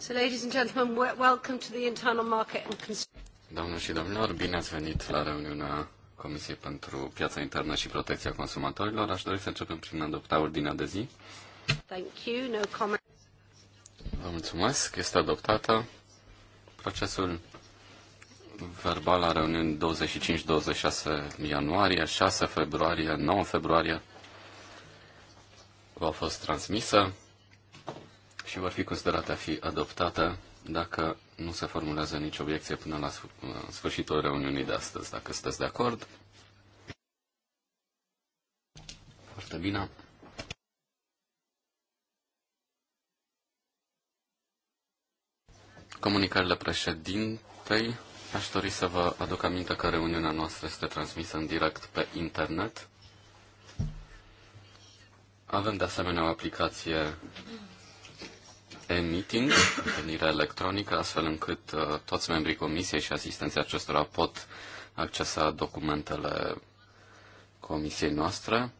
So, ladies and gentlemen, welcome to the internal market and Doamnelor și domnilor, bine ați venit la reuniunea Comisiei pentru Piața Internă și Protecția Consumatorilor. Aș dori să începem prin adopta ordinea de zi. Thank you. No comment. Vă mulțumesc. Este adoptată. Procesul verbal a reuniunii 25-26 ianuarie, 6 februarie, 9 februarie v-au fost transmisă și vor fi considerate a fi adoptate dacă nu se formulează nicio obiecție până la uh, sfârșitul reuniunii de astăzi. Dacă sunteți de acord, foarte bine. Comunicările președintei. Aș dori să vă aduc aminte că reuniunea noastră este transmisă în direct pe internet. Avem de asemenea o aplicație e-meeting, întâlnire electronică, astfel încât uh, toți membrii comisiei și asistenții acestora pot accesa documentele comisiei noastre.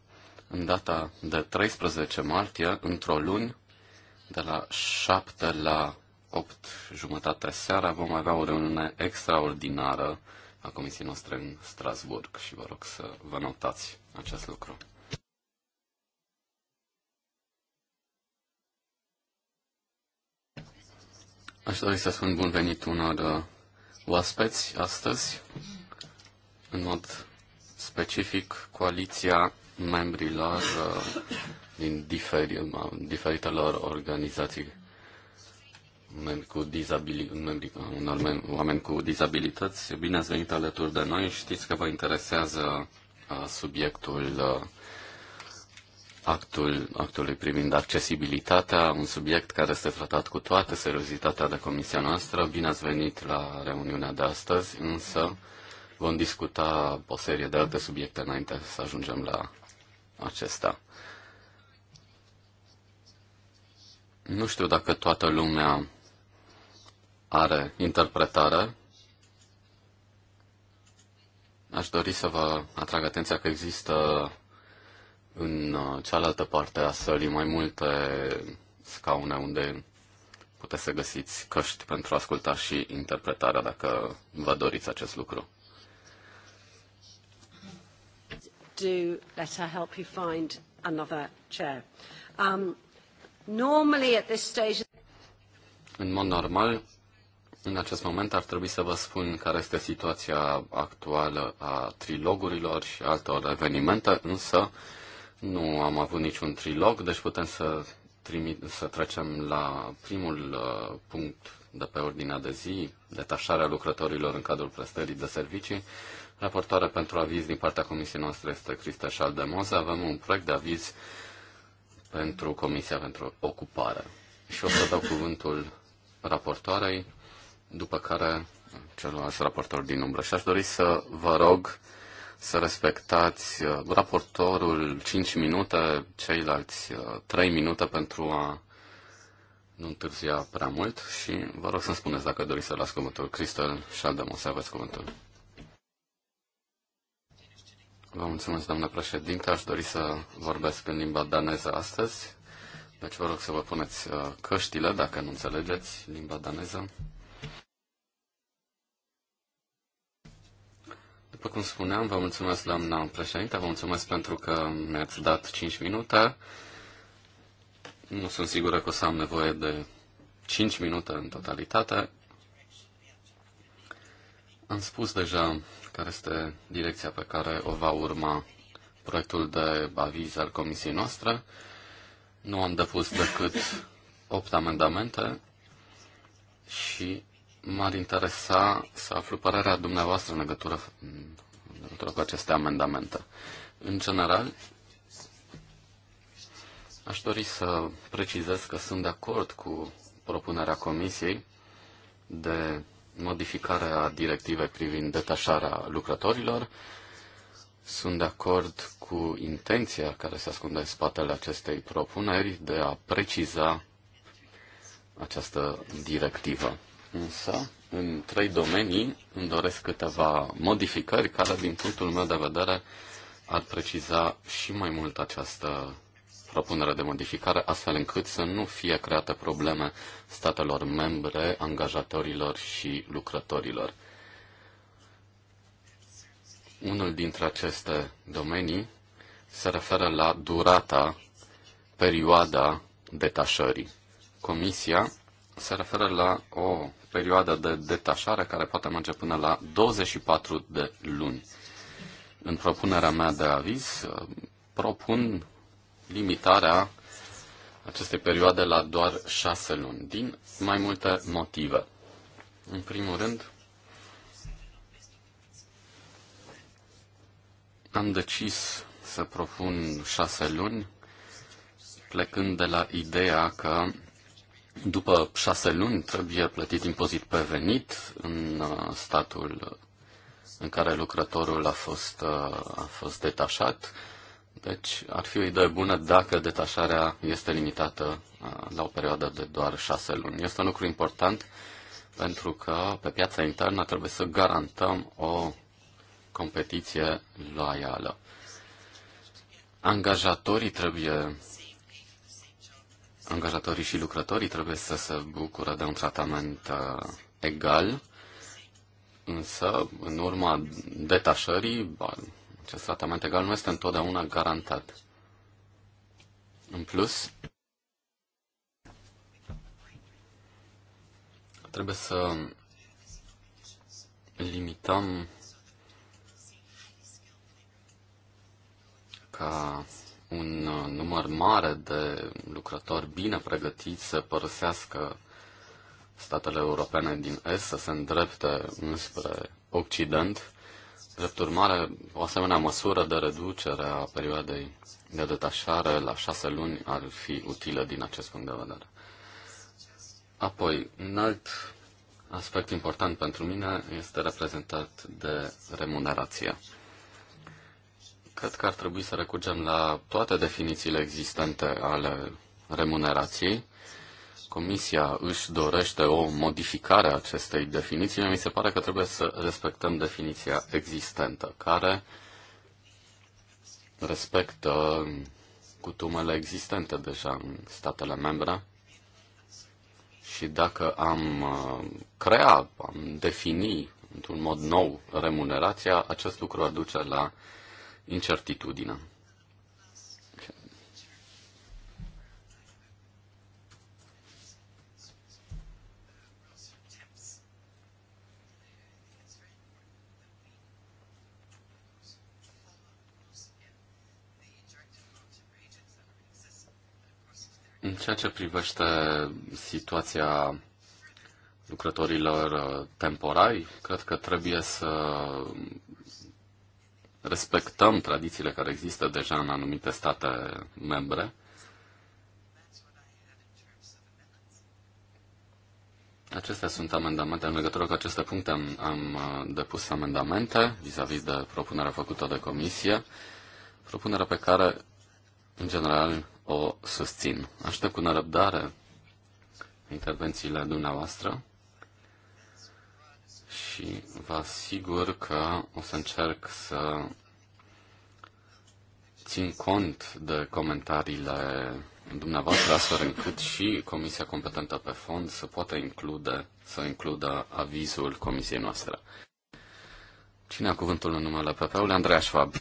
În data de 13 martie, într-o luni, de la 7 la 8 jumătate seara, vom avea o reuniune extraordinară a comisiei noastre în Strasburg și vă rog să vă notați acest lucru. Aș dori să spun bun venit unor uh, oaspeți astăzi, în mod specific coaliția membrilor uh, din diferi, uh, diferitelor organizații membri cu dizabili, membri, unor oameni cu dizabilități. Bine ați venit alături de noi. Știți că vă interesează subiectul actul, actului privind accesibilitatea, un subiect care este tratat cu toată seriozitatea de comisia noastră. Bine ați venit la reuniunea de astăzi, însă vom discuta o serie de alte subiecte înainte să ajungem la acesta. Nu știu dacă toată lumea are interpretare. Aș dori să vă atrag atenția că există în uh, cealaltă parte a sălii mai multe scaune unde puteți să găsiți căști pentru a asculta și interpretarea dacă vă doriți acest lucru. Do let her help you find another chair. Um, normally at this stage... În mod normal, în acest moment ar trebui să vă spun care este situația actuală a trilogurilor și altor evenimente, însă nu am avut niciun trilog, deci putem să, trimit, să trecem la primul uh, punct de pe ordinea de zi, detașarea lucrătorilor în cadrul prestării de servicii. Raportoare pentru aviz din partea comisiei noastre este Cristă Șaldemoza. Avem un proiect de aviz pentru Comisia pentru Ocupare. Și o să dau cuvântul raportoarei, după care celălalt raportor din umbră. Și aș dori să vă rog să respectați uh, raportorul 5 minute, ceilalți 3 uh, minute pentru a nu întârzia prea mult și vă rog să-mi spuneți dacă doriți să las cuvântul. Cristel o să aveți cuvântul. Vă mulțumesc, doamnă președinte. Aș dori să vorbesc în limba daneză astăzi. Deci vă rog să vă puneți uh, căștile dacă nu înțelegeți limba daneză. După cum spuneam, vă mulțumesc, doamna președinte, vă mulțumesc pentru că mi-ați dat 5 minute. Nu sunt sigură că o să am nevoie de 5 minute în totalitate. Am spus deja care este direcția pe care o va urma proiectul de aviz al comisiei noastre. Nu am depus decât 8 amendamente și M-ar interesa să aflu părerea dumneavoastră în legătură, în legătură cu aceste amendamente. În general, aș dori să precizez că sunt de acord cu propunerea Comisiei de modificare a directivei privind detașarea lucrătorilor. Sunt de acord cu intenția care se ascunde în spatele acestei propuneri de a preciza această directivă însă în trei domenii îmi doresc câteva modificări care, din punctul meu de vedere, ar preciza și mai mult această propunere de modificare, astfel încât să nu fie create probleme statelor membre, angajatorilor și lucrătorilor. Unul dintre aceste domenii se referă la durata, perioada detașării. Comisia se referă la o perioadă de detașare care poate merge până la 24 de luni. În propunerea mea de aviz propun limitarea acestei perioade la doar șase luni, din mai multe motive. În primul rând, am decis să propun șase luni, plecând de la ideea că după șase luni trebuie plătit impozit pe venit în uh, statul în care lucrătorul a fost, uh, a fost detașat. Deci ar fi o idee bună dacă detașarea este limitată uh, la o perioadă de doar șase luni. Este un lucru important pentru că pe piața internă trebuie să garantăm o competiție loială. Angajatorii trebuie angajatorii și lucrătorii trebuie să se bucură de un tratament uh, egal, însă, în urma detașării, acest tratament egal nu este întotdeauna garantat. În plus, trebuie să limităm ca un uh, număr mare de lucrători bine pregătiți să părăsească statele europene din Est, să se îndrepte înspre Occident. Drept urmare, o asemenea măsură de reducere a perioadei de detașare la șase luni ar fi utilă din acest punct de vedere. Apoi, un alt aspect important pentru mine este reprezentat de remunerația. Cred că ar trebui să recurgem la toate definițiile existente ale remunerației. Comisia își dorește o modificare a acestei definiții, mi se pare că trebuie să respectăm definiția existentă, care respectă cutumele existente deja în statele membre. Și dacă am uh, crea, am defini într-un mod nou remunerația, acest lucru ar duce la incertitudine. În ceea ce privește situația lucrătorilor uh, temporari, cred că trebuie să respectăm tradițiile care există deja în anumite state membre. Acestea sunt amendamente. În legătură cu aceste puncte am, am uh, depus amendamente vis-a-vis -vis de propunerea făcută de comisie, propunerea pe care, în general, o susțin. Aștept cu nerăbdare intervențiile dumneavoastră și vă asigur că o să încerc să țin cont de comentariile dumneavoastră, astfel încât și Comisia Competentă pe Fond să poată include, să includă avizul Comisiei noastre. Cine a cuvântul în numele PP-ului? Andreea Schwab.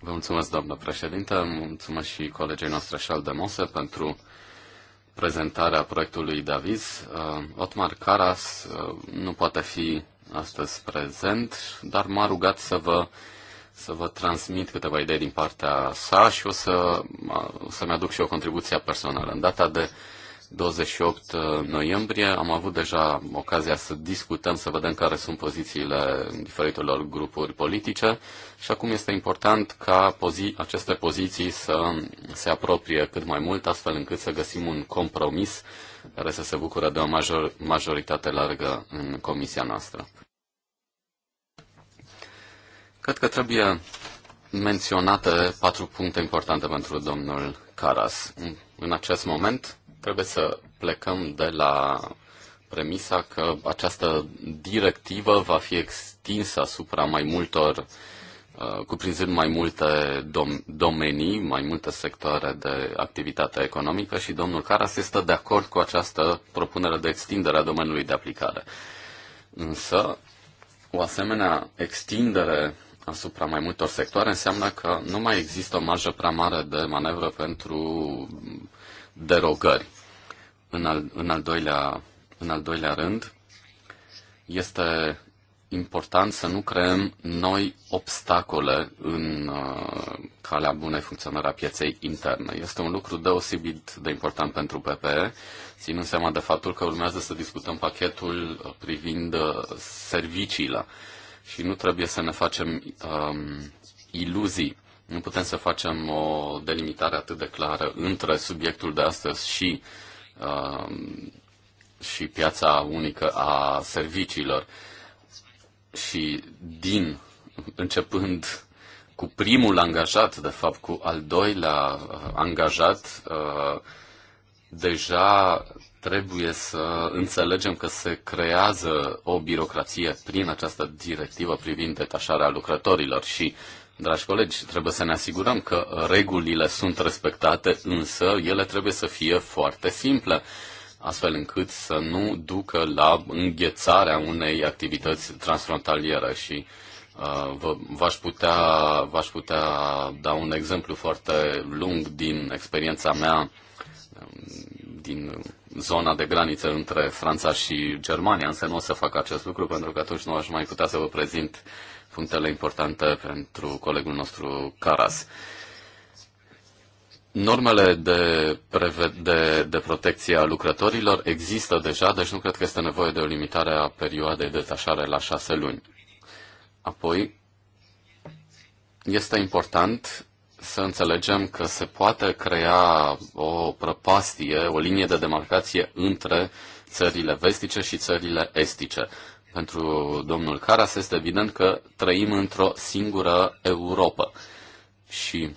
Vă mulțumesc, doamnă președintă, mulțumesc și colegii noastre Charles de Mose pentru prezentarea proiectului Uh, Otmar Caras uh, nu poate fi astăzi prezent, dar m-a rugat să vă, să vă transmit câteva idei din partea sa și o să, uh, o să-mi aduc și o contribuție personală. În data de 28 uh, noiembrie. Am avut deja ocazia să discutăm, să vedem care sunt pozițiile diferitelor grupuri politice și acum este important ca pozi- aceste poziții să se apropie cât mai mult, astfel încât să găsim un compromis care să se bucură de o major- majoritate largă în comisia noastră. Cred că trebuie menționate patru puncte importante pentru domnul Caras. În acest moment, trebuie să plecăm de la premisa că această directivă va fi extinsă asupra mai multor, uh, cuprinzând mai multe dom- domenii, mai multe sectoare de activitate economică și domnul Caras este de acord cu această propunere de extindere a domeniului de aplicare. Însă, o asemenea extindere asupra mai multor sectoare înseamnă că nu mai există o marjă prea mare de manevră pentru derogări. În al, în al, doilea, în al doilea rând, este important să nu creăm noi obstacole în uh, calea bunei funcționări a pieței interne. Este un lucru deosebit de important pentru PPE, ținând seama de faptul că urmează să discutăm pachetul uh, privind uh, serviciile și nu trebuie să ne facem um, iluzii. Nu putem să facem o delimitare atât de clară între subiectul de astăzi și uh, Um, și piața unică a serviciilor. Și din, începând cu primul angajat, de fapt cu al doilea uh, angajat, uh, deja trebuie să înțelegem că se creează o birocrație prin această directivă privind detașarea lucrătorilor și Dragi colegi, trebuie să ne asigurăm că regulile sunt respectate, însă ele trebuie să fie foarte simple, astfel încât să nu ducă la înghețarea unei activități transfrontaliere și uh, v-aș putea, v-aș putea da un exemplu foarte lung din experiența mea um, din zona de graniță între Franța și Germania, însă nu o să fac acest lucru pentru că atunci nu aș mai putea să vă prezint uh, punctele importante pentru colegul nostru Caras. Normele de, preve- de, de protecție a lucrătorilor există deja, deci nu cred că este nevoie de o limitare a perioadei de detașare la șase luni. Apoi, este important să înțelegem că se poate crea o prăpastie, o linie de demarcație între țările vestice și țările estice pentru domnul Caras este evident că trăim într-o singură Europa. Și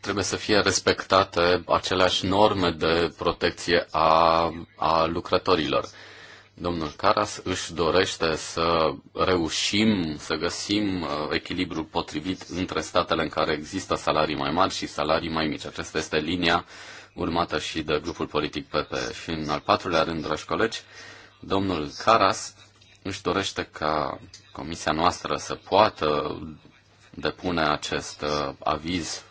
trebuie să fie respectate aceleași norme de protecție a, a lucrătorilor. Domnul Caras își dorește să reușim să găsim uh, echilibrul potrivit între statele în care există salarii mai mari și salarii mai mici. Aceasta este linia uh, urmată și de grupul politic PP. Și în al patrulea rând, dragi colegi, domnul Caras își dorește ca comisia noastră să poată depune acest uh, aviz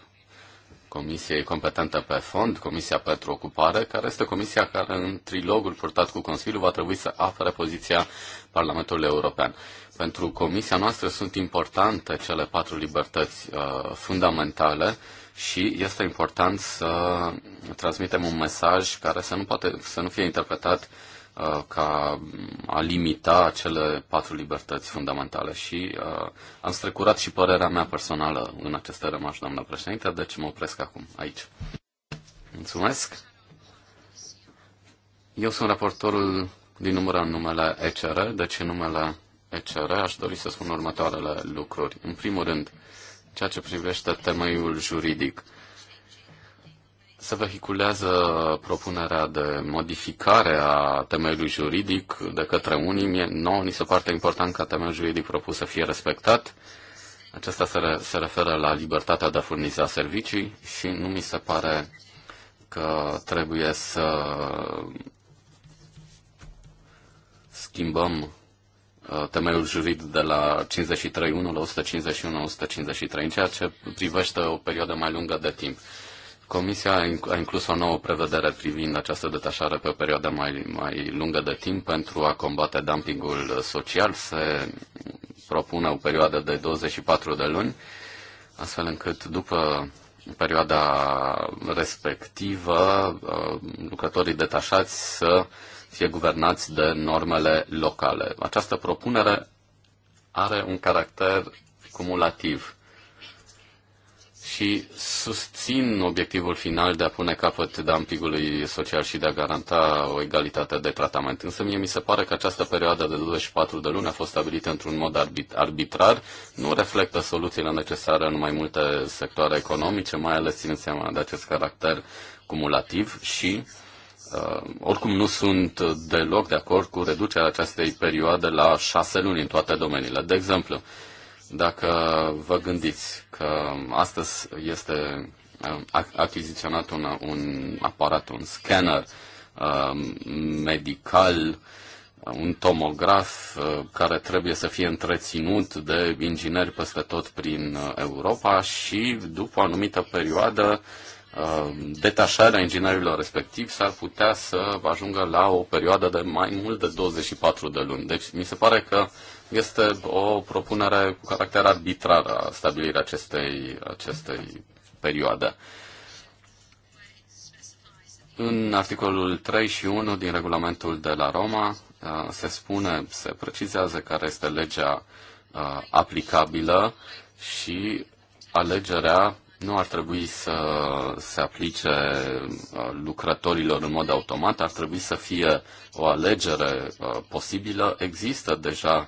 comisiei competente pe fond, Comisia pentru Ocupare, care este comisia care în trilogul purtat cu Consiliul va trebui să apere poziția Parlamentului European. Pentru comisia noastră sunt importante cele patru libertăți uh, fundamentale uh, și este important să transmitem un mesaj care să nu, poate, să nu fie interpretat uh, ca a limita cele patru libertăți fundamentale. Și uh, am strecurat și părerea mea personală în aceste rămași, doamnă președinte, deci mă opresc acum aici. Mulțumesc! Eu sunt raportorul din numără în numele ECR, deci în numele ECR aș dori să spun următoarele lucruri. În primul rând, ceea ce privește temeiul juridic. Se vehiculează propunerea de modificare a temeiului juridic de către unii. Nouă ni se pare important ca temeiul juridic propus să fie respectat. Acesta se, re- se referă la libertatea de a furniza servicii și nu mi se pare că trebuie să schimbăm Uh, temeiul juridic de la 53.1 la 151-153, în ceea ce privește o perioadă mai lungă de timp. Comisia a inclus o nouă prevedere privind această detașare pe o perioadă mai, mai lungă de timp pentru a combate dumpingul social. Se propune o perioadă de 24 de luni, astfel încât după perioada respectivă uh, lucrătorii detașați să fie guvernați de normele locale. Această propunere are un caracter cumulativ și susțin obiectivul final de a pune capăt de ampigului social și de a garanta o egalitate de tratament. Însă mie mi se pare că această perioadă de 24 de luni a fost stabilită într-un mod arbitrar, nu reflectă soluțiile necesare în mai multe sectoare economice, mai ales ținând seama de acest caracter cumulativ și Uh, oricum nu sunt deloc de acord cu reducerea acestei perioade la șase luni în toate domeniile. De exemplu, dacă vă gândiți că astăzi este uh, achiziționat un, un aparat, un scanner uh, medical, un tomograf care trebuie să fie întreținut de ingineri peste tot prin Europa și după o anumită perioadă Uh, detașarea inginerilor respectiv s-ar putea să ajungă la o perioadă de mai mult de 24 de luni. Deci mi se pare că este o propunere cu caracter arbitrar a stabilirea acestei, acestei perioade. În articolul 3 și 1 din regulamentul de la Roma uh, se spune, se precizează care este legea uh, aplicabilă și alegerea nu ar trebui să se aplice uh, lucrătorilor în mod automat, ar trebui să fie o alegere uh, posibilă. Există deja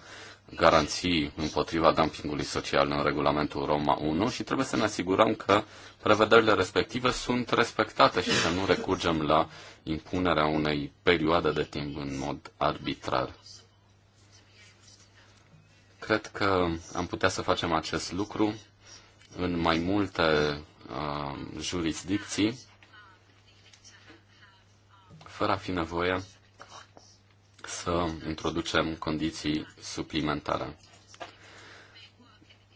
garanții împotriva dumpingului social în regulamentul Roma 1 și trebuie să ne asigurăm că prevederile respective sunt respectate și să nu recurgem la impunerea unei perioade de timp în mod arbitrar. Cred că am putea să facem acest lucru în mai multe uh, jurisdicții, fără a fi nevoie să introducem condiții suplimentare.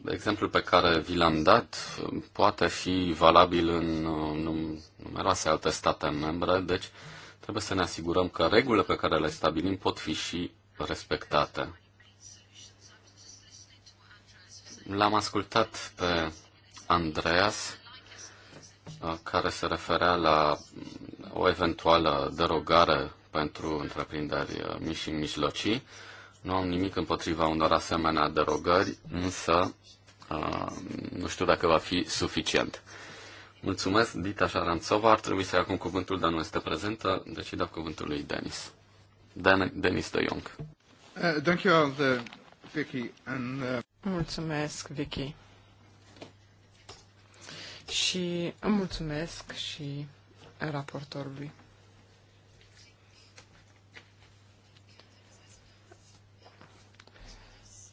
De exemplu pe care vi l-am dat poate fi valabil în uh, numeroase alte state membre, deci trebuie să ne asigurăm că regulile pe care le stabilim pot fi și respectate. L-am ascultat pe Andreas, uh, care se referea la o eventuală derogare pentru întreprinderi uh, mici și mijlocii. Nu am nimic împotriva unor asemenea derogări, însă uh, nu știu dacă va fi suficient. Mulțumesc, Dita Șaranțova. Ar trebui să ia acum cuvântul, dar nu este prezentă, deci dau cuvântul lui Denis. Dan- Denis de Jong. Uh, thank you all, the, Vicky, and, uh... Mulțumesc, Vicky și îmi mulțumesc și raportorului.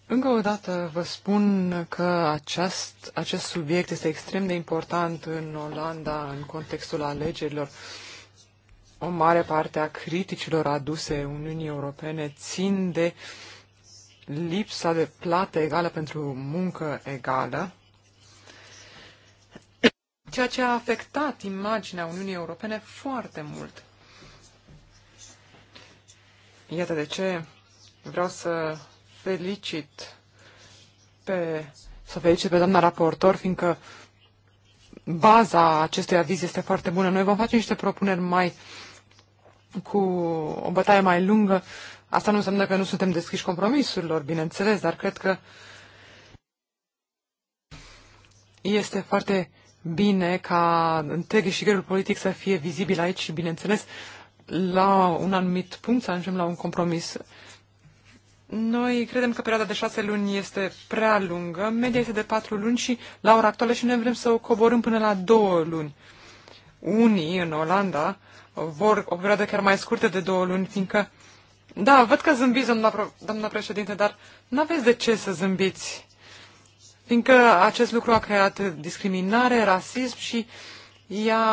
Încă o dată vă spun că acest, acest subiect este extrem de important în Olanda, în contextul alegerilor. O mare parte a criticilor aduse Uniunii Europene țin de lipsa de plată egală pentru muncă egală ceea ce a afectat imaginea Uniunii Europene foarte mult. Iată de ce vreau să felicit pe, să felicit pe doamna raportor, fiindcă baza acestui aviz este foarte bună. Noi vom face niște propuneri mai cu o bătaie mai lungă. Asta nu înseamnă că nu suntem deschiși compromisurilor, bineînțeles, dar cred că este foarte bine ca întreg eșigerul politic să fie vizibil aici și, bineînțeles, la un anumit punct să ajungem la un compromis. Noi credem că perioada de șase luni este prea lungă, media este de patru luni și la ora actuală și noi vrem să o coborâm până la două luni. Unii în Olanda vor o perioadă chiar mai scurtă de două luni, fiindcă, da, văd că zâmbiți, doamna, doamna președinte, dar nu aveți de ce să zâmbiți fiindcă acest lucru a creat discriminare, rasism și i-a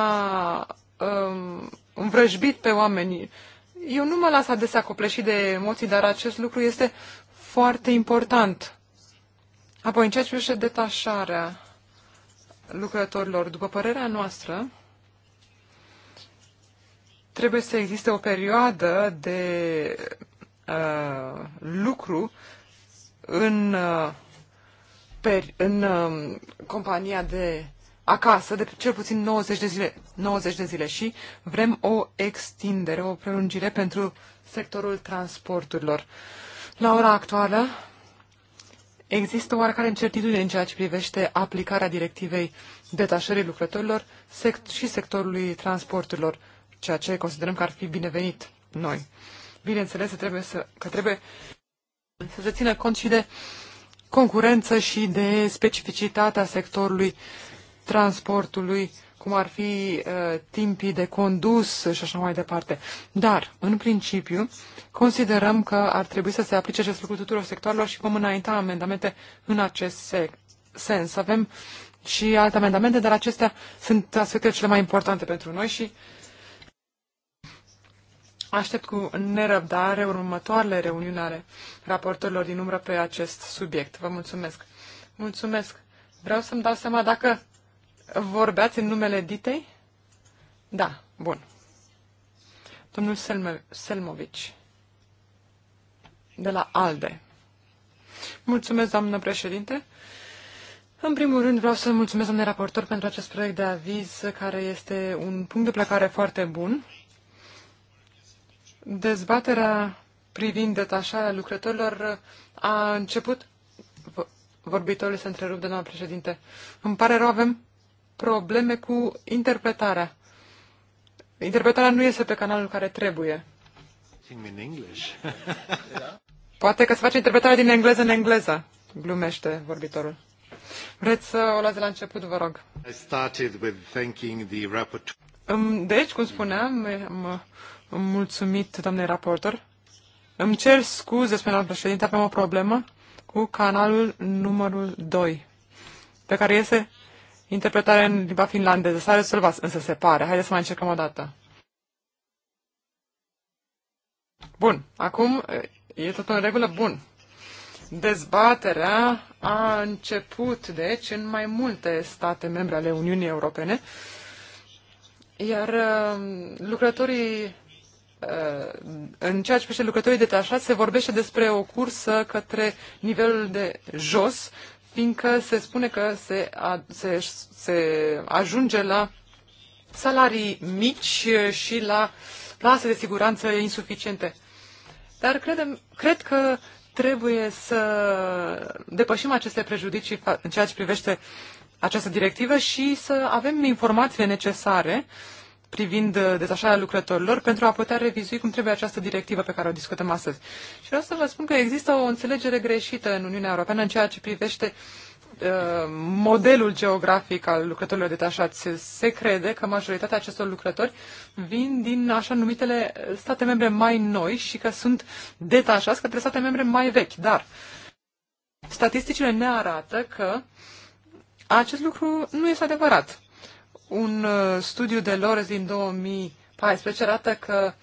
um, învrăjbit pe oameni. Eu nu mă las adesea copleșit de emoții, dar acest lucru este foarte important. Apoi, în ceea ce privește detașarea lucrătorilor, după părerea noastră, trebuie să existe o perioadă de uh, lucru în uh, per, în uh, compania de acasă de cel puțin 90 de zile, 90 de zile și vrem o extindere, o prelungire pentru sectorul transporturilor. La ora actuală există oarecare incertitudine în ceea ce privește aplicarea directivei detașării lucrătorilor sect- și sectorului transporturilor, ceea ce considerăm că ar fi binevenit noi. Bineînțeles că trebuie să, că trebuie să se țină cont și de uh, concurență și de specificitatea sectorului transportului, cum ar fi uh, timpii de condus și așa mai departe. Dar, în principiu, considerăm că ar trebui să se aplice acest lucru tuturor sectoarelor și vom înainta amendamente în acest sens. Avem și alte amendamente, dar acestea sunt aspectele cele mai importante pentru noi și uh, Aștept cu nerăbdare următoarele reuniuni ale raportorilor din umbră pe acest subiect. Vă mulțumesc. Mulțumesc. Vreau să-mi dau seama dacă vorbeați în numele Ditei? Da, bun. Domnul Selme- Selmovici, de la ALDE. Mulțumesc, doamnă președinte. În primul rând vreau să mulțumesc, doamne raportor, pentru acest proiect de aviz, care este un punct de plecare foarte bun Dezbaterea privind detașarea lucrătorilor a început. Vorbitorul se întrerup de doamna președinte. Îmi pare rău, avem probleme cu interpretarea. Interpretarea nu este pe canalul care trebuie. In English. Poate că se face interpretarea din engleză în engleză, glumește vorbitorul. Vreți să o luați de la început, vă rog. I started with thanking the rapporteur. Deci, cum spuneam, Mulțumit, domnule raportor. Îmi cer scuze, spune doamna președinte, avem o problemă cu canalul numărul 2, pe care este interpretarea în limba finlandeză. S-a rezolvat, însă se pare. Haideți să mai încercăm o dată. Bun, acum e tot în regulă? Bun. Dezbaterea a început, deci, în mai multe state membre ale Uniunii Europene, iar uh, lucrătorii în ceea ce privește lucrătorii detașați, se vorbește despre o cursă către nivelul de jos, fiindcă se spune că se, a, se, se ajunge la salarii mici și la plase de siguranță insuficiente. Dar credem, cred că trebuie să depășim aceste prejudicii în ceea ce privește această directivă și să avem informațiile necesare uh, privind uh, detașarea lucrătorilor pentru a putea revizui cum trebuie această directivă pe care o discutăm astăzi. Și vreau să vă spun că există o înțelegere greșită în Uniunea Europeană în ceea ce privește uh, modelul geografic al lucrătorilor detașați. Se crede că majoritatea acestor lucrători vin din așa numitele state membre mai noi și că sunt detașați către state membre mai vechi, dar statisticile ne arată că acest lucru nu este adevărat. Un uh, studiu de Lores din 2014 arată că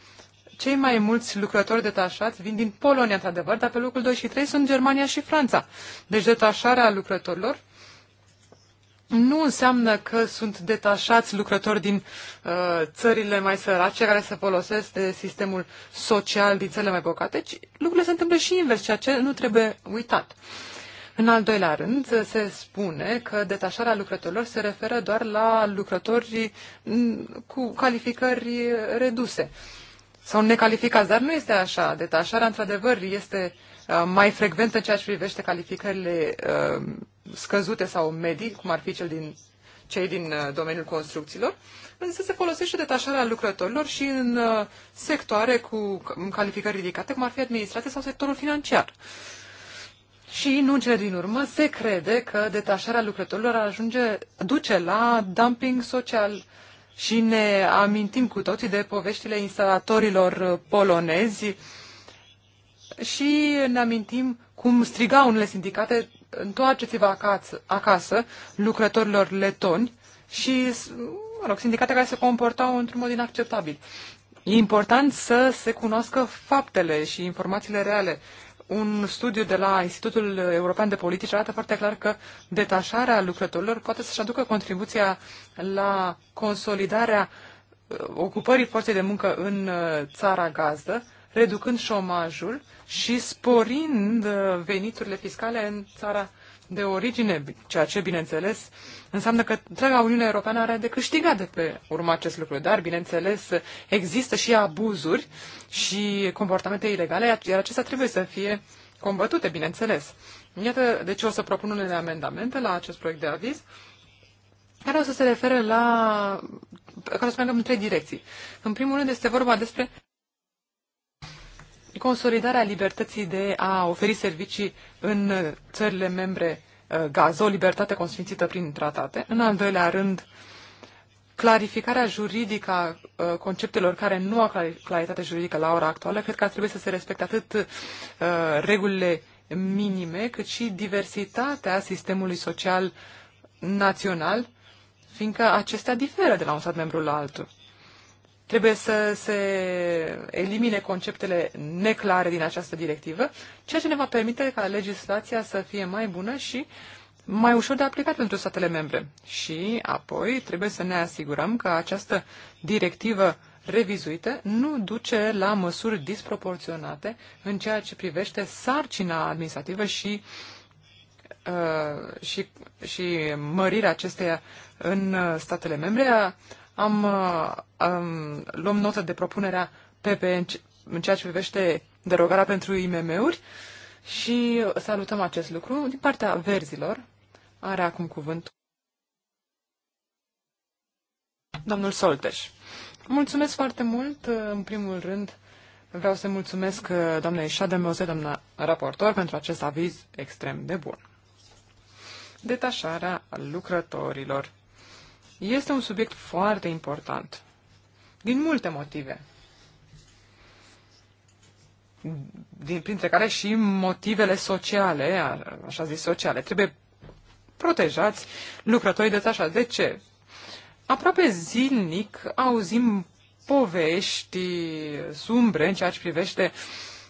cei mai mulți lucrători detașați vin din Polonia, într-adevăr, dar pe locul 2 și 3 sunt Germania și Franța. Deci detașarea lucrătorilor nu înseamnă că sunt detașați lucrători din uh, țările mai sărace care se folosesc de sistemul social din țările mai bogate, ci lucrurile se întâmplă și invers, ceea ce nu trebuie uitat. Uh, în al doilea rând, se spune că detașarea lucrătorilor se referă doar la lucrători mm, cu calificări reduse sau necalificați, dar nu este așa. Detașarea, într-adevăr, este uh, mai frecventă în ceea ce privește calificările uh, scăzute sau medii, cum ar fi cel din cei din uh, domeniul construcțiilor, însă se folosește detașarea lucrătorilor și în sectoare cu calificări ridicate, cum ar fi administrație sau sectorul financiar. Și, nu în cele din urmă, se crede că detașarea lucrătorilor ajunge, duce la dumping social. Și ne amintim cu toții de poveștile instalatorilor polonezi și ne amintim cum strigau unele sindicate, întoarceți-vă acasă, acasă lucrătorilor letoni și, mă rog, sindicate care se comportau într-un mod inacceptabil. E important să se cunoască faptele și informațiile reale un studiu de la Institutul European de Politici arată foarte clar că detașarea lucrătorilor poate să-și aducă contribuția la consolidarea uh, ocupării forței de muncă în uh, țara gazdă, reducând șomajul și sporind uh, veniturile fiscale în țara de origine, ceea ce, bineînțeles, înseamnă că întreaga Uniune Europeană are de câștigat de pe urma acest lucru. Dar, bineînțeles, există și abuzuri și comportamente ilegale, iar acestea trebuie să fie combătute, bineînțeles. Iată, deci o să propun unele amendamente la acest proiect de aviz care o să se referă la, care o să meargă în trei direcții. În primul rând este vorba despre consolidarea libertății de a oferi servicii în uh, țările membre uh, GAZ, o libertate consfințită prin tratate. În al doilea rând, clarificarea juridică a uh, conceptelor care nu au claritate juridică la ora actuală, cred că ar trebui să se respecte atât regulile minime, cât și diversitatea sistemului social național, fiindcă acestea diferă de la un stat membru la altul. Trebuie să se elimine conceptele neclare din această directivă, ceea ce ne va permite ca legislația să fie mai bună și mai ușor de aplicat pentru statele membre. Și apoi trebuie să ne asigurăm că această directivă revizuită nu duce la măsuri disproporționate în ceea ce privește sarcina administrativă și, uh, și, și mărirea acesteia în statele membre. Am, uh, am, luăm notă de propunerea PP în, în ceea ce privește derogarea pentru IMM-uri și salutăm acest lucru. Din partea verzilor are acum cuvântul domnul Solteș. Mulțumesc foarte mult, în primul rând, Vreau să mulțumesc uh, doamnei Șademose, doamna raportor, pentru acest aviz extrem de bun. Detașarea lucrătorilor este un subiect foarte important, din multe motive, din, printre care și motivele sociale, așa zis sociale. Trebuie protejați lucrătorii de detașați. De ce? Aproape zilnic auzim povești sumbre în ceea ce privește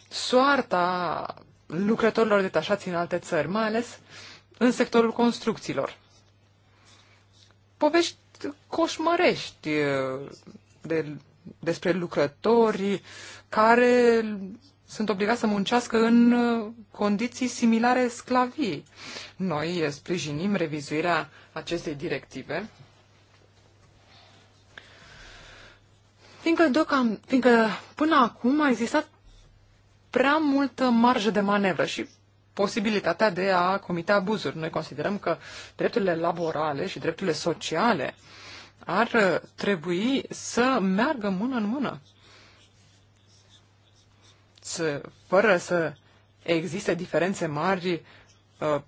soarta lucrătorilor detașați în alte țări, mai ales în sectorul construcțiilor povești coșmărești de, despre lucrători care sunt obligați să muncească în condiții similare sclaviei. Noi sprijinim revizuirea acestei directive, fiindcă, deocam, fiindcă până acum a existat prea multă marjă de manevră și posibilitatea de a comite abuzuri. Noi considerăm că drepturile laborale și drepturile sociale ar trebui să meargă mână în mână. Să, fără să existe diferențe mari uh,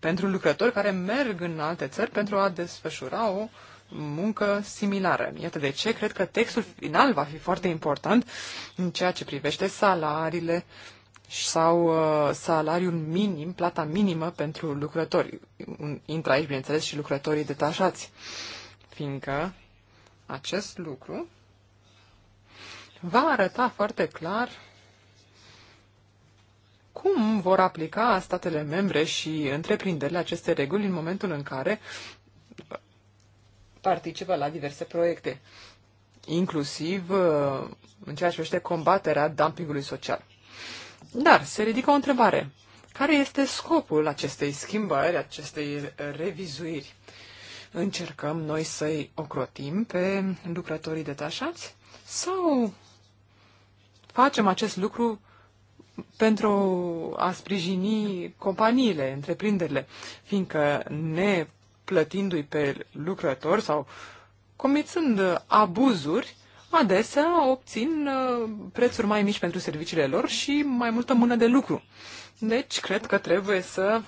pentru lucrători care merg în alte țări pentru a desfășura o muncă similară. Iată de ce cred că textul final va fi foarte important în ceea ce privește salariile, uh, sau uh, salariul minim, plata minimă pentru lucrători. Intră aici, bineînțeles, și lucrătorii detașați, fiindcă acest lucru va arăta foarte clar cum vor aplica statele membre și întreprinderile aceste reguli în momentul în care participă la diverse proiecte, inclusiv uh, în ceea ce privește combaterea dumpingului social. Dar se ridică o întrebare. Care este scopul acestei schimbări, acestei revizuiri? Încercăm noi să-i ocrotim pe lucrătorii detașați sau facem acest lucru pentru a sprijini companiile, întreprinderile, fiindcă ne plătindu-i pe lucrători sau comițând abuzuri, adesea obțin uh, prețuri mai mici pentru serviciile lor și mai multă mână de lucru. Deci, cred că trebuie să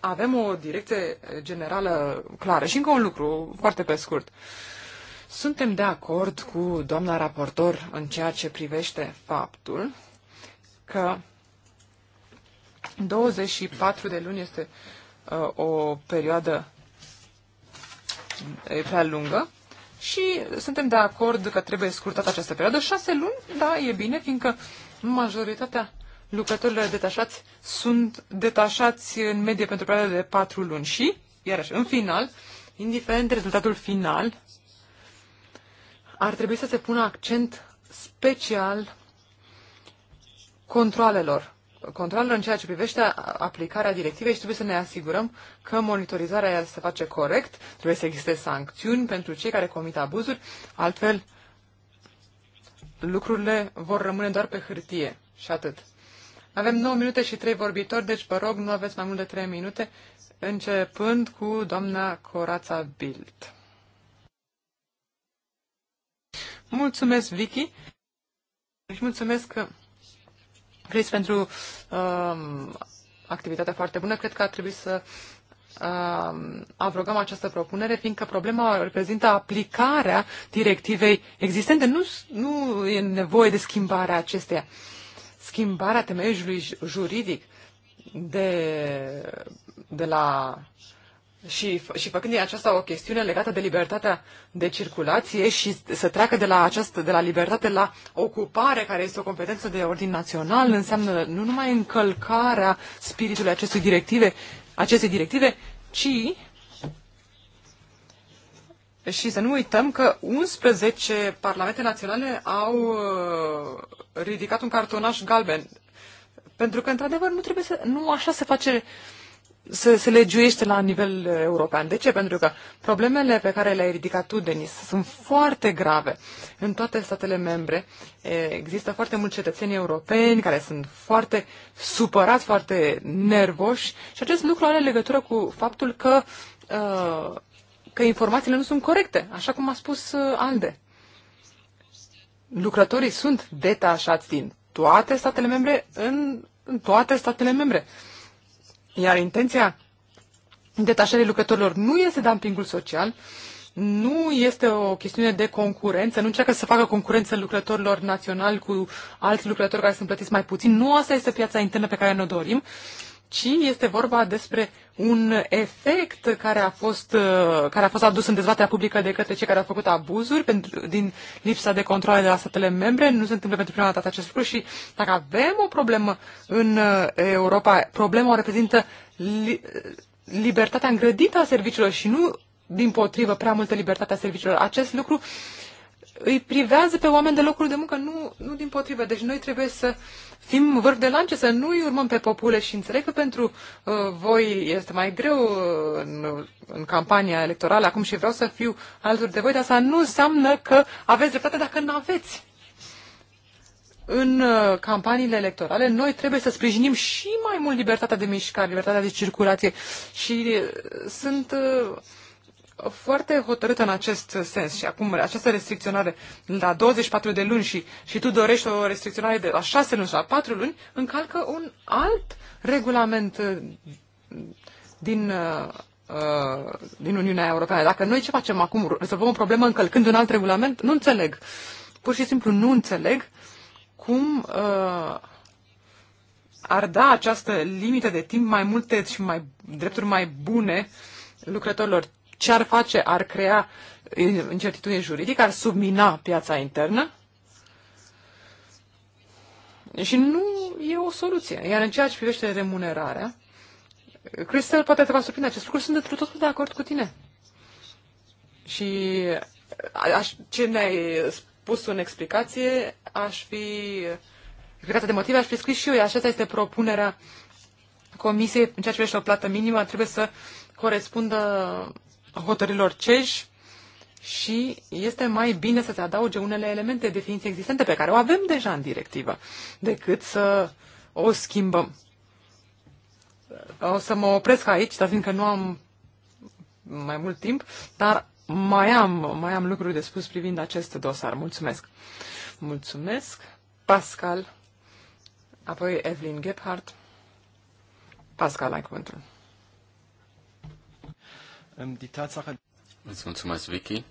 avem o direcție generală clară. Și încă un lucru, foarte pe scurt. Suntem de acord cu doamna raportor în ceea ce privește faptul că 24 de luni este uh, o perioadă prea lungă și suntem de acord că trebuie scurtată această perioadă. Șase luni, da, e bine, fiindcă majoritatea lucrătorilor detașați sunt detașați în medie pentru perioada de patru luni și, iarăși, în final, indiferent de rezultatul final, ar trebui să se pună accent special controalelor controlul în ceea ce privește aplicarea directivei și trebuie să ne asigurăm că monitorizarea se face corect, trebuie să existe sancțiuni pentru cei care comit abuzuri, altfel lucrurile vor rămâne doar pe hârtie și atât. Avem 9 minute și 3 vorbitori, deci vă rog, nu aveți mai mult de 3 minute, începând cu doamna Corața Bild. Mulțumesc, Vicky, și deci mulțumesc că Chris, pentru um, uh, activitatea foarte bună. Cred că ar trebui să uh, um, avrogăm această propunere, fiindcă problema reprezintă aplicarea directivei existente. Nu, nu e nevoie de schimbarea acesteia. Schimbarea temeiului juridic de, de la uh, și, și făcând din aceasta o chestiune legată de libertatea de circulație și să treacă de la, această, de la libertate la ocupare, care este o competență de ordin național, înseamnă nu numai încălcarea spiritului acestei directive, acestei directive ci și să nu uităm că 11 parlamente naționale au uh, ridicat un cartonaș galben. Pentru că, într-adevăr, nu trebuie să. Nu așa se face uh, se, se legiuiește la nivel uh, european. De ce? Pentru că problemele pe care le-ai ridicat tu, Denis, sunt foarte grave. În toate statele membre există foarte mulți cetățeni europeni care sunt foarte supărați, foarte nervoși și acest lucru are legătură cu faptul că, uh, că informațiile nu sunt corecte, așa cum a spus uh, Alde. Lucrătorii sunt detașați din toate statele membre în, în toate statele membre. Iar intenția detașării lucrătorilor nu este dumpingul social, nu este o chestiune de concurență, nu încearcă să facă concurență lucrătorilor naționali cu alți lucrători care sunt plătiți mai puțin. Nu asta este piața internă pe care ne-o dorim, ci este vorba despre un efect care a fost, uh, care a fost adus în dezbaterea publică de către cei care au făcut abuzuri pentru, din lipsa de controle de la statele membre. Nu se întâmplă pentru prima dată acest lucru și dacă avem o problemă în uh, Europa, problema o reprezintă li, uh, libertatea îngrădită a serviciilor și nu din potrivă prea multă libertate a serviciilor. Acest lucru uh, îi privează pe oameni de locuri de muncă, nu, nu din potrivă. Deci noi trebuie să fim vârf de lance, să nu îi urmăm pe popule și înțeleg că pentru uh, voi este mai greu uh, în, în campania electorală acum și vreau să fiu alături de voi, dar asta nu înseamnă că aveți dreptate dacă nu aveți. În uh, campaniile electorale noi trebuie să sprijinim și mai mult libertatea de mișcare, libertatea de circulație și uh, sunt... Uh, foarte hotărâtă în acest sens și acum această restricționare la 24 de luni și, și tu dorești o restricționare de la 6 luni sau la 4 luni, încalcă un alt regulament uh, din, uh, uh, din Uniunea Europeană. Dacă noi ce facem acum, rezolvăm o problemă încălcând un alt regulament, nu înțeleg. Pur și simplu nu înțeleg cum uh, ar da această limită de timp mai multe și mai drepturi mai bune lucrătorilor ce ar face? Ar crea incertitudine juridică, ar submina piața internă și nu e o soluție. Iar în ceea ce privește remunerarea, Cristel poate te va surprinde acest lucru, sunt de totul de acord cu tine. Și aș, ce ne-ai spus în explicație, aș fi, explicația de motive, aș fi scris și eu, aceasta este propunerea Comisiei în ceea ce privește o plată minimă, trebuie să corespundă hotărilor ceși și este mai bine să se adauge unele elemente de definiție existente pe care o avem deja în directivă, decât să o schimbăm. O să mă opresc aici, dar fiindcă nu am mai mult timp, dar mai am, mai am lucruri de spus privind acest dosar. Mulțumesc! Mulțumesc, Pascal, apoi Evelyn Gebhardt. Pascal, ai cuvântul die Tatsache... mulțumesc, Vicky.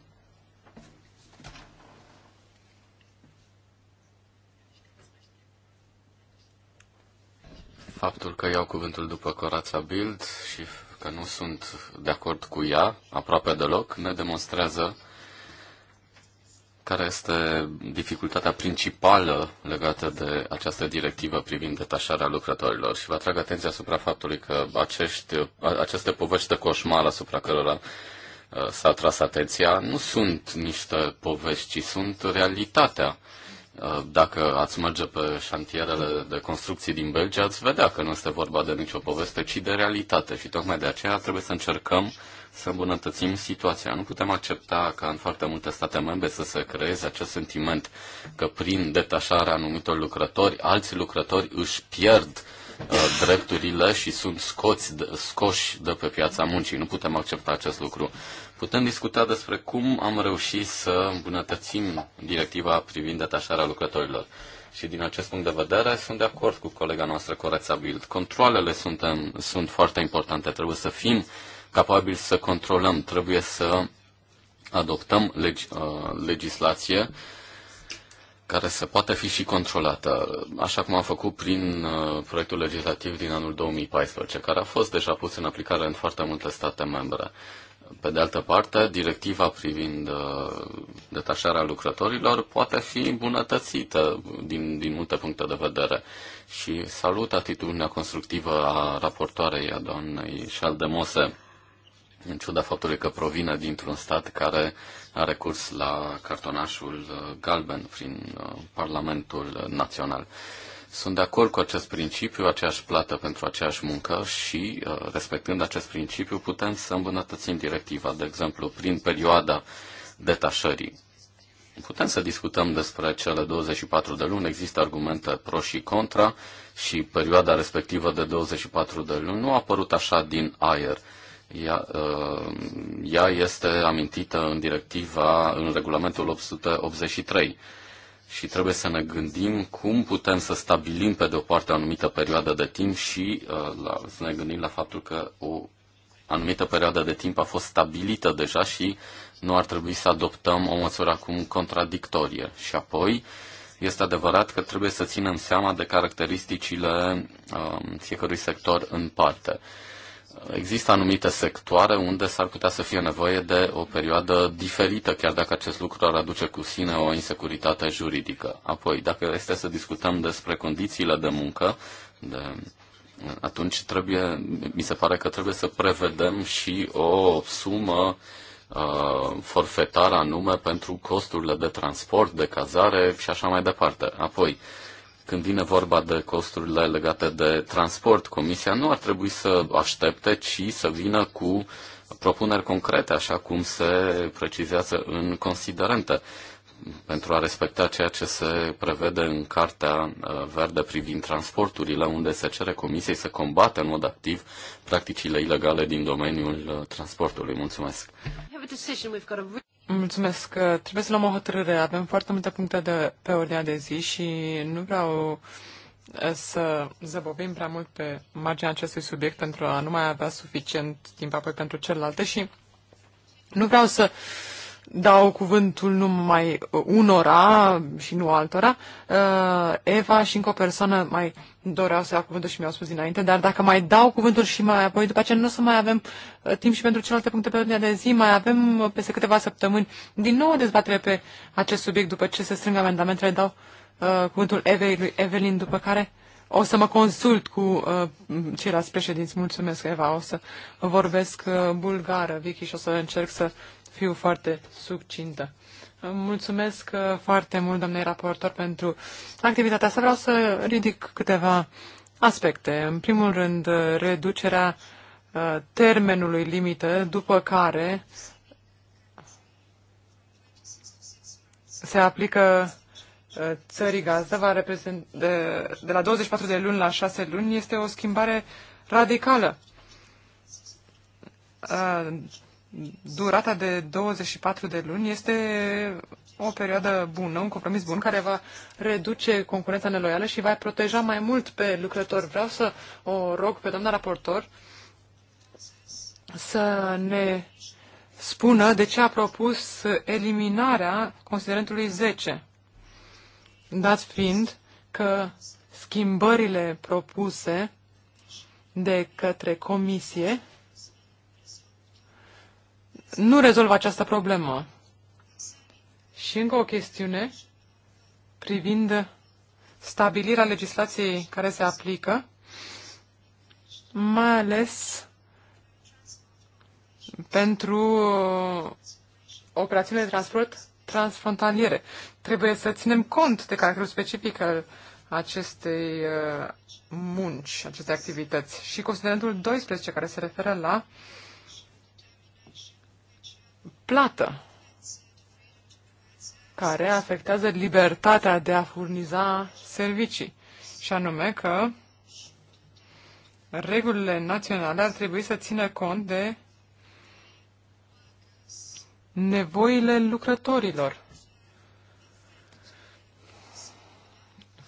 Faptul că iau cuvântul după Corața Bild și că nu sunt de acord cu ea, aproape deloc, ne demonstrează care este dificultatea principală legată de această directivă privind detașarea lucrătorilor și vă atrag atenția asupra faptului că acești, aceste povești de coșmar asupra cărora s-a tras atenția nu sunt niște povești, ci sunt realitatea. Dacă ați merge pe șantierele de construcții din Belgia, ați vedea că nu este vorba de nicio poveste, ci de realitate și tocmai de aceea trebuie să încercăm să îmbunătățim situația. Nu putem accepta ca în foarte multe state membre să se creeze acest sentiment că prin detașarea anumitor lucrători, alți lucrători își pierd uh, drepturile și sunt scoți de, scoși de pe piața muncii. Nu putem accepta acest lucru. Putem discuta despre cum am reușit să îmbunătățim directiva privind detașarea lucrătorilor. Și din acest punct de vedere sunt de acord cu colega noastră Coreța Bild. Controlele în, sunt foarte importante. Trebuie să fim uh, capabili să controlăm, trebuie să adoptăm legi, uh, legislație care să poată fi și controlată, așa cum am făcut prin uh, proiectul legislativ din anul 2014, care a fost deja pus în aplicare în foarte multe state membre. Pe de altă parte, directiva privind uh, detașarea lucrătorilor poate fi îmbunătățită din, din multe puncte de vedere. Și salut atitudinea constructivă a raportoarei a doamnei Șaldemose în ciuda faptului că provine dintr-un stat care a recurs la cartonașul uh, galben prin uh, Parlamentul Național. Sunt de acord cu acest principiu, aceeași plată pentru aceeași muncă și, uh, respectând acest principiu, putem să îmbunătățim directiva, de exemplu, prin perioada detașării. Putem să discutăm despre cele 24 de luni, există argumente pro și contra și perioada respectivă de 24 de luni nu a apărut așa din aer. Ea, uh, ea este amintită în directiva, în regulamentul 883 și trebuie să ne gândim cum putem să stabilim pe de o parte o anumită perioadă de timp și uh, la, să ne gândim la faptul că o anumită perioadă de timp a fost stabilită deja și nu ar trebui să adoptăm o măsură acum contradictorie. Și apoi este adevărat că trebuie să ținem seama de caracteristicile uh, fiecărui sector în parte. Uh, există anumite sectoare unde s-ar putea să fie nevoie de o perioadă diferită, chiar dacă acest lucru ar aduce cu sine o insecuritate juridică. Apoi, dacă este să discutăm despre condițiile de muncă, de, atunci trebuie, mi se pare că trebuie să prevedem și o sumă uh, forfetară anume pentru costurile de transport, de cazare și așa mai departe. Apoi, uh, când vine vorba de costurile legate de transport, Comisia nu ar trebui să aștepte, ci să vină cu propuneri concrete, așa cum se precizează în considerente, pentru a respecta ceea ce se prevede în Cartea uh, Verde privind transporturile, unde se cere Comisiei să combată în mod activ practicile ilegale din domeniul uh, transportului. Mulțumesc! Mulțumesc. Trebuie să luăm o hotărâre. Avem foarte multe puncte de, pe ordinea de zi și nu vreau eh, să zăbovim prea mult pe marginea acestui subiect pentru a nu mai avea suficient timp apoi pentru celelalte și nu vreau să uh, dau cuvântul numai uh, unora și nu altora. Uh, Eva și încă o persoană mai doreau să ia cuvântul și mi-au spus dinainte, dar dacă mai dau cuvântul și mai apoi după aceea nu o să mai avem uh, timp și pentru celelalte puncte pe ordinea de zi, mai avem peste câteva săptămâni din nou dezbatere pe acest subiect după ce se strâng amendamentele, dau cuvântul Evei lui Evelyn, după care o să mă consult cu uh, ceilalți președinți. Mulțumesc, Eva. O să vorbesc uh, bulgară, Vicky, și o să încerc să fiu foarte succintă. Mulțumesc uh, foarte mult, domnule raportor, pentru activitatea asta. Vreau să ridic câteva aspecte. În primul rând, uh, reducerea uh, termenului limită, după care se aplică țării gazdă, va reprezenta de, de la 24 de luni la 6 luni, este o schimbare radicală durata de 24 de luni este o perioadă bună, un compromis bun care va reduce concurența neloială și va proteja mai mult pe lucrători. Vreau să o rog pe doamna raportor să ne spună de ce a propus eliminarea considerentului 10, dat fiind că schimbările propuse de către comisie nu rezolvă această problemă. Și încă o chestiune privind stabilirea legislației care se aplică, mai ales pentru uh, operațiunile de transport transfrontaliere. Trebuie să ținem cont de caracterul specific al acestei uh, munci, acestei activități. Și considerentul 12, care se referă la uh, plată, care afectează libertatea de a furniza servicii, și anume că regulile naționale ar trebui să țină cont de nevoile lucrătorilor,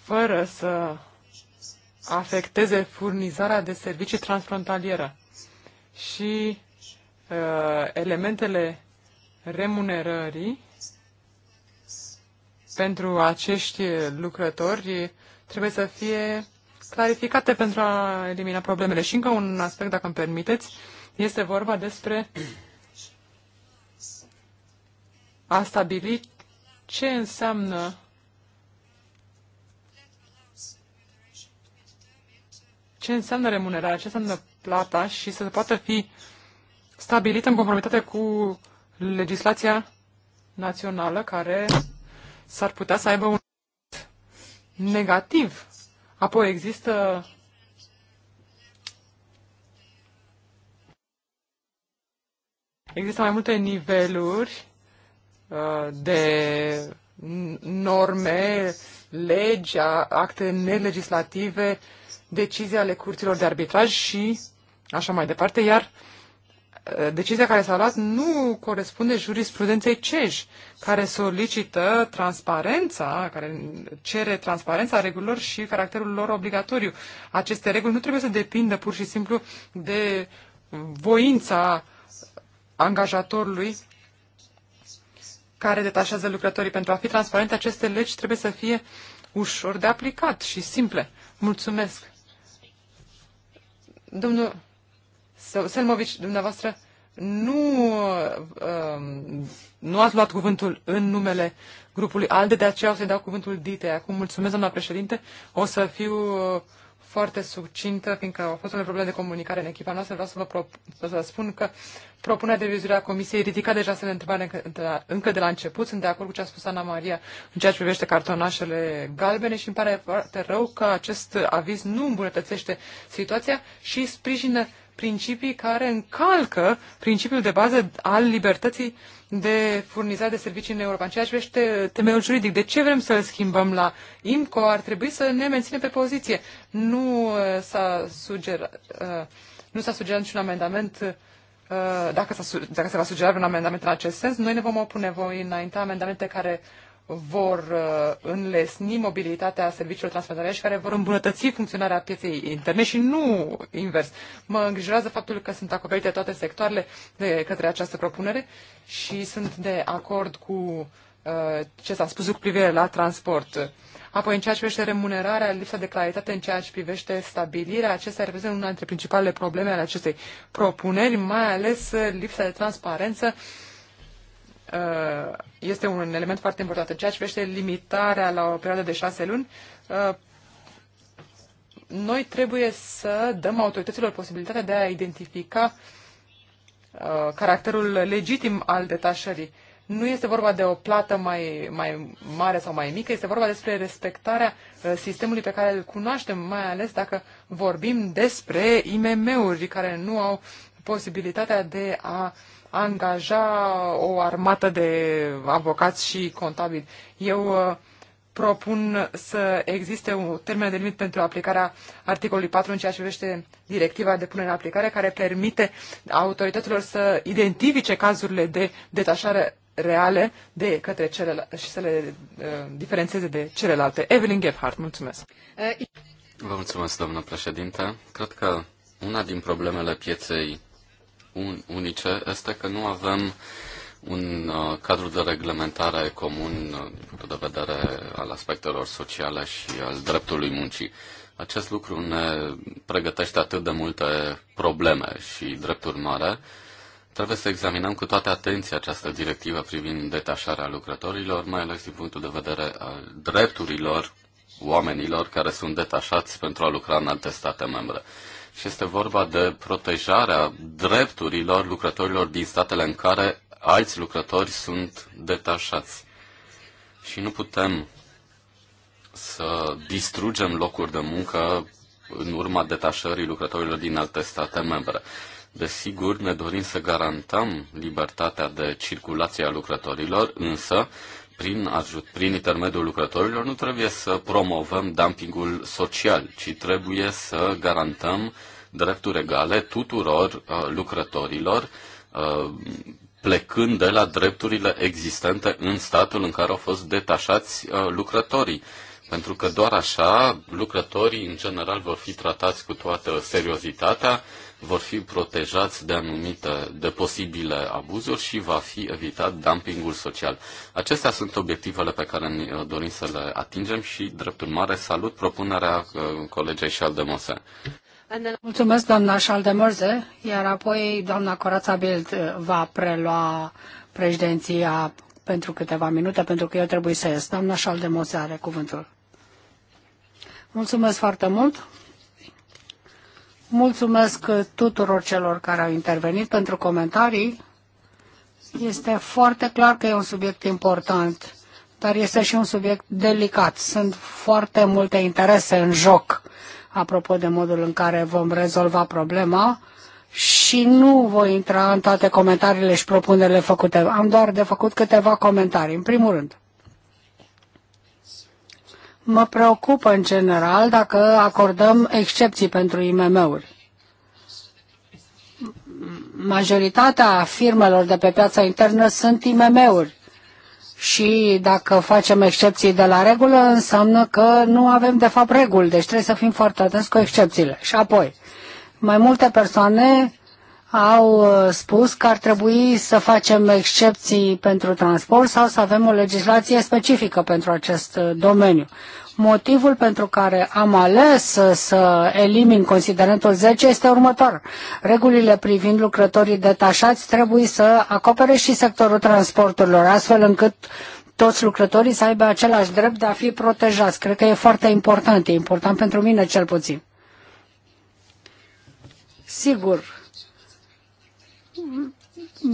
fără să afecteze furnizarea de servicii transfrontalieră. Și uh, elementele remunerării pentru acești lucrători trebuie să fie clarificate pentru a elimina problemele. Și încă un aspect, dacă îmi permiteți, este vorba despre a stabili ce înseamnă ce înseamnă remunerarea, ce înseamnă plata și să poată fi stabilită în conformitate cu legislația națională care s-ar putea să aibă un negativ. Apoi există există mai multe niveluri uh, de norme, legi, acte nelegislative, decizii ale curților de arbitraj și așa mai departe, iar uh, Eh, decizia care s-a luat nu corespunde jurisprudenței CEJ, care solicită transparența, care cere transparența regulilor și caracterul lor obligatoriu. Aceste reguli nu trebuie să depindă pur și simplu de voința angajatorului care detașează lucrătorii. Pentru a fi transparente, aceste legi trebuie să fie ușor de aplicat și simple. Mulțumesc. Domnul Selmovici, dumneavoastră, nu, um, nu ați luat cuvântul în numele grupului ALDE, de aceea o să-i dau cuvântul Dite. Acum mulțumesc, doamna președinte, o să fiu uh, foarte succintă, fiindcă au fost unele probleme de comunicare în echipa noastră. Vreau să vă, prop- să vă spun că propunerea de revizuire a Comisiei ridica deja să ne întrebare încă încă de la început. Sunt de acord cu ce a spus Ana Maria în ceea ce privește cartonașele galbene și îmi pare foarte rău că acest aviz nu îmbunătățește situația și sprijină principii care încalcă principiul de bază al libertății de furnizare de servicii în Europa. În ceea ce privește temeiul juridic, de ce vrem să-l schimbăm la IMCO? Ar trebui să ne menținem pe poziție. Nu uh, s-a sugerat, uh, nu s-a sugerat niciun amendament uh, dacă, dacă se va sugera un amendament în acest sens, noi ne vom opune, voi înainta amendamente care vor uh, înlesni mobilitatea serviciilor transfrontaliere și care vor îmbunătăți funcționarea pieței interne și nu invers. Mă îngrijorează faptul că sunt acoperite toate sectoarele de către această propunere și sunt de acord cu uh, ce s-a spus cu privire la transport. Apoi, în ceea ce privește remunerarea, lipsa de claritate în ceea ce privește stabilirea, acestea reprezintă una dintre principalele probleme ale acestei propuneri, mai ales lipsa de transparență uh, Uh, este un element foarte important. În ceea ce privește limitarea la o perioadă de șase luni, uh, noi trebuie să dăm autorităților posibilitatea de a identifica uh, caracterul legitim al detașării. Nu este vorba de o plată mai, mai mare sau mai mică, este vorba despre respectarea sistemului pe care îl cunoaștem, mai ales dacă vorbim despre IMM-uri care nu au posibilitatea de a uh, angaja o armată de avocați și contabili. Eu uh, propun să existe un termen de limit pentru aplicarea articolului 4 în ceea ce privește directiva de punere în aplicare, care permite autorităților să identifice cazurile de detașare reale de către celelalte și să le uh, diferențeze de celelalte. Evelyn Gebhardt, mulțumesc. Vă mulțumesc, doamnă președinte. Cred că una din problemele pieței unice este că nu avem un uh, cadru de reglementare comun uh, din punctul de vedere al aspectelor sociale și al dreptului muncii. Acest lucru ne pregătește atât de multe probleme și, drepturi mare. trebuie să examinăm cu toată atenția această directivă privind detașarea lucrătorilor, mai ales din punctul de vedere al drepturilor oamenilor care sunt detașați pentru a lucra în alte state membre și este vorba de protejarea drepturilor lucrătorilor din statele în care alți lucrători sunt detașați. Și nu putem să distrugem locuri de muncă în urma detașării lucrătorilor din alte state membre. Desigur, ne dorim să garantăm libertatea de circulație a lucrătorilor, însă prin, ajut, prin intermediul lucrătorilor, nu trebuie să promovăm dumpingul social, ci trebuie să garantăm drepturi egale tuturor uh, lucrătorilor, uh, plecând de la drepturile existente în statul în care au fost detașați uh, lucrătorii. Pentru că doar așa lucrătorii, în general, vor fi tratați cu toată seriozitatea, uh, vor fi protejați de anumite, de posibile abuzuri și va fi evitat dumpingul social. Acestea sunt obiectivele pe care uh, dorim să le atingem și, drept urmare, salut propunerea uh, colegei Șaldemose. Mulțumesc, doamna Șaldemorze, iar apoi doamna Corața Bild uh, va prelua președinția pentru câteva minute, pentru că eu trebuie să ies. Doamna Șaldemose are cuvântul. Mulțumesc foarte mult. Mulțumesc tuturor celor care au intervenit pentru comentarii. Este foarte clar că e un subiect important, dar este și un subiect delicat. Sunt foarte multe interese în joc apropo de modul în care vom rezolva problema și nu voi intra în toate comentariile și propunerile făcute. Am doar de făcut câteva comentarii. În primul rând, Mă preocupă în general dacă acordăm excepții pentru IMM-uri. Majoritatea firmelor de pe piața internă sunt IMM-uri și dacă facem excepții de la regulă, înseamnă că nu avem de fapt reguli, deci trebuie să fim foarte atenți cu excepțiile. Și apoi, mai multe persoane au uh, spus că ar trebui să facem excepții pentru transport sau să avem o legislație specifică pentru acest uh, domeniu. Motivul pentru care am ales să elimin considerentul 10 este următor. Regulile privind lucrătorii detașați trebuie să acopere și sectorul transporturilor, astfel încât toți lucrătorii să aibă același drept de a fi protejați. Cred că e foarte important, e important pentru mine cel puțin. Sigur,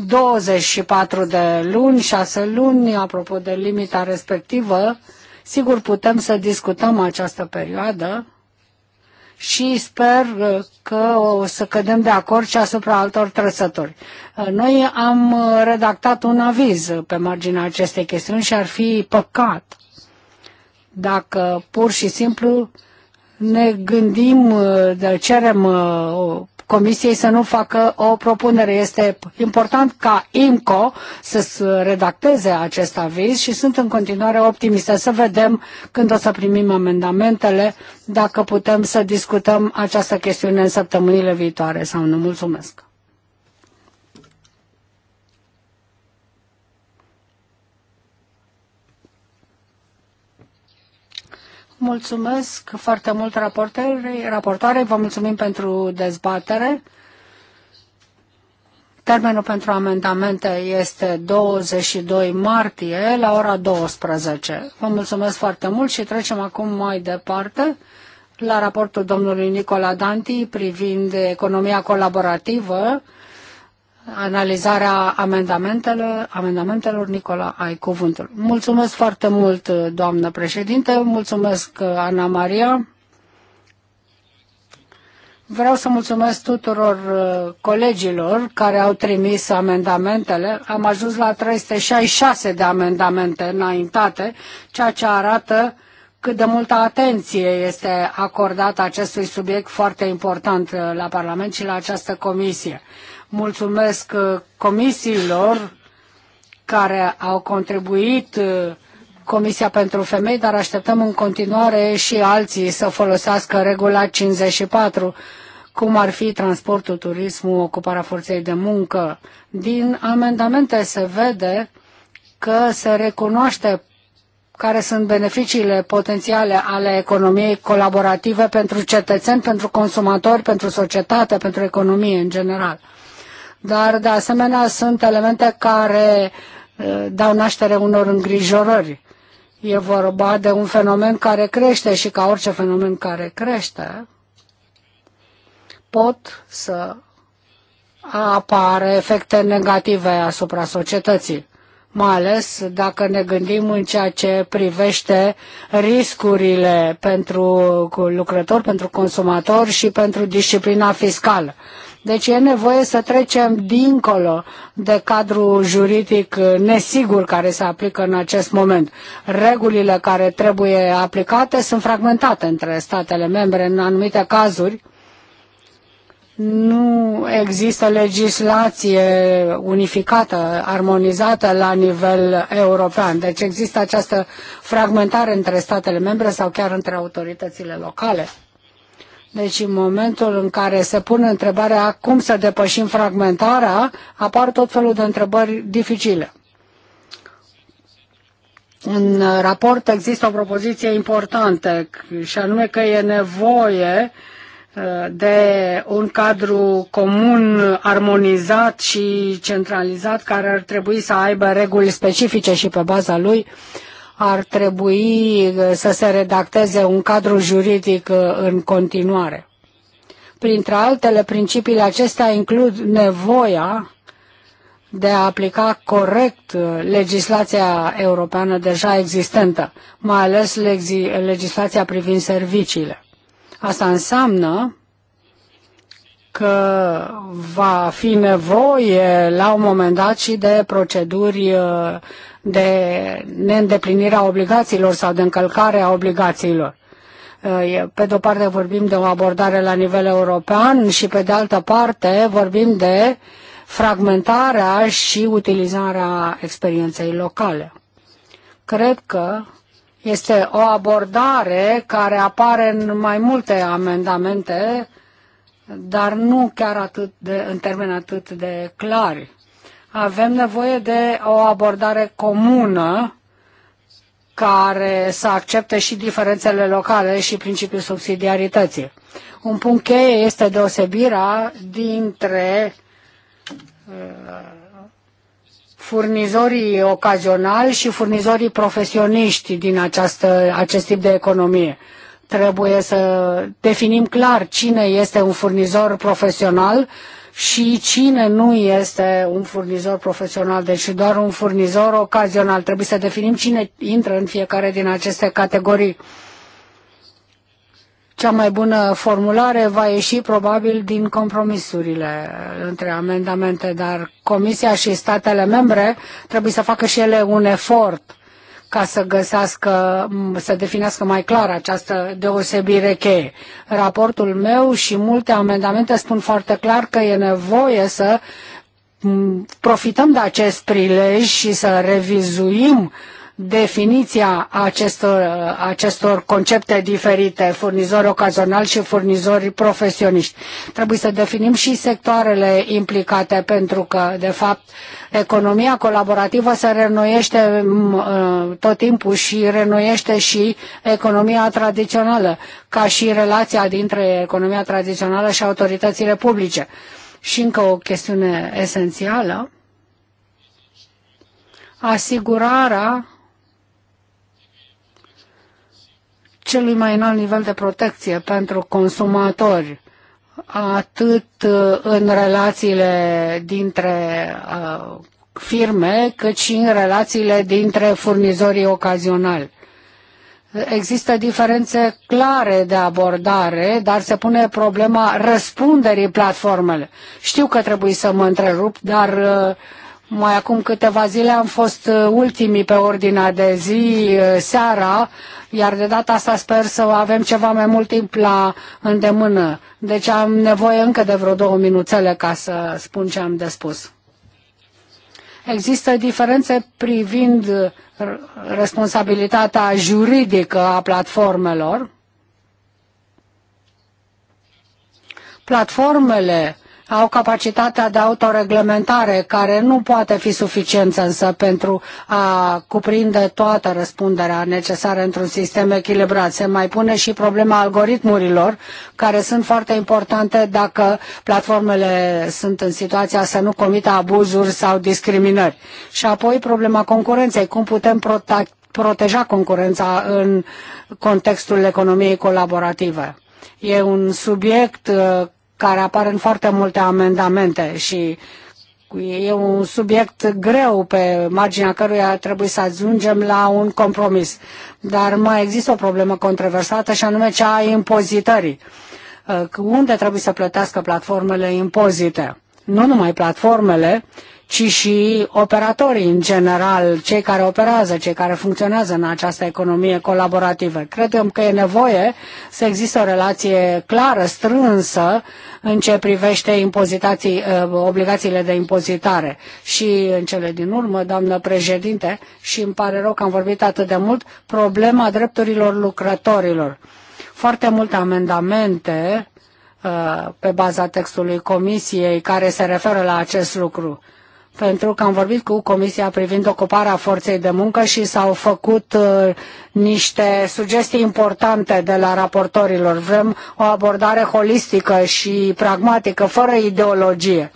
24 de luni, 6 luni, apropo de limita respectivă, sigur putem să discutăm această perioadă și sper că o să cădem de acord și asupra altor trăsători. Noi am redactat un aviz pe marginea acestei chestiuni și ar fi păcat dacă pur și simplu ne gândim, cerem uh, o Comisiei să nu facă o propunere. Este important ca IMCO să redacteze acest aviz și sunt în continuare optimistă să vedem când o să primim amendamentele, dacă putem să discutăm această chestiune în săptămânile viitoare sau nu. Mulțumesc! Mulțumesc foarte mult raportoare, vă mulțumim pentru dezbatere. Termenul pentru amendamente este 22 martie la ora 12. Vă mulțumesc foarte mult și trecem acum mai departe la raportul domnului Nicola Danti privind economia colaborativă analizarea amendamentelor, amendamentelor. Nicola, ai cuvântul. Mulțumesc foarte mult, doamnă președinte. Mulțumesc, Ana Maria. Vreau să mulțumesc tuturor uh, colegilor care au trimis amendamentele. Am ajuns la 366 de amendamente înaintate, ceea ce arată cât de multă atenție este acordată acestui subiect foarte important uh, la Parlament și la această comisie mulțumesc uh, comisiilor care au contribuit uh, Comisia pentru Femei, dar așteptăm în continuare și alții să folosească regula 54, cum ar fi transportul, turismul, ocuparea forței de muncă. Din amendamente se vede că se recunoaște care sunt beneficiile potențiale ale economiei colaborative pentru cetățeni, pentru consumatori, pentru societate, pentru economie în general dar de asemenea sunt elemente care eh, dau naștere unor îngrijorări. E vorba de un fenomen care crește și ca orice fenomen care crește, pot să apare efecte negative asupra societății, mai ales dacă ne gândim în ceea ce privește riscurile pentru lucrători, pentru consumatori și pentru disciplina fiscală. Deci e nevoie să trecem dincolo de cadrul juridic nesigur care se aplică în acest moment. Regulile care trebuie aplicate sunt fragmentate între statele membre în anumite cazuri. Nu există legislație unificată, armonizată la nivel european. Deci există această fragmentare între statele membre sau chiar între autoritățile locale. Deci în momentul în care se pune întrebarea cum să depășim fragmentarea, apar tot felul de întrebări dificile. În raport există o propoziție importantă și anume că e nevoie uh, de un cadru comun, armonizat și centralizat care ar trebui să aibă reguli specifice și pe baza lui ar trebui uh, să se redacteze un cadru juridic uh, în continuare. Printre altele, principiile acestea includ nevoia de a aplica corect uh, legislația europeană deja existentă, mai ales legislația privind serviciile. Asta înseamnă că va fi nevoie la un moment dat și de proceduri uh, de neîndeplinire a obligațiilor sau de încălcare a obligațiilor. Uh, pe de o parte vorbim de o abordare la nivel european și pe de altă parte vorbim de fragmentarea și utilizarea experienței locale. Cred că este o abordare care apare în mai multe amendamente dar nu chiar atât de, în termeni atât de clari. Avem nevoie de o abordare comună care să accepte și diferențele locale și principiul subsidiarității. Un punct cheie este deosebirea dintre uh, furnizorii ocazionali și furnizorii profesioniști din această, acest tip de economie. Trebuie să definim clar cine este un furnizor profesional și cine nu este un furnizor profesional, deci doar un furnizor ocazional. Trebuie să definim cine intră în fiecare din aceste categorii. Cea mai bună formulare va ieși probabil din compromisurile între amendamente, dar Comisia și statele membre trebuie să facă și ele un efort ca să găsească, să definească mai clar această deosebire cheie. Raportul meu și multe amendamente spun foarte clar că e nevoie să profităm de acest prilej și să revizuim uh, definiția acestor, acestor concepte diferite, furnizori ocazionali și furnizori profesioniști. Trebuie să definim și sectoarele implicate, pentru că, de fapt, economia colaborativă se renoiește mm, uh, tot timpul și renoiește și economia tradițională, ca și relația dintre economia tradițională și autoritățile publice. Și încă o chestiune esențială, asigurarea celui mai înalt nivel de protecție pentru consumatori, atât uh, în relațiile dintre uh, firme, cât și în relațiile dintre furnizorii ocazionali. Există diferențe clare de abordare, dar se pune problema răspunderii platformele. Știu că trebuie să mă întrerup, dar uh, mai acum câteva zile am fost uh, ultimii pe ordinea de zi uh, seara, iar de data asta sper să avem ceva mai mult timp la îndemână. Deci am nevoie încă de vreo două minuțele ca să spun ce am de spus. Există diferențe privind uh, responsabilitatea juridică a platformelor. Platformele au capacitatea de autoreglementare, care nu poate fi suficientă însă pentru a cuprinde toată răspunderea necesară într-un sistem echilibrat. Se mai pune și problema algoritmurilor, care sunt foarte importante dacă platformele sunt în situația să nu comită abuzuri sau discriminări. Și apoi problema concurenței, cum putem prote proteja concurența în contextul economiei colaborative. E un subiect uh, care apar în foarte multe amendamente și e un subiect greu pe marginea căruia trebuie să ajungem la un compromis. Dar mai există o problemă controversată și anume cea a impozitării. Unde trebuie să plătească platformele impozite? Nu numai platformele, ci și operatorii în general, cei care operează, cei care funcționează în această economie colaborativă. Credem că e nevoie să există o relație clară, strânsă, în ce privește ă, obligațiile de impozitare. Și în cele din urmă, doamnă președinte, și îmi pare rău că am vorbit atât de mult, problema drepturilor lucrătorilor. Foarte multe amendamente ă, pe baza textului comisiei care se referă la acest lucru pentru că am vorbit cu Comisia privind ocuparea forței de muncă și s-au făcut uh, niște sugestii importante de la raportorilor. Vrem o abordare holistică și pragmatică, fără ideologie.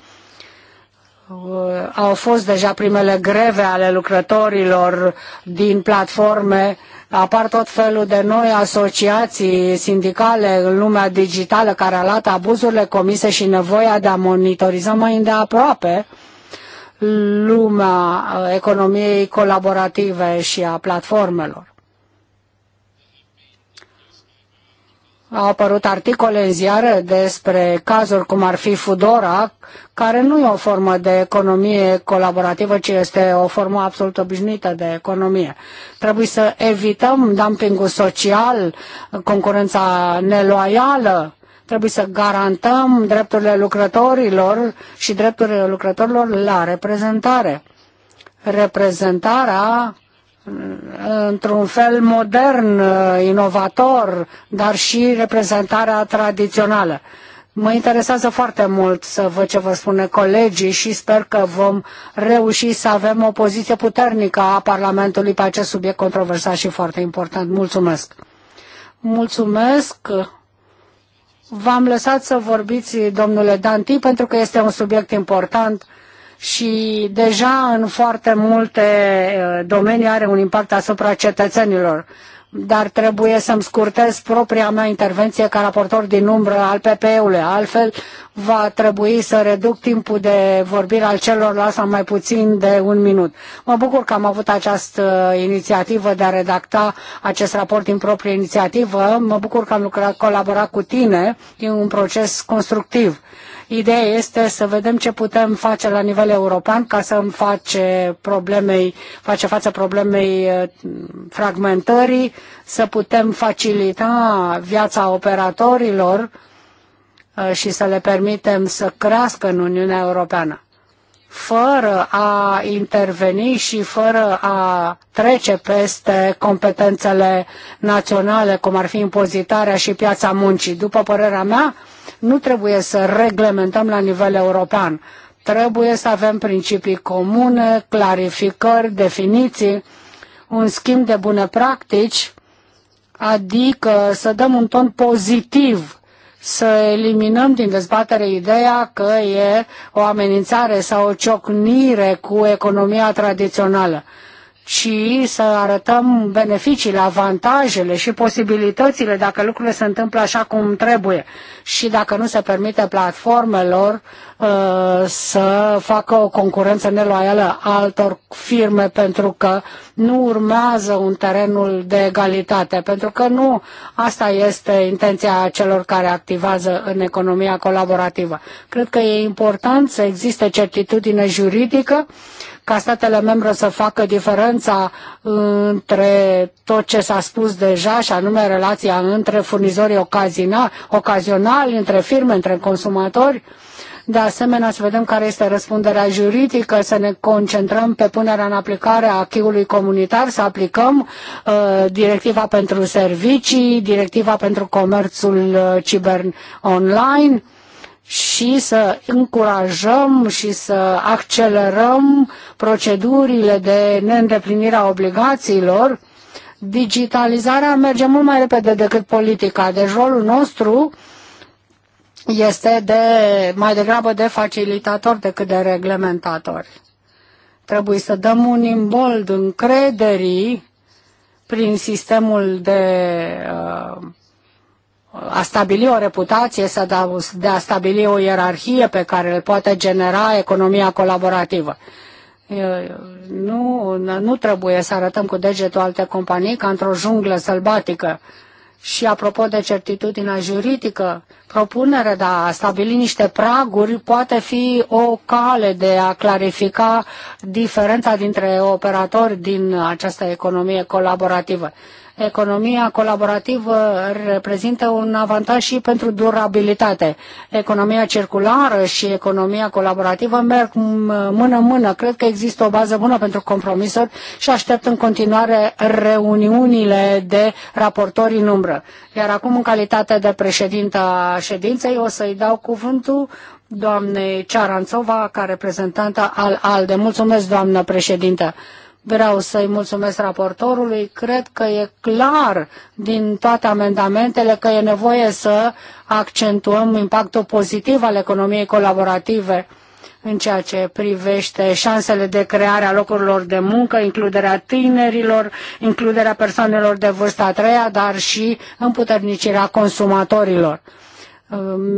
Uh, au fost deja primele greve ale lucrătorilor din platforme, apar tot felul de noi asociații sindicale în lumea digitală care alată abuzurile comise și nevoia de a monitoriza mai îndeaproape aproape lumea economiei colaborative și a platformelor. Au apărut articole în ziare despre cazuri cum ar fi Fudora, care nu e o formă de economie colaborativă, ci este o formă absolut obișnuită de economie. Trebuie să evităm dumpingul social, concurența neloială, Trebuie să garantăm drepturile lucrătorilor și drepturile lucrătorilor la reprezentare. Reprezentarea mm, într-un fel modern, uh, inovator, dar și reprezentarea tradițională. Mă interesează foarte mult să văd ce vă spune colegii și sper că vom reuși să avem o poziție puternică a Parlamentului pe acest subiect controversat și foarte important. Mulțumesc! Mulțumesc! V-am lăsat să vorbiți, domnule Danti, pentru că este un subiect important și deja în foarte multe uh, domenii are un impact asupra cetățenilor dar trebuie să-mi scurtez propria mea intervenție ca raportor din umbră al PPE-ului. Altfel va trebui să reduc timpul de vorbire al celorlalți sau mai puțin de un minut. Mă bucur că am avut această inițiativă de a redacta acest raport din proprie inițiativă. Mă bucur că am lucrat, colaborat cu tine. E un proces constructiv. Ideea este să vedem ce putem face la nivel european ca să face, problemei, face față problemei uh, fragmentării, să putem facilita viața operatorilor uh, și să le permitem să crească în Uniunea Europeană fără a interveni și fără a trece peste competențele naționale, cum ar fi impozitarea și piața muncii. După părerea mea, nu trebuie să reglementăm la nivel european. Trebuie să avem principii comune, clarificări, definiții, un schimb de bune practici, adică să dăm un ton pozitiv să eliminăm din dezbatere ideea că e o amenințare sau o ciocnire cu economia tradițională ci să arătăm beneficiile, avantajele și posibilitățile dacă lucrurile se întâmplă așa cum trebuie și dacă nu se permite platformelor uh, să facă o concurență neloială altor firme pentru că nu urmează un terenul de egalitate, pentru că nu asta este intenția celor care activează în economia colaborativă. Cred că e important să existe certitudine juridică ca statele membre să facă diferența uh, între tot ce s-a spus deja și anume relația între furnizorii ocazionali, între firme, între consumatori. De asemenea, să vedem care este răspunderea juridică, să ne concentrăm pe punerea în aplicare a acquis comunitar, să aplicăm uh, directiva pentru servicii, directiva pentru comerțul uh, ciber online. Uh, și să încurajăm și să accelerăm procedurile de neîndeplinire a obligațiilor, digitalizarea merge mult mai repede decât politica. Deci rolul nostru este de, mai degrabă de facilitator decât de reglementator. Trebuie să dăm un imbold încrederii prin sistemul de uh, a stabili o reputație, să da, de a stabili o ierarhie pe care le poate genera economia colaborativă. Nu, nu trebuie să arătăm cu degetul alte companii ca într-o junglă sălbatică. Și apropo de certitudinea juridică, propunerea de a stabili niște praguri poate fi o cale de a clarifica diferența dintre operatori din această economie colaborativă. Economia colaborativă reprezintă un avantaj și pentru durabilitate. Economia circulară și economia colaborativă merg mână-mână. Cred că există o bază bună pentru compromisuri și aștept în continuare reuniunile de raportori în umbră. Iar acum, în calitate de președintă a ședinței, o să-i dau cuvântul doamnei Cearanțova, ca reprezentantă al ALDE. Mulțumesc, doamnă președintă. Vreau să-i mulțumesc raportorului. Cred că e clar din toate amendamentele că e nevoie să accentuăm impactul pozitiv al economiei colaborative în ceea ce privește șansele de creare a locurilor de muncă, includerea tinerilor, includerea persoanelor de vârsta a treia, dar și împuternicirea consumatorilor.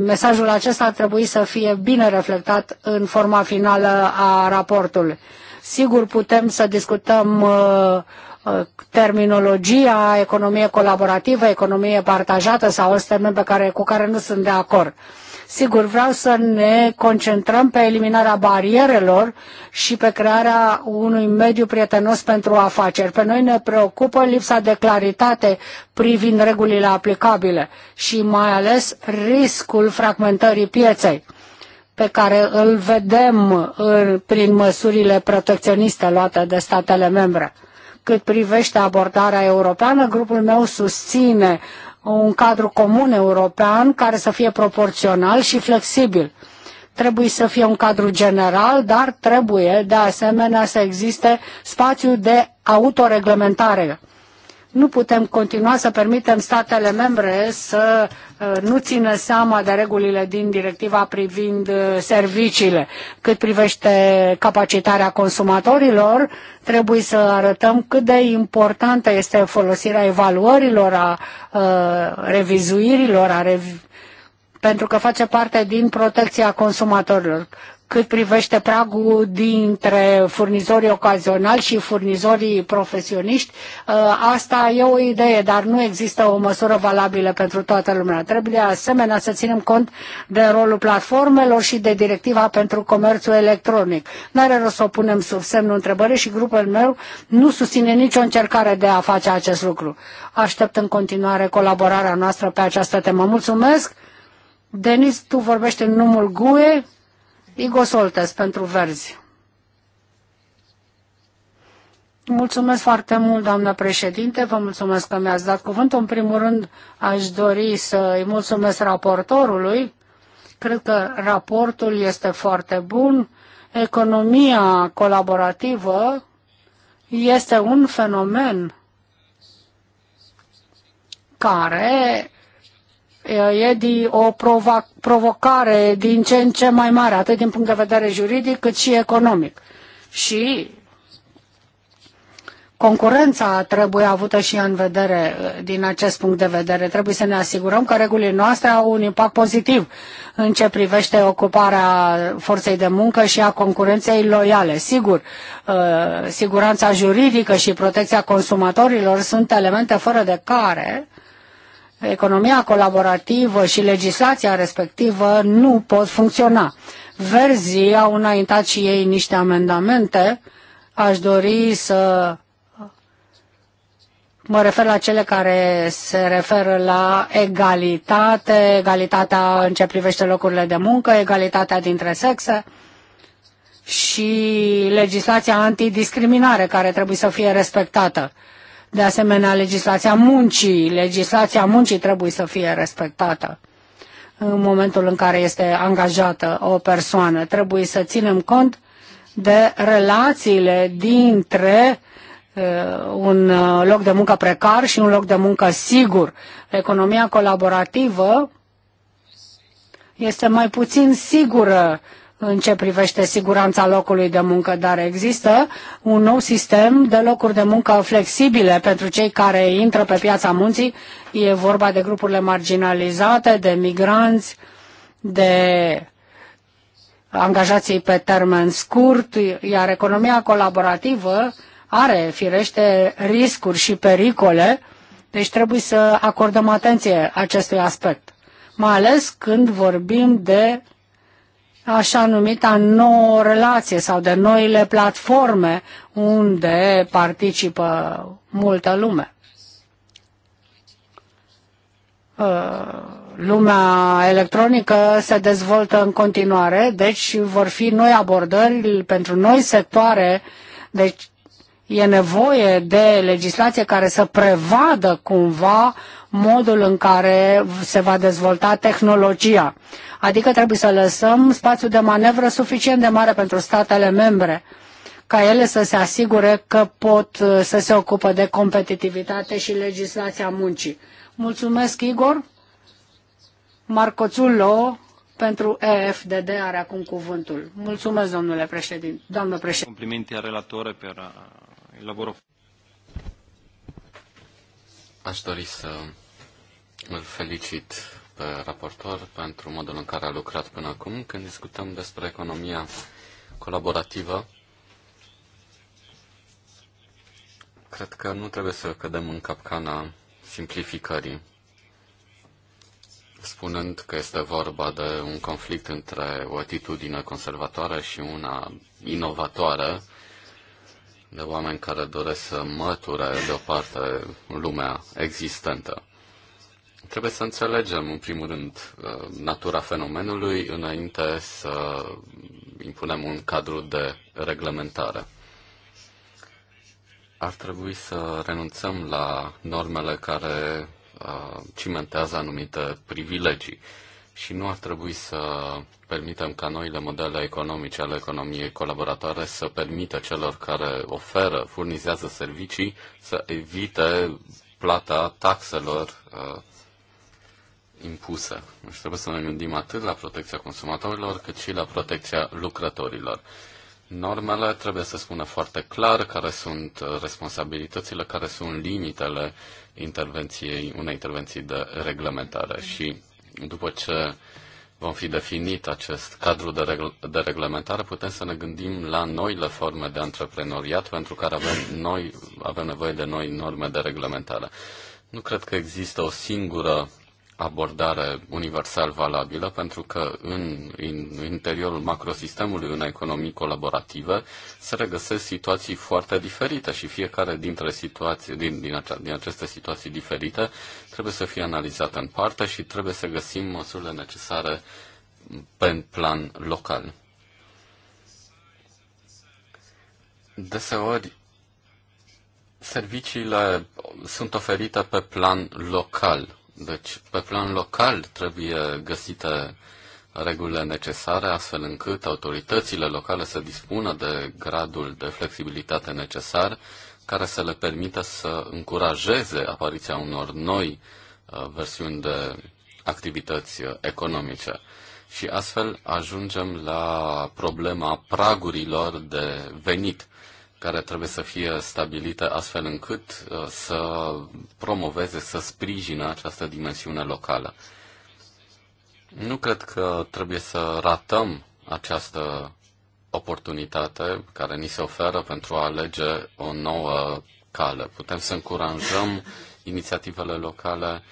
Mesajul acesta ar trebui să fie bine reflectat în forma finală a raportului. Sigur, putem să discutăm uh, uh, terminologia, economie colaborativă, economie partajată sau alte termeni pe care, cu care nu sunt de acord. Sigur, vreau să ne concentrăm pe eliminarea barierelor și pe crearea unui mediu prietenos pentru afaceri. Pe noi ne preocupă lipsa de claritate privind regulile aplicabile și mai ales riscul fragmentării pieței pe care îl vedem în, prin măsurile protecționiste luate de statele membre. Cât privește abordarea europeană, grupul meu susține un cadru comun european care să fie proporțional și flexibil. Trebuie să fie un cadru general, dar trebuie de asemenea să existe spațiu de autoreglementare nu putem continua să permitem statele membre să uh, nu țină seama de regulile din directiva privind uh, serviciile. Cât privește capacitarea consumatorilor, trebuie să arătăm cât de importantă este folosirea evaluărilor, a, a uh, revizuirilor, a rev- pentru că face parte din protecția consumatorilor cât privește pragul dintre furnizorii ocazionali și furnizorii profesioniști, ă, asta e o idee, dar nu există o măsură valabilă pentru toată lumea. Trebuie asemenea să ținem cont de rolul platformelor și de directiva pentru comerțul electronic. Nu are rost să o punem sub semnul întrebării și grupul meu nu susține nicio încercare de a face acest lucru. Aștept în continuare colaborarea noastră pe această temă. Mulțumesc! Denis, tu vorbești în numul GUE. Igo Soltes pentru Verzi. Mulțumesc foarte mult, doamnă președinte, vă mulțumesc că mi-ați dat cuvântul. În primul rând, aș dori să îi mulțumesc raportorului. Cred că raportul este foarte bun. Economia colaborativă este un fenomen care de o provo provocare din ce în ce mai mare, atât din punct de vedere juridic cât și economic. Și concurența trebuie avută și în vedere din acest punct de vedere. Trebuie să ne asigurăm că regulile noastre au un impact pozitiv în ce privește ocuparea forței de muncă și a concurenței loiale. Sigur, siguranța juridică și protecția consumatorilor sunt elemente fără de care economia colaborativă și legislația respectivă nu pot funcționa. Verzii au înaintat și ei niște amendamente. Aș dori să mă refer la cele care se referă la egalitate, egalitatea în ce privește locurile de muncă, egalitatea dintre sexe și legislația antidiscriminare care trebuie să fie respectată de asemenea, legislația muncii, legislația muncii trebuie să fie respectată în momentul în care este angajată o persoană. Trebuie să ținem cont de relațiile dintre uh, un uh, loc de muncă precar și un loc de muncă sigur. Economia colaborativă este mai puțin sigură în ce privește siguranța locului de muncă, dar există un nou sistem de locuri de muncă flexibile pentru cei care intră pe piața munții. E vorba de grupurile marginalizate, de migranți, de angajații pe termen scurt, iar economia colaborativă are, firește, riscuri și pericole, deci trebuie să acordăm atenție acestui aspect, mai ales când vorbim de așa numita nouă relație sau de noile platforme unde participă multă lume. Uh, lumea electronică se dezvoltă în continuare, deci vor fi noi abordări pentru noi sectoare, deci e nevoie de legislație care să prevadă cumva modul în care se va dezvolta tehnologia. Adică trebuie să lăsăm spațiu de manevră suficient de mare pentru statele membre ca ele să se asigure că pot uh, să se ocupă de competitivitate și legislația muncii. Mulțumesc, Igor. Marco Zullo pentru EFDD are acum cuvântul. Mulțumesc, domnule președinte. Doamnă președinte. Complimente a relatoră pe il Aș dori să îl felicit pe raportor pentru modul în care a lucrat până acum. Când discutăm despre economia colaborativă, cred că nu trebuie să cădem în capcana simplificării, spunând că este vorba de un conflict între o atitudine conservatoare și una inovatoare, de oameni care doresc să măture de o parte lumea existentă. Trebuie să înțelegem, în primul rând, uh, natura fenomenului înainte să impunem un cadru de reglementare. Ar trebui să renunțăm la normele care uh, cimentează anumite privilegii și nu ar trebui să permitem ca noile modele economice ale economiei colaboratoare să permită celor care oferă, furnizează servicii să evite plata taxelor uh, impusă. Și deci trebuie să ne gândim atât la protecția consumatorilor, cât și la protecția lucrătorilor. Normele trebuie să spună foarte clar care sunt responsabilitățile, care sunt limitele intervenției, unei intervenții de reglementare. Și după ce vom fi definit acest cadru de, regl- de reglementare, putem să ne gândim la noile forme de antreprenoriat pentru care avem, noi, avem nevoie de noi norme de reglementare. Nu cred că există o singură abordare universal valabilă, pentru că în, în interiorul macrosistemului în economii colaborative se regăsesc situații foarte diferite și fiecare dintre situații, din, din, acea, din aceste situații diferite trebuie să fie analizată în parte și trebuie să găsim măsurile necesare pe plan local. Deseori, serviciile sunt oferite pe plan local deci, pe plan local trebuie găsite regulile necesare, astfel încât autoritățile locale să dispună de gradul de flexibilitate necesar, care să le permită să încurajeze apariția unor noi uh, versiuni de activități uh, economice. Și astfel ajungem la problema pragurilor de venit care trebuie să fie stabilită astfel încât uh, să promoveze, să sprijine această dimensiune locală. Nu cred că trebuie să ratăm această oportunitate care ni se oferă pentru a alege o nouă cale. Putem să încurajăm inițiativele locale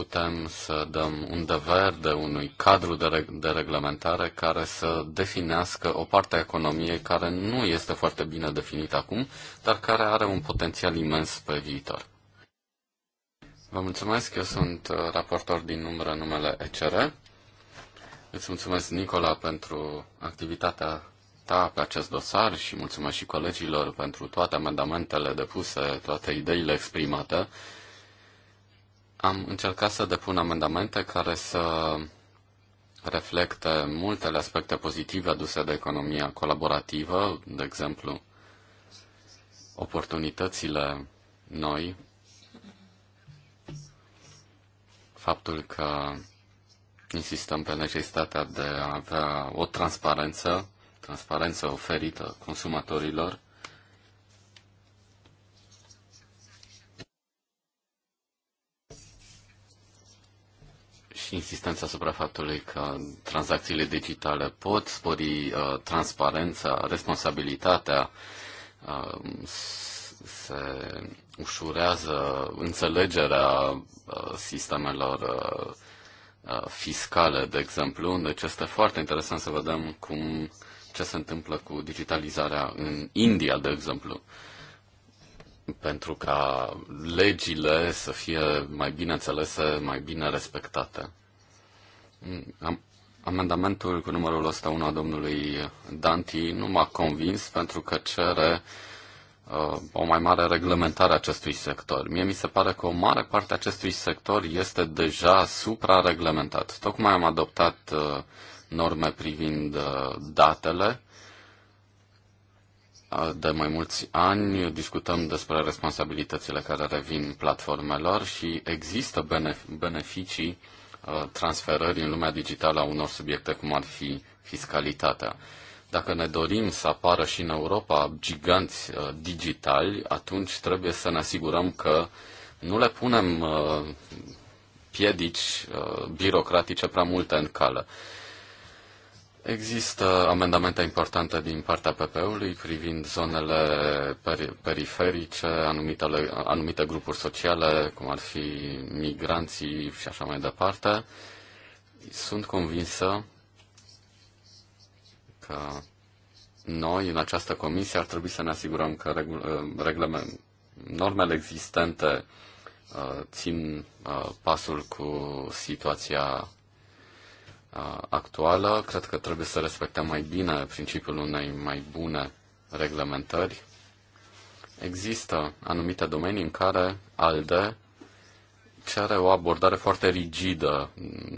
putem să dăm un dever de unui cadru de, reg- de reglementare care să definească o parte a economiei care nu este foarte bine definită acum, dar care are un potențial imens pe viitor. Vă mulțumesc, eu sunt uh, raportor din numără numele ECR. Îți mulțumesc, Nicola, pentru activitatea ta pe acest dosar și mulțumesc și colegilor pentru toate amendamentele depuse, toate ideile exprimate. Am încercat să depun amendamente care să reflecte multele aspecte pozitive aduse de economia colaborativă, de exemplu, oportunitățile noi, faptul că insistăm pe necesitatea de a avea o transparență, transparență oferită consumatorilor, și insistența asupra faptului că tranzacțiile digitale pot spori uh, transparența, responsabilitatea, uh, se ușurează înțelegerea uh, sistemelor uh, uh, fiscale, de exemplu. Deci este foarte interesant să vedem cum ce se întâmplă cu digitalizarea în India, de exemplu. Uh, pentru ca legile să fie mai bine înțelese, mai bine respectate. Mm, am, amendamentul cu numărul 101 a domnului Danti nu m-a convins pentru că cere uh, o mai mare reglementare a acestui sector. Mie mi se pare că o mare parte a acestui sector este deja suprareglementat. Tocmai am adoptat uh, norme privind uh, datele de mai mulți ani discutăm despre responsabilitățile care revin platformelor și există beneficii transferării în lumea digitală a unor subiecte cum ar fi fiscalitatea. Dacă ne dorim să apară și în Europa giganți digitali, atunci trebuie să ne asigurăm că nu le punem piedici birocratice prea multe în cale. Există amendamente importante din partea PP-ului privind zonele peri- periferice, anumite, anumite grupuri sociale, cum ar fi migranții și așa mai departe. Sunt convinsă că noi, în această comisie, ar trebui să ne asigurăm că regul, uh, normele existente uh, țin uh, pasul cu situația actuală. Cred că trebuie să respectăm mai bine principiul unei mai bune reglementări. Există anumite domenii în care ALDE cere o abordare foarte rigidă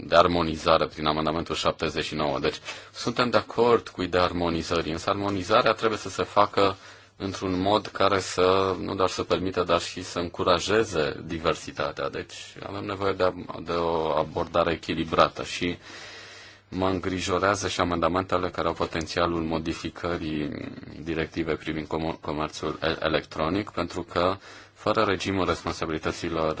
de armonizare prin amendamentul 79. Deci suntem de acord cu ideea armonizării, însă armonizarea trebuie să se facă într-un mod care să nu doar să permită, dar și să încurajeze diversitatea. Deci avem nevoie de, de o abordare echilibrată și uh, Mă îngrijorează și amendamentele care au potențialul modificării directive privind comerțul electronic, pentru că fără regimul responsabilităților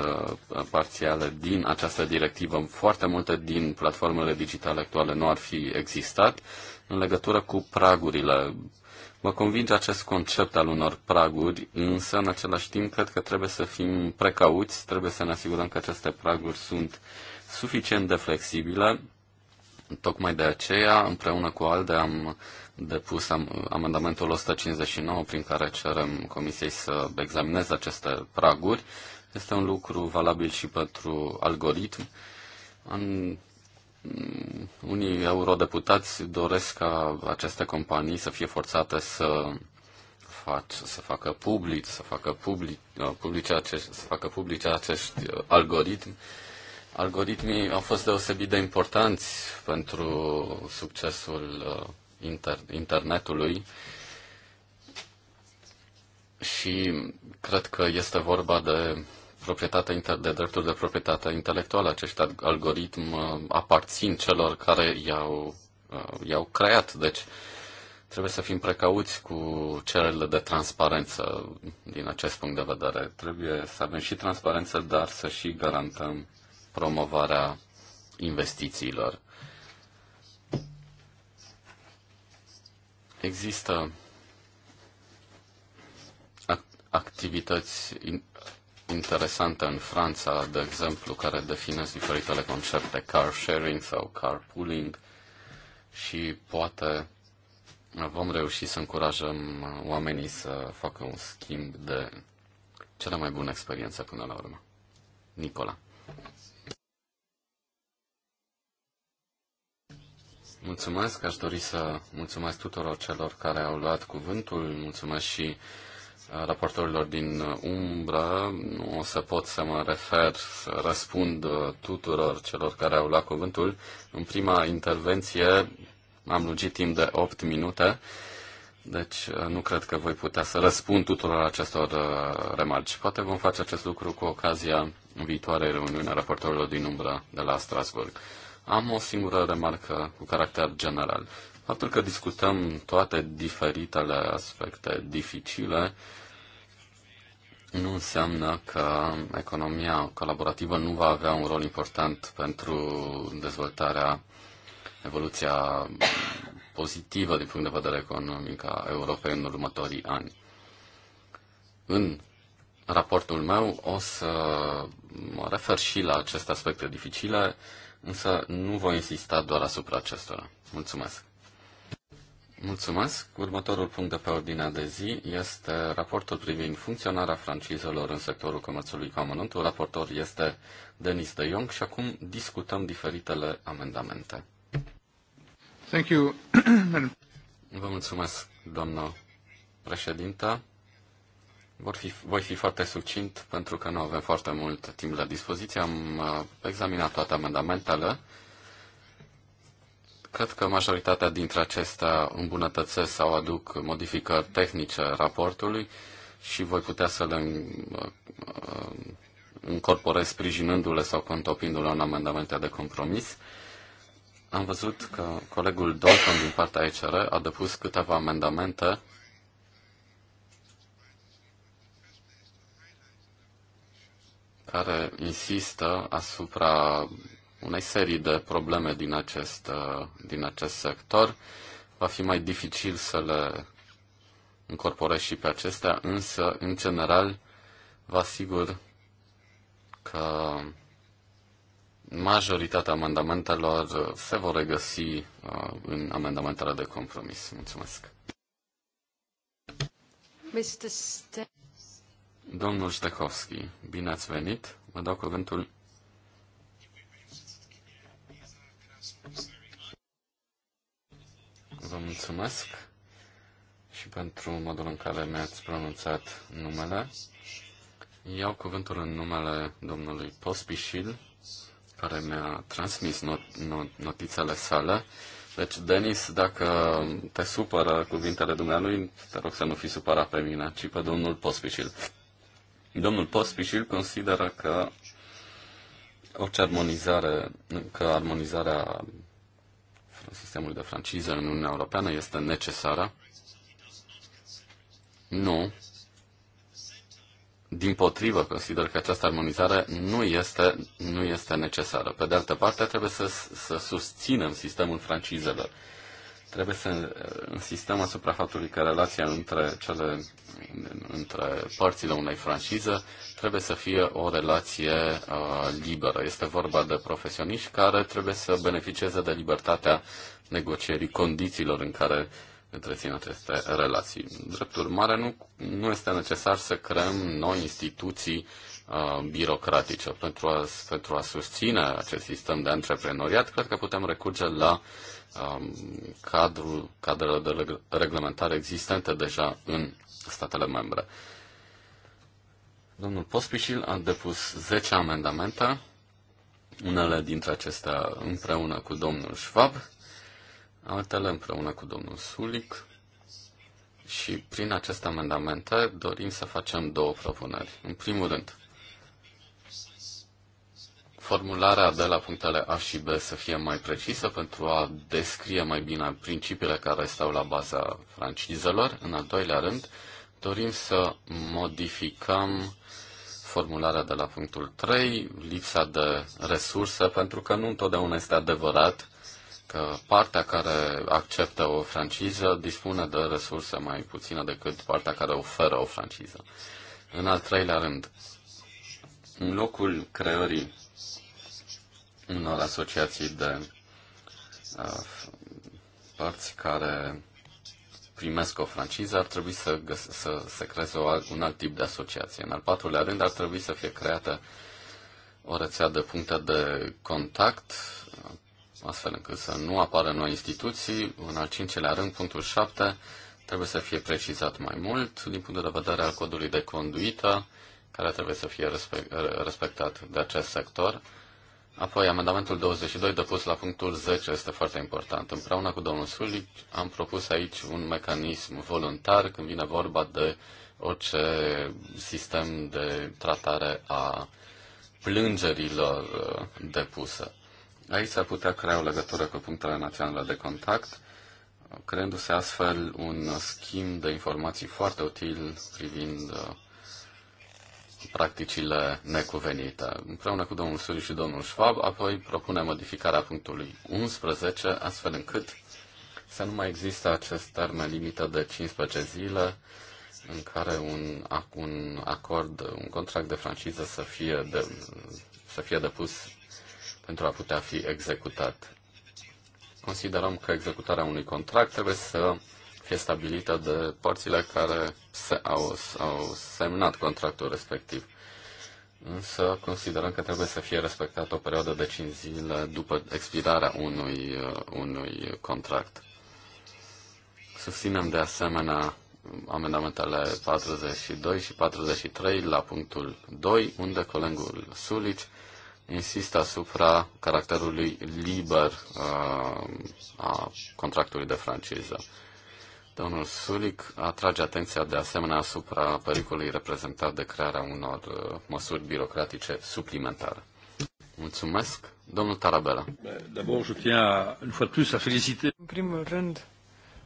uh, parțiale din această directivă, foarte multe din platformele digitale actuale nu ar fi existat în legătură cu pragurile. Mă convinge acest concept al unor praguri, însă în același timp cred că trebuie să fim precauți, trebuie să ne asigurăm că aceste praguri sunt suficient de flexibile Tocmai de aceea, împreună cu ALDE, am depus am, amendamentul 159 prin care cerem Comisiei să examineze aceste praguri. Este un lucru valabil și pentru algoritm. În, unii eurodeputați doresc ca aceste companii să fie forțate să fac, să facă public, să facă public, publice, acești, să facă publice acești uh, algoritmi Algoritmii au fost deosebit de importanți pentru succesul uh, inter- internetului și cred că este vorba de proprietatea inter- de drepturi de proprietate intelectuală. Acest algoritm uh, aparțin celor care i-au, uh, i-au creat. Deci trebuie să fim precauți cu cererile de transparență din acest punct de vedere. Trebuie să avem și transparență, dar să și garantăm promovarea investițiilor. Există activități interesante în Franța, de exemplu, care definez diferitele concepte car sharing sau car pooling și poate vom reuși să încurajăm oamenii să facă un schimb de cele mai bune experiențe până la urmă. Nicola. Mulțumesc, aș dori să mulțumesc tuturor celor care au luat cuvântul, mulțumesc și uh, raportorilor din umbră. Nu o să pot să mă refer, să răspund uh, tuturor celor care au luat cuvântul. În prima intervenție am lungit timp de 8 minute, deci uh, nu cred că voi putea să răspund tuturor acestor remarci. Poate vom face acest lucru cu ocazia viitoarei reuniuni a raportorilor din umbră de la Strasburg. Am o singură remarcă cu caracter general. Faptul că discutăm toate diferitele aspecte dificile nu înseamnă că economia colaborativă nu va avea un rol important pentru dezvoltarea, evoluția pozitivă din punct de vedere economic a Europei în următorii ani. În raportul meu o să mă refer și la aceste aspecte dificile însă nu voi insista doar asupra acestora. Mulțumesc! Mulțumesc! Următorul punct de pe ordinea de zi este raportul privind funcționarea francizelor în sectorul comerțului cu amănuntul. Raportor este Denis de Jong și acum discutăm diferitele amendamente. Thank you. Vă mulțumesc, doamnă președintă. Vor fi, voi fi foarte succint pentru că nu avem foarte mult timp la dispoziție. Am uh, examinat toate amendamentele. Cred că majoritatea dintre acestea îmbunătățesc sau aduc modificări tehnice raportului și voi putea să le uh, uh, încorporez sprijinându-le sau contopindu-le în amendamente de compromis. Am văzut că colegul Dalton din partea ECR a depus câteva amendamente care insistă asupra unei serii de probleme din acest, uh, din acest sector. Va fi mai dificil să le incorporez și pe acestea, însă, în general, vă asigur că majoritatea amendamentelor se vor regăsi uh, în amendamentele de compromis. Mulțumesc. Domnul Ștehovski, bine ați venit. Vă dau cuvântul. Vă mulțumesc și pentru modul în care mi-ați pronunțat numele. Iau cuvântul în numele domnului Pospișil, care mi-a transmis not- not- notițele sale. Deci, Denis, dacă te supără cuvintele dumnealui, te rog să nu fi supărat pe mine, ci pe domnul Pospișil. Domnul Pospișil consideră că orice armonizare, că armonizarea sistemului de franciză în Uniunea Europeană este necesară. Nu. Din potrivă, consider că această armonizare nu este, nu este necesară. Pe de altă parte, trebuie să, să susținem sistemul francizelor. Trebuie să uh, insistăm asupra faptului că relația între, cele, între părțile unei franciză trebuie să fie o relație uh, liberă. Este vorba de profesioniști care trebuie să beneficieze de libertatea negocierii condițiilor în care întrețin aceste relații. Drept urmare, nu, nu este necesar să creăm noi instituții uh, birocratice. Pentru a, pentru a susține acest sistem de antreprenoriat, cred că putem recurge la uh, Um, cadrul, cadrele de reglementare existente deja în statele membre. Domnul Pospișil a depus 10 amendamente, unele dintre acestea împreună cu domnul Schwab, altele împreună cu domnul Sulic și prin aceste amendamente dorim să facem două propuneri. În primul rând, formularea de la punctele A și B să fie mai precisă pentru a descrie mai bine principiile care stau la baza francizelor. În al doilea rând, dorim să modificăm formularea de la punctul 3, lipsa de resurse, pentru că nu întotdeauna este adevărat că partea care acceptă o franciză dispune de resurse mai puține decât partea care oferă o franciză. În al treilea rând, în locul creării unor asociații de uh, părți care primesc o franciză, ar trebui să, găs- să se creeze o, un alt tip de asociație. În al patrulea rând, ar trebui să fie creată o rețea de puncte de contact, astfel încât să nu apară noi instituții. În al cincilea rând, punctul 7, trebuie să fie precizat mai mult din punct de vedere al codului de conduită, care trebuie să fie respectat de acest sector. Apoi, amendamentul 22 depus la punctul 10 este foarte important. Împreună cu domnul Sulic am propus aici un mecanism voluntar când vine vorba de orice sistem de tratare a plângerilor uh, depuse. Aici s-ar putea crea o legătură cu punctele naționale de contact, creându-se astfel un schimb de informații foarte util privind uh, practicile necuvenite. Împreună cu domnul Suri și domnul Schwab, apoi propune modificarea punctului 11, astfel încât să nu mai există acest termen limită de 15 zile în care un, un acord, un contract de franciză să fie, de, să fie depus pentru a putea fi executat. Considerăm că executarea unui contract trebuie să fie stabilită de părțile care se au, au semnat contractul respectiv. Însă considerăm că trebuie să fie respectată o perioadă de 5 zile după expirarea unui, uh, unui contract. Susținem de asemenea amendamentele 42 și 43 la punctul 2, unde colegul Sulici insistă asupra caracterului liber uh, a contractului de franciză. Domnul Sulic atrage atenția de asemenea asupra pericolului reprezentat de crearea unor uh, măsuri birocratice suplimentare. Mulțumesc. Domnul Tarabela. În primul rând,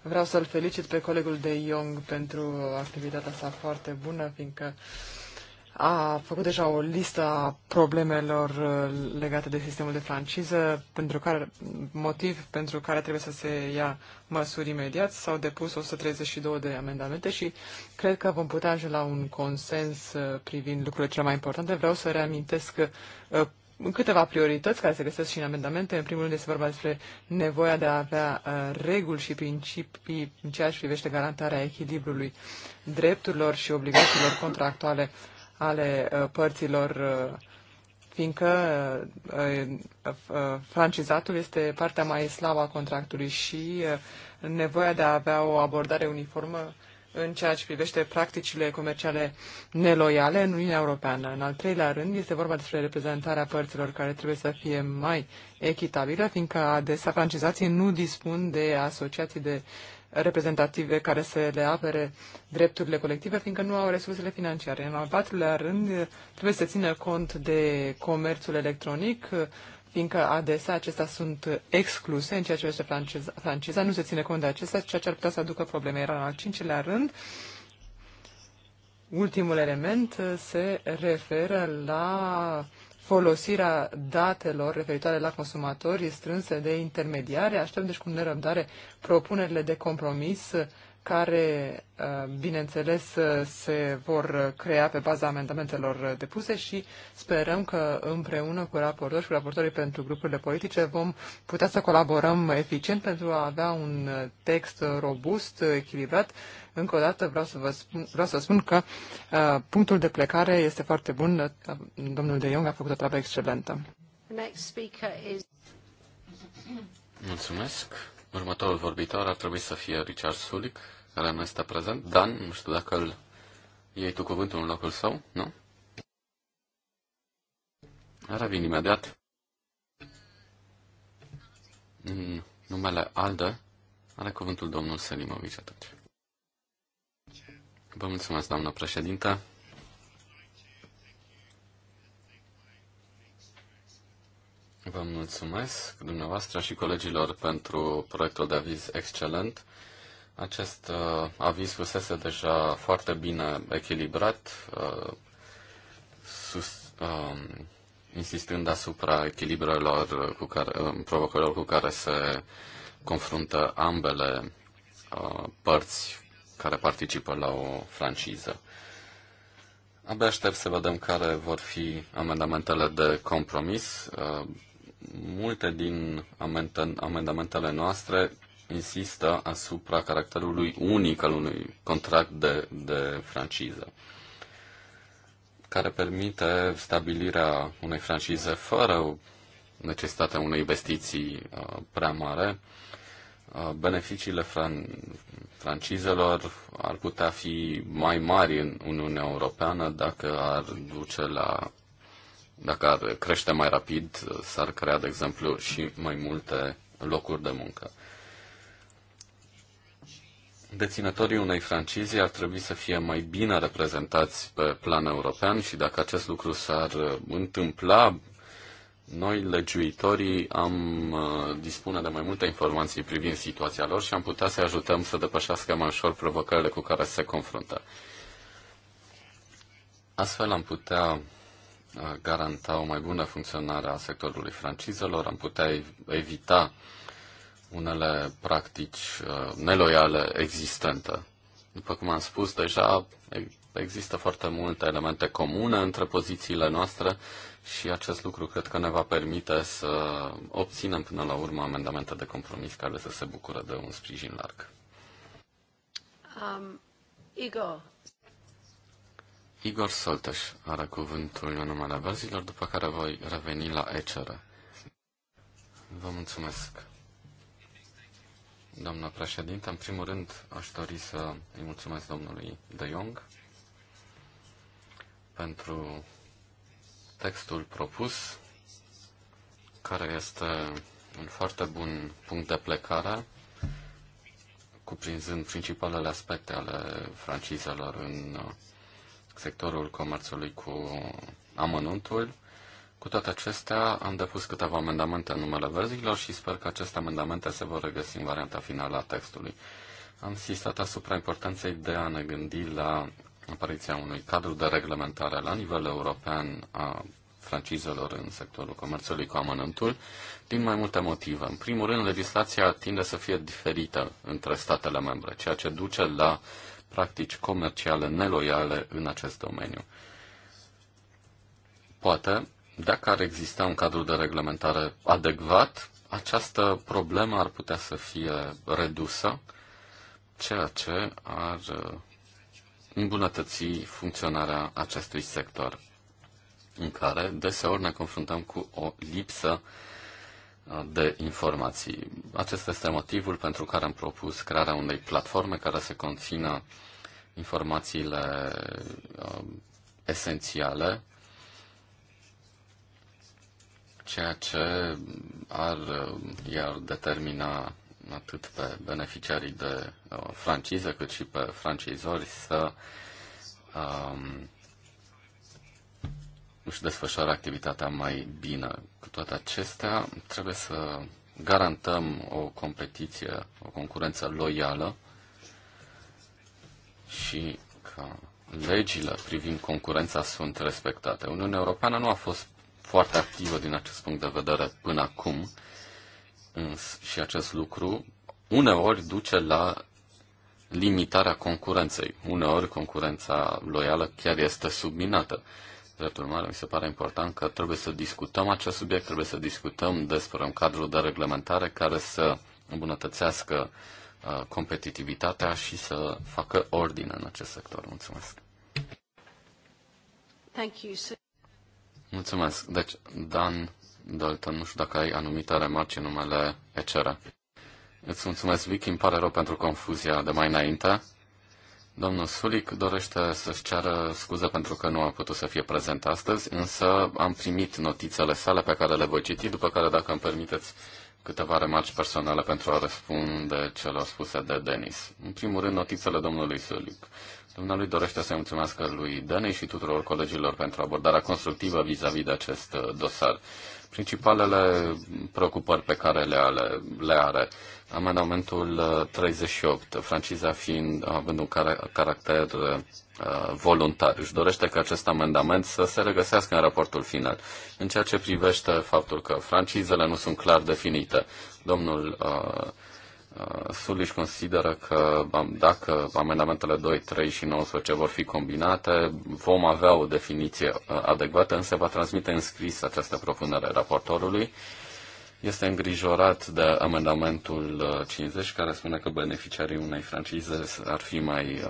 vreau să-l felicit pe colegul de Young pentru activitatea sa foarte bună, fiindcă a făcut deja o listă a problemelor uh, legate de sistemul de franciză, pentru care, motiv pentru care trebuie să se ia măsuri imediat. S-au depus 132 de amendamente și cred că vom putea ajunge la un consens uh, privind lucrurile cele mai importante. Vreau să reamintesc uh, câteva priorități care se găsesc și în amendamente. În primul rând este vorba despre nevoia de a avea reguli și principii în ceea ce privește garantarea echilibrului drepturilor și obligațiilor contractuale ale uh, părților, uh, fiindcă uh, francizatul este partea mai slabă a contractului și nevoia de a avea o abordare uniformă în ceea ce privește practicile comerciale neloiale în Uniunea Europeană. În al treilea rând, este vorba despre reprezentarea părților care trebuie să fie mai echitabilă, fiindcă adesea francizații nu dispun de asociații de uh, reprezentative care să le apere drepturile colective, fiindcă nu au resursele financiare. În al patrulea rând, trebuie să țină cont de comerțul electronic, fiindcă adesea acestea sunt excluse în ceea ce este franceza, franceza, nu se ține cont de acestea, ceea ce ar putea să aducă probleme. Era în al cincilea rând, ultimul element se referă la folosirea datelor referitoare la consumatori strânse de intermediare. Aștept deci cu nerăbdare propunerile de compromis care, uh, bineînțeles, uh, se vor crea pe baza amendamentelor depuse și sperăm că împreună cu raportori și raportorii pentru grupurile politice vom putea să colaborăm eficient pentru a avea un text robust, echilibrat. Încă o dată vreau să vă spun, vreau să spun că uh, punctul de plecare este foarte bun. Domnul De Jong a făcut o treabă excelentă. Mulțumesc. Următorul vorbitor ar trebui să fie Richard Sulik care nu este prezent. Dan, nu știu dacă îl iei tu cuvântul în locul său, nu? Revin imediat. În numele Aldă are cuvântul domnul Selimovici atunci. Vă mulțumesc, doamnă președintă. Vă mulțumesc dumneavoastră și colegilor pentru proiectul de aviz excelent. Acest uh, aviz fusese deja foarte bine echilibrat, uh, sus, uh, insistând asupra echilibrelor cu care, uh, provocărilor cu care se confruntă ambele uh, părți care participă la o franciză. Abia aștept să vedem care vor fi amendamentele de compromis. Uh, multe din amendamentele noastre insistă asupra caracterului unic al unui contract de, de franciză, care permite stabilirea unei francize fără necesitatea unei investiții uh, prea mare. Uh, beneficiile fran- francizelor ar putea fi mai mari în Uniunea Europeană dacă ar duce la dacă ar crește mai rapid, s-ar crea, de exemplu, și mai multe locuri de muncă deținătorii unei francize ar trebui să fie mai bine reprezentați pe plan european și dacă acest lucru s-ar uh, întâmpla, noi, legiuitorii, am uh, dispune de mai multe informații privind situația lor și am putea să ajutăm să depășească mai ușor provocările cu care se confruntă. Astfel am putea uh, garanta o mai bună funcționare a sectorului francizelor, am putea evita uh, unele practici uh, neloiale existente. După cum am spus deja, există foarte multe elemente comune între pozițiile noastre și acest lucru cred că ne va permite să obținem până la urmă amendamente de compromis care să se bucură de un sprijin larg. Um, Igor. Igor Solteș are cuvântul în numele verzilor, după care voi reveni la ECR. Vă mulțumesc doamnă președinte. În primul rând, aș dori să îi mulțumesc domnului De Jong pentru textul propus, care este un foarte bun punct de plecare, cuprinzând principalele aspecte ale francizelor în sectorul comerțului cu amănuntul, cu toate acestea, am depus câteva amendamente în numele verzilor și sper că aceste amendamente se vor regăsi în varianta finală a textului. Am insistat asupra importanței de a ne gândi la apariția unui cadru de reglementare la nivel european a francizelor în sectorul comerțului cu amănântul, din mai multe motive. În primul rând, legislația tinde să fie diferită între statele membre, ceea ce duce la practici comerciale neloiale în acest domeniu. Poate dacă ar exista un cadru de reglementare adecvat, această problemă ar putea să fie redusă, ceea ce ar uh, îmbunătăți funcționarea acestui sector, în care deseori ne confruntăm cu o lipsă uh, de informații. Acesta este motivul pentru care am propus crearea unei platforme care să conțină informațiile uh, esențiale ceea ce ar, uh, iar determina atât pe beneficiarii de uh, franciză, cât și pe francizori să um, își desfășoare activitatea mai bine. Cu toate acestea, trebuie să garantăm o competiție, o concurență loială și că legile privind concurența sunt respectate. Uniunea Europeană nu a fost foarte activă din acest punct de vedere până acum și acest lucru uneori duce la limitarea concurenței. Uneori concurența loială chiar este subminată. Drept urmare, mi se pare important că trebuie să discutăm acest subiect, trebuie să discutăm despre un cadru de reglementare care să îmbunătățească uh, competitivitatea și să facă ordine în acest sector. Mulțumesc! Thank you. Mulțumesc. Deci, Dan Dalton, nu știu dacă ai anumite remarci în numele ECR. Îți mulțumesc, Vicky, îmi pare rău pentru confuzia de mai înainte. Domnul Sulic dorește să-și ceară scuze pentru că nu a putut să fie prezent astăzi, însă am primit notițele sale pe care le voi citi, după care, dacă îmi permiteți, câteva remarci personale pentru a răspunde celor spuse de Denis. În primul rând, notițele domnului Sulic. Dumnealui dorește să-i mulțumesc lui Dănei și tuturor colegilor pentru abordarea constructivă vis-a-vis -vis de acest uh, dosar. Principalele preocupări pe care le are, le are amendamentul 38, uh, franciza fiind având un car- caracter uh, voluntar. Își dorește ca acest amendament să se regăsească în raportul final. În ceea ce privește faptul că francizele nu sunt clar definite, domnul uh, Uh, Suliș consideră că dacă amendamentele 2, 3 și 19 vor fi combinate, vom avea o definiție uh, adecvată, însă va transmite în scris această propunere raportorului. Este îngrijorat de amendamentul 50, uh, care spune că beneficiarii unei francize ar fi mai,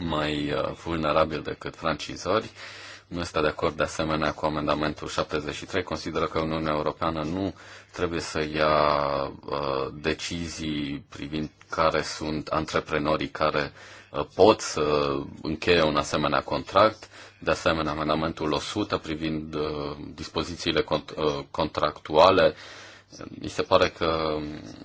mai vulnerabili decât francizori. Nu este de acord de asemenea cu amendamentul 73. Consideră că Uniunea Europeană nu trebuie să ia uh, decizii privind care sunt antreprenorii care uh, pot să încheie un asemenea contract. De asemenea, amendamentul 100 privind uh, dispozițiile cont, uh, contractuale mi se pare că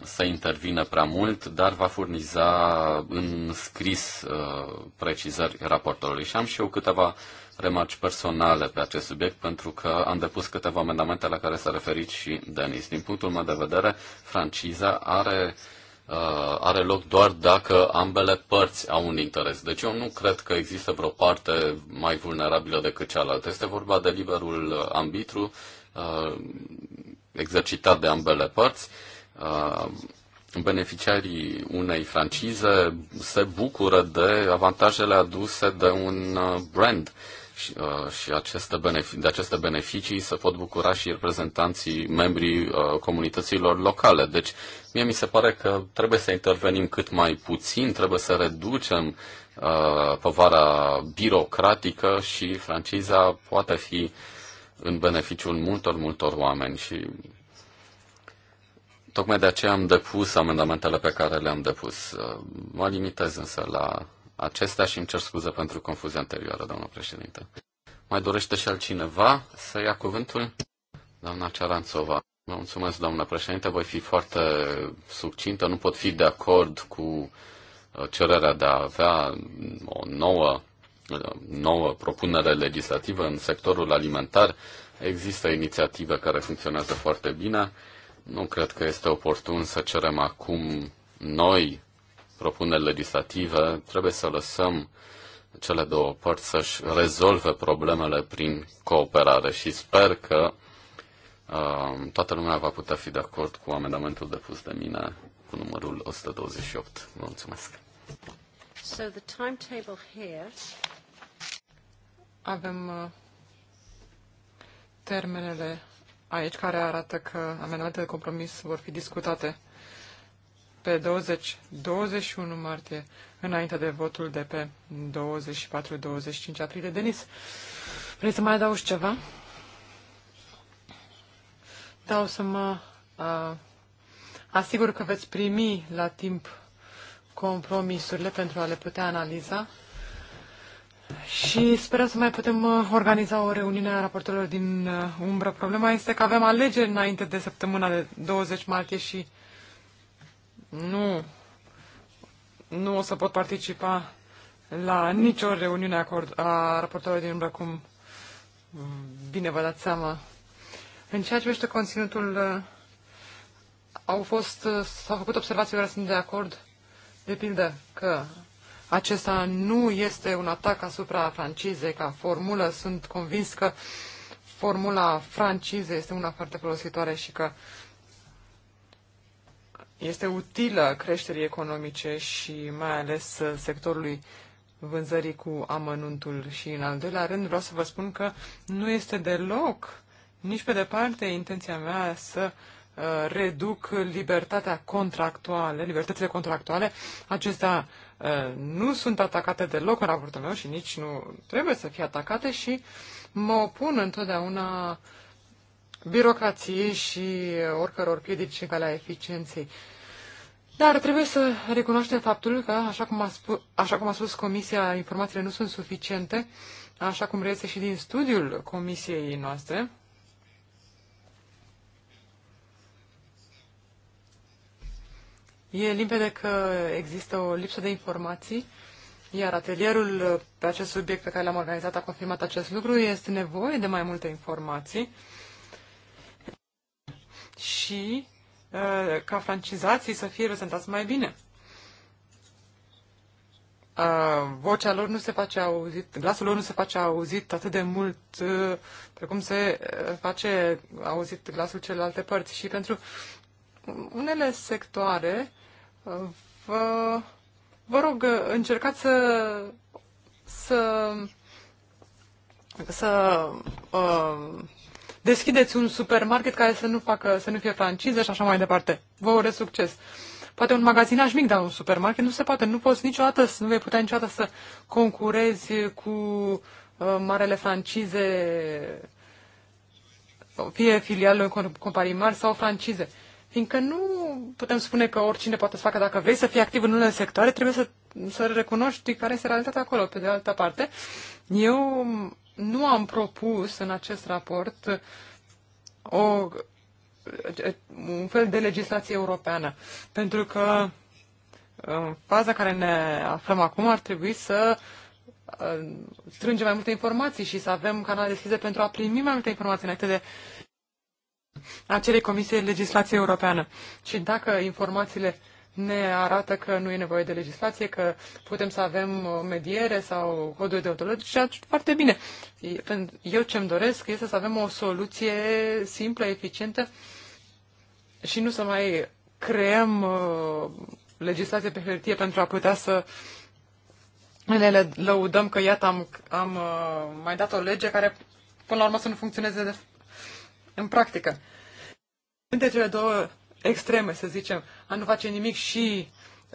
se intervine prea mult, dar va furniza în scris uh, precizări raportorului. Și am și eu câteva uh, remarci personale pe acest subiect, pentru că am depus câteva amendamente la care s-a referit și Denis. Din punctul meu de vedere, franciza are, uh, are loc doar dacă ambele părți au un interes. Deci eu nu cred că există vreo parte mai vulnerabilă decât cealaltă. Este vorba de liberul arbitru uh, exercitat de ambele părți. Uh, beneficiarii unei francize se bucură de avantajele aduse de un uh, brand și, uh, și aceste benefic- de aceste beneficii se pot bucura și reprezentanții, membrii uh, comunităților locale. Deci, mie mi se pare că trebuie să intervenim cât mai puțin, trebuie să reducem uh, povara birocratică și franciza poate fi în beneficiul multor, multor oameni și tocmai de aceea am depus amendamentele pe care le-am depus. Uh, mă limitez însă la acestea și îmi cer scuze pentru confuzia anterioară, doamnă președinte. Mai dorește și altcineva să ia cuvântul? Doamna Cearanțova. Vă mulțumesc, doamnă președinte. Voi fi foarte succintă. Nu pot fi de acord cu uh, cererea de a avea o nouă, uh, nouă propunere legislativă în sectorul alimentar. Există inițiative care funcționează foarte bine. Nu cred că este oportun să cerem acum noi propuneri legislative, trebuie să lăsăm cele două părți să-și rezolve problemele prin cooperare și sper că uh, toată lumea va putea fi de acord cu amendamentul depus de mine cu numărul 128. Vă mulțumesc! So the timetable here... Avem uh, termenele aici care arată că amendamentele de compromis vor fi discutate pe 20-21 martie, înainte de votul de pe 24-25 aprilie. Denis, vrei să mai adaugi ceva? Da, o să mă a, asigur că veți primi la timp compromisurile pentru a le putea analiza. Și sperăm să mai putem uh, organiza o reuniune a raportorilor din uh, umbră. Problema este că avem alegeri înainte de săptămâna de 20 martie și nu, nu o să pot participa la nicio reuniune a, a raportorului din umbră, cum bine vă dați seama. În ceea ce vește conținutul, uh, au fost, uh, s-au făcut observații care sunt de acord, de pildă că acesta nu este un atac asupra francizei ca formulă. Sunt convins că formula francizei este una foarte folositoare și că uh, este utilă creșterii economice și mai ales uh, sectorului vânzării cu amănuntul. Și în al doilea rând vreau să vă spun că nu este deloc, nici pe departe, intenția mea să uh, reduc libertatea contractuală, libertățile contractuale. Acestea uh, nu sunt atacate deloc în raportul meu și nici nu trebuie să fie atacate și mă opun întotdeauna uh, birocrației și oricăror piedici în calea eficienței. Dar trebuie să recunoaștem faptul că, așa cum a, spus, așa cum a spus Comisia, informațiile nu sunt suficiente, așa cum reiese și din studiul Comisiei noastre. E limpede că există o lipsă de informații, iar atelierul pe acest subiect pe care l-am organizat a confirmat acest lucru. Este nevoie de mai multe informații și uh, ca francizații să fie reprezentați mai bine. Uh, vocea lor nu se face auzit, glasul lor nu se face auzit atât de mult uh, precum se uh, face auzit glasul celelalte părți. Și pentru unele sectoare, uh, vă, vă rog, uh, încercați să, să, să uh, deschideți un supermarket care să nu, facă, să nu fie franciză și așa mai departe. Vă urez succes! Poate un magazinaj mic, dar un supermarket nu se poate. Nu poți niciodată, nu vei putea niciodată să concurezi cu uh, marele francize, fie filialul în companii mari sau francize. Fiindcă nu putem spune că oricine poate să facă. Dacă vrei să fii activ în unele sectoare, trebuie să, să recunoști care este realitatea acolo. Pe de altă parte, eu nu am propus în acest raport o, un fel de legislație europeană, pentru că uh, în faza care ne aflăm acum ar trebui să uh, strângem mai multe informații și să avem canale deschise pentru a primi mai multe informații înainte de acele comisii legislație europeană. Și dacă informațiile ne arată că nu e nevoie de legislație, că putem să avem mediere sau coduri deontologice, foarte bine. Eu ce-mi doresc este să avem o soluție simplă, eficientă și nu să mai creăm uh, legislație pe hârtie pentru a putea să ne lăudăm că iată am, am uh, mai dat o lege care până la urmă să nu funcționeze de, în practică. Între cele două extreme, să zicem, a nu face nimic și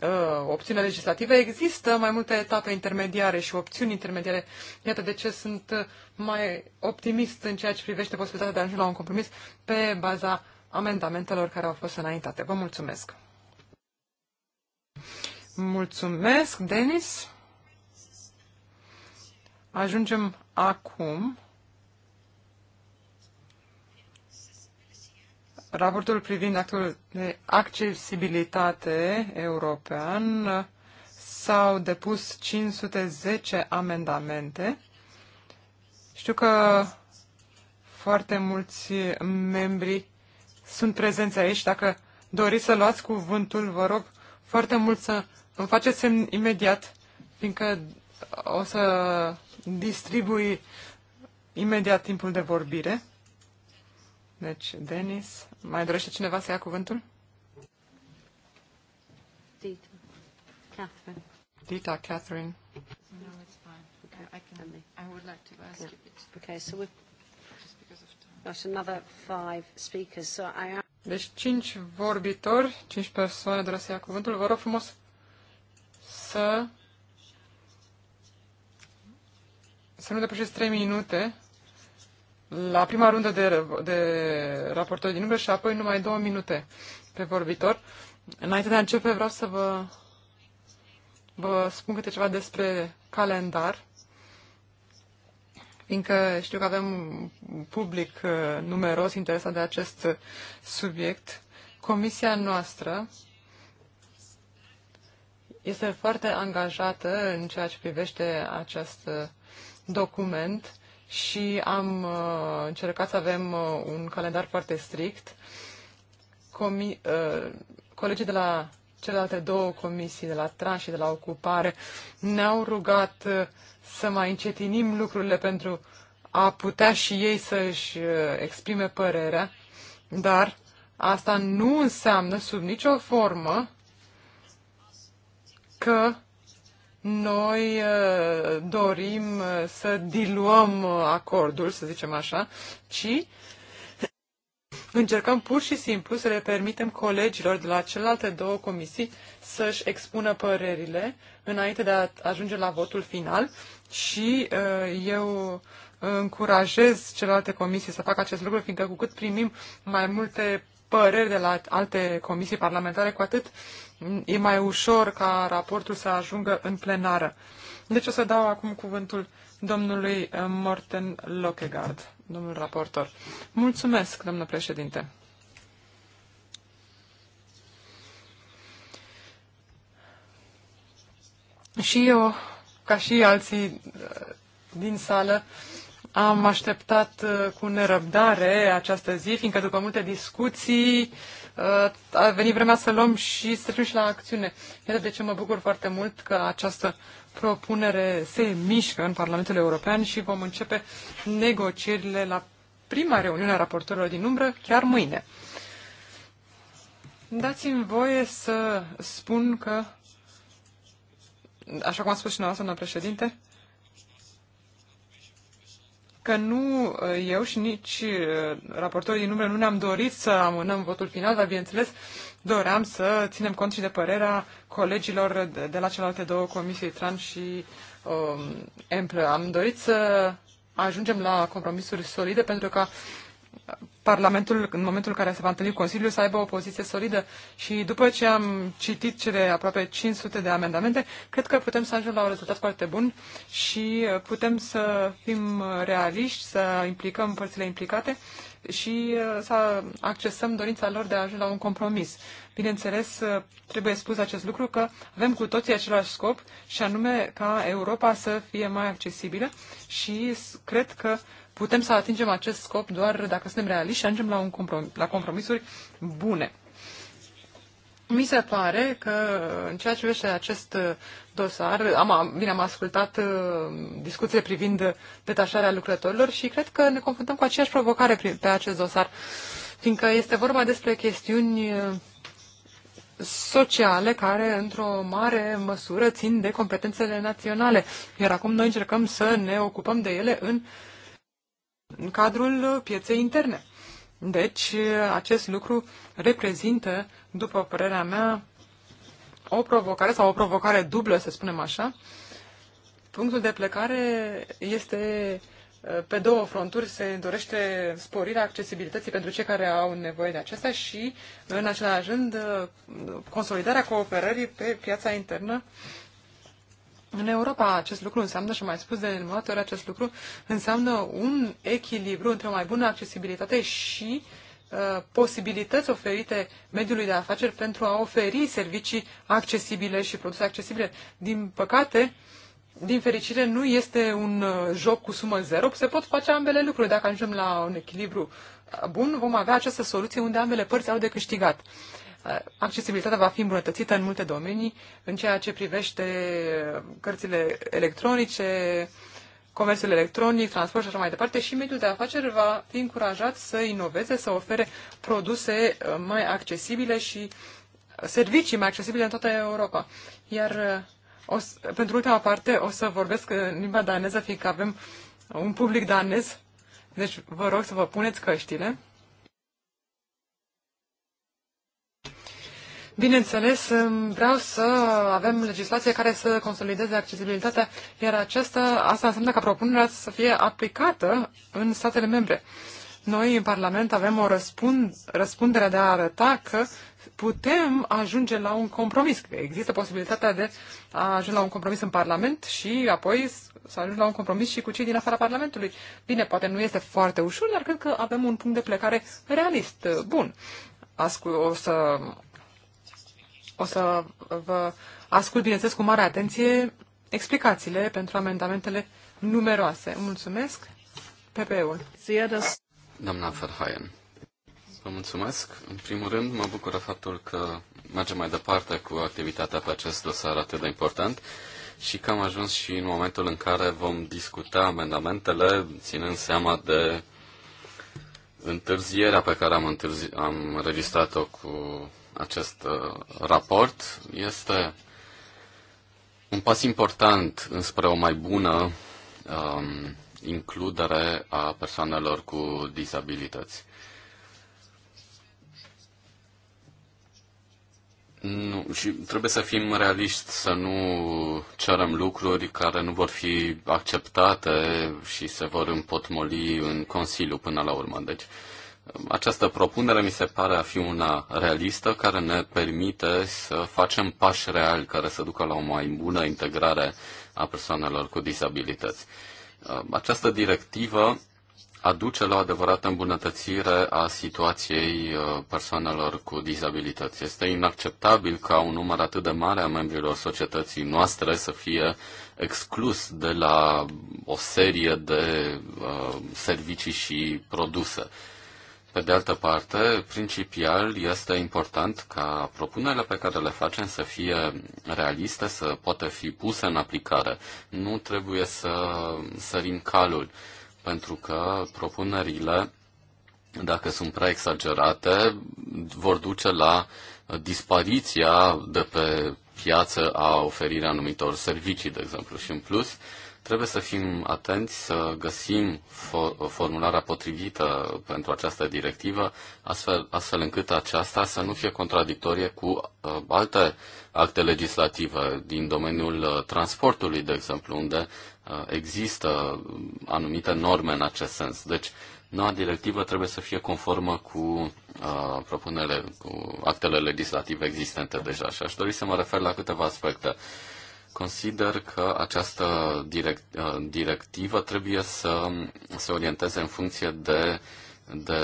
uh, opțiunea legislativă, există mai multe etape intermediare și opțiuni intermediare. Iată de ce sunt uh, mai optimist în ceea ce privește posibilitatea de a ajunge la un compromis pe baza amendamentelor care au fost înaintate. Vă mulțumesc! Mulțumesc, Denis! Ajungem acum Raportul privind actul de accesibilitate european s-au depus 510 amendamente. Știu că foarte mulți membri sunt prezenți aici. Dacă doriți să luați cuvântul, vă rog foarte mult să îmi faceți semn imediat, fiindcă o să distribui imediat timpul de vorbire. Deci, Denis, mai dorește cineva să ia cuvântul? Dita. Catherine. Dita, Catherine. No, it's fine. Okay. I, can, I would like to ask yeah. you. Okay, so we've got another five speakers, so I am... Deci cinci vorbitori, cinci persoane doresc să ia cuvântul. Vă rog frumos să să nu depășesc trei minute la prima rundă de, de raportori din umbră și apoi numai două minute pe vorbitor. Înainte de a începe, vreau să vă, vă spun câte ceva despre calendar, fiindcă știu că avem un public uh, numeros interesat de acest subiect. Comisia noastră este foarte angajată în ceea ce privește acest document și am uh, încercat să avem uh, un calendar foarte strict. Comi- uh, colegii de la celelalte două comisii, de la Tran și de la ocupare, ne-au rugat uh, să mai încetinim lucrurile pentru a putea și ei să-și uh, exprime părerea, dar asta nu înseamnă sub nicio formă că noi uh, dorim uh, să diluăm uh, acordul, să zicem așa, ci încercăm pur și simplu să le permitem colegilor de la celelalte două comisii să-și expună părerile înainte de a ajunge la votul final și eu încurajez celelalte comisii să facă acest lucru, fiindcă cu cât primim mai multe păreri de la alte comisii parlamentare, cu atât e mai ușor ca raportul să ajungă în plenară. Deci o să dau acum cuvântul domnului eh, Morten Lockegaard, domnul raportor. Mulțumesc, domnul președinte. Și eu, ca și alții eh, din sală, am așteptat uh, cu nerăbdare această zi, fiindcă după multe discuții uh, a venit vremea să luăm și să trecem și la acțiune. Iată de ce mă bucur foarte mult că această propunere se mișcă în Parlamentul European și vom începe negocierile la prima reuniune a raportorilor din umbră chiar mâine. Dați-mi voie să spun că, așa cum a spus și noastră, doamna președinte, că nu eh, eu și nici eh, raportorii din umbră nu ne-am dorit să amânăm votul final, dar bineînțeles doream să ținem cont și de părerea colegilor de, de la celelalte două comisii, TRAN și um, EMPLE. Am dorit să ajungem la compromisuri solide pentru că Parlamentul, în momentul în care se va întâlni Consiliul, să aibă o poziție solidă. Și după ce am citit cele aproape 500 de amendamente, cred că putem să ajungem la un rezultat foarte bun și putem să fim realiști, să implicăm părțile implicate și uh, să accesăm dorința lor de a ajunge la un compromis. Bineînțeles, uh, trebuie spus acest lucru că avem cu toții același scop și anume ca Europa să fie mai accesibilă și cred că putem să atingem acest scop doar dacă suntem realiști și ajungem la, un comprom- la compromisuri bune. Mi se pare că în ceea ce privește acest uh, dosar, am, bine, am ascultat uh, discuțiile privind detașarea lucrătorilor și cred că ne confruntăm cu aceeași provocare pe acest dosar, fiindcă este vorba despre chestiuni uh, sociale care, într-o mare măsură, țin de competențele naționale. Iar acum noi încercăm să ne ocupăm de ele în uh, în cadrul pieței interne. Deci, acest lucru reprezintă, după părerea mea, o provocare sau o provocare dublă, să spunem așa. Punctul de plecare este pe două fronturi se dorește sporirea accesibilității pentru cei care au nevoie de acestea și, în același rând, consolidarea cooperării pe piața internă în Europa acest lucru înseamnă, și am mai spus de multe ori acest lucru, înseamnă un echilibru între o mai bună accesibilitate și uh, posibilități oferite mediului de afaceri pentru a oferi servicii accesibile și produse accesibile. Din păcate, din fericire, nu este un uh, joc cu sumă zero, se pot face ambele lucruri. Dacă ajungem la un echilibru bun, vom avea această soluție unde ambele părți au de câștigat. Uh, accesibilitatea va fi îmbunătățită în multe domenii, în ceea ce privește cărțile electronice, comerțul electronic, transport și așa mai departe, și mediul de afaceri va fi încurajat să inoveze, să ofere produse uh, mai accesibile și servicii mai accesibile în toată Europa. Iar uh, o, pentru ultima parte o să vorbesc în limba daneză, fiindcă avem un public danez, deci vă rog să vă puneți căștile. Bineînțeles, vreau să avem legislație care să consolideze accesibilitatea, iar aceasta, asta înseamnă ca propunerea să fie aplicată în statele membre. Noi în Parlament avem o răspund, răspundere de a arăta că putem ajunge la un compromis. Există posibilitatea de a ajunge la un compromis în Parlament și apoi să ajungi la un compromis și cu cei din afara Parlamentului. Bine, poate nu este foarte ușor, dar cred că avem un punct de plecare realist, bun. Ascu- o să o să vă ascult, bineînțeles, cu mare atenție explicațiile pentru amendamentele numeroase. Mulțumesc, PP-ul. Doamna Verhaien, vă mulțumesc. În primul rând, mă bucură faptul că mergem mai departe cu activitatea pe acest dosar atât de important și că am ajuns și în momentul în care vom discuta amendamentele, ținând seama de întârzierea pe care am, întârzi- am registrat-o cu acest uh, raport. Este un pas important înspre o mai bună um, includere a persoanelor cu dizabilități. Nu, și trebuie să fim realiști, să nu cerem lucruri care nu vor fi acceptate și se vor împotmoli în Consiliu până la urmă. Deci, uh, această propunere mi se pare a fi una realistă care ne permite să facem pași reali care să ducă la o mai bună integrare a persoanelor cu dizabilități. Uh, această directivă aduce la o adevărată îmbunătățire a situației uh, persoanelor cu dizabilități. Este inacceptabil ca un număr atât de mare a membrilor societății noastre să fie exclus de la o serie de uh, servicii și produse. Uh, pe de altă parte, principial este important ca propunerile pe care le facem să fie realiste, să poată fi puse în aplicare. Nu trebuie să sărim calul, pentru că propunerile, dacă sunt prea exagerate, vor duce la dispariția de pe piață a oferirii anumitor servicii, de exemplu. Și în plus, Trebuie să fim atenți, să găsim formularea potrivită pentru această directivă, astfel, astfel încât aceasta să nu fie contradictorie cu uh, alte acte legislative din domeniul uh, transportului, de exemplu, unde uh, există anumite norme în acest sens. Deci, noua directivă trebuie să fie conformă cu uh, propunerile, cu actele legislative existente deja. Și aș dori să mă refer la câteva aspecte. Uh, Consider că această direct, uh, directivă trebuie să se orienteze în funcție de, de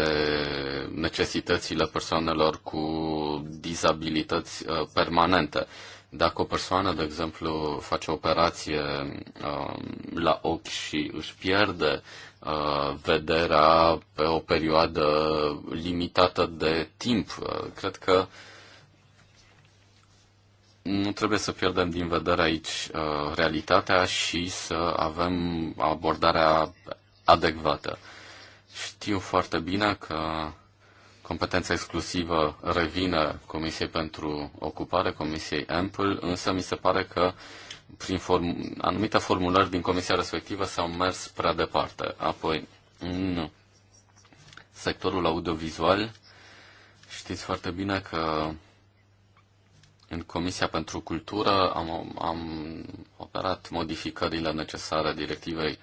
necesitățile persoanelor cu dizabilități uh, permanente. Dacă o persoană, de exemplu, face o operație uh, la ochi și își pierde vederea pe o perioadă limitată de timp, cred că nu trebuie să pierdem din vedere aici uh, realitatea și să avem abordarea adecvată. Știu foarte bine că competența exclusivă revine Comisiei pentru Ocupare, Comisiei Ample, însă mi se pare că prin form- anumite formulări din comisia respectivă s-au mers prea departe. Apoi, în Sectorul audiovizual, știți foarte bine că în Comisia pentru Cultură am, am operat modificările necesare directivei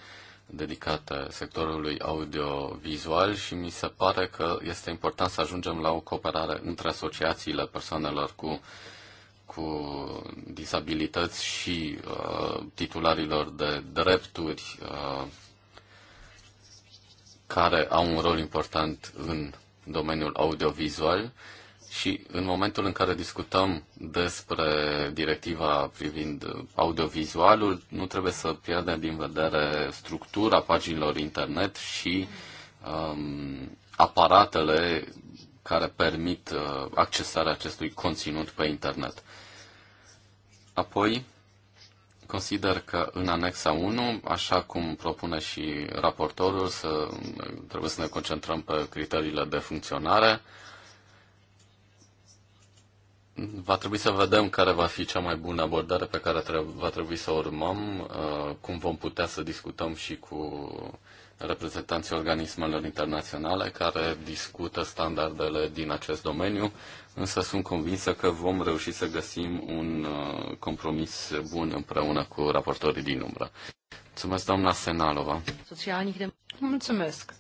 dedicate sectorului audiovizual și mi se pare că este important să ajungem la o cooperare între asociațiile persoanelor cu, cu disabilități și uh, titularilor de drepturi uh, care au un rol important în domeniul audiovizual. Uh, și în momentul în care discutăm despre directiva privind audiovizualul, nu trebuie să pierdem din vedere structura paginilor internet și um, aparatele care permit uh, accesarea acestui conținut pe internet. Apoi, consider că în anexa 1, așa cum propune și raportorul, să, trebuie să ne concentrăm pe criteriile de funcționare, Va trebui să vedem care va fi cea mai bună abordare pe care va trebui să o urmăm, uh, cum vom putea să discutăm și cu reprezentanții organismelor internaționale care discută standardele din acest domeniu, însă sunt convinsă că vom reuși să găsim un uh, compromis bun împreună cu raportorii din umbră. Mulțumesc, doamna Senalova. Mulțumesc.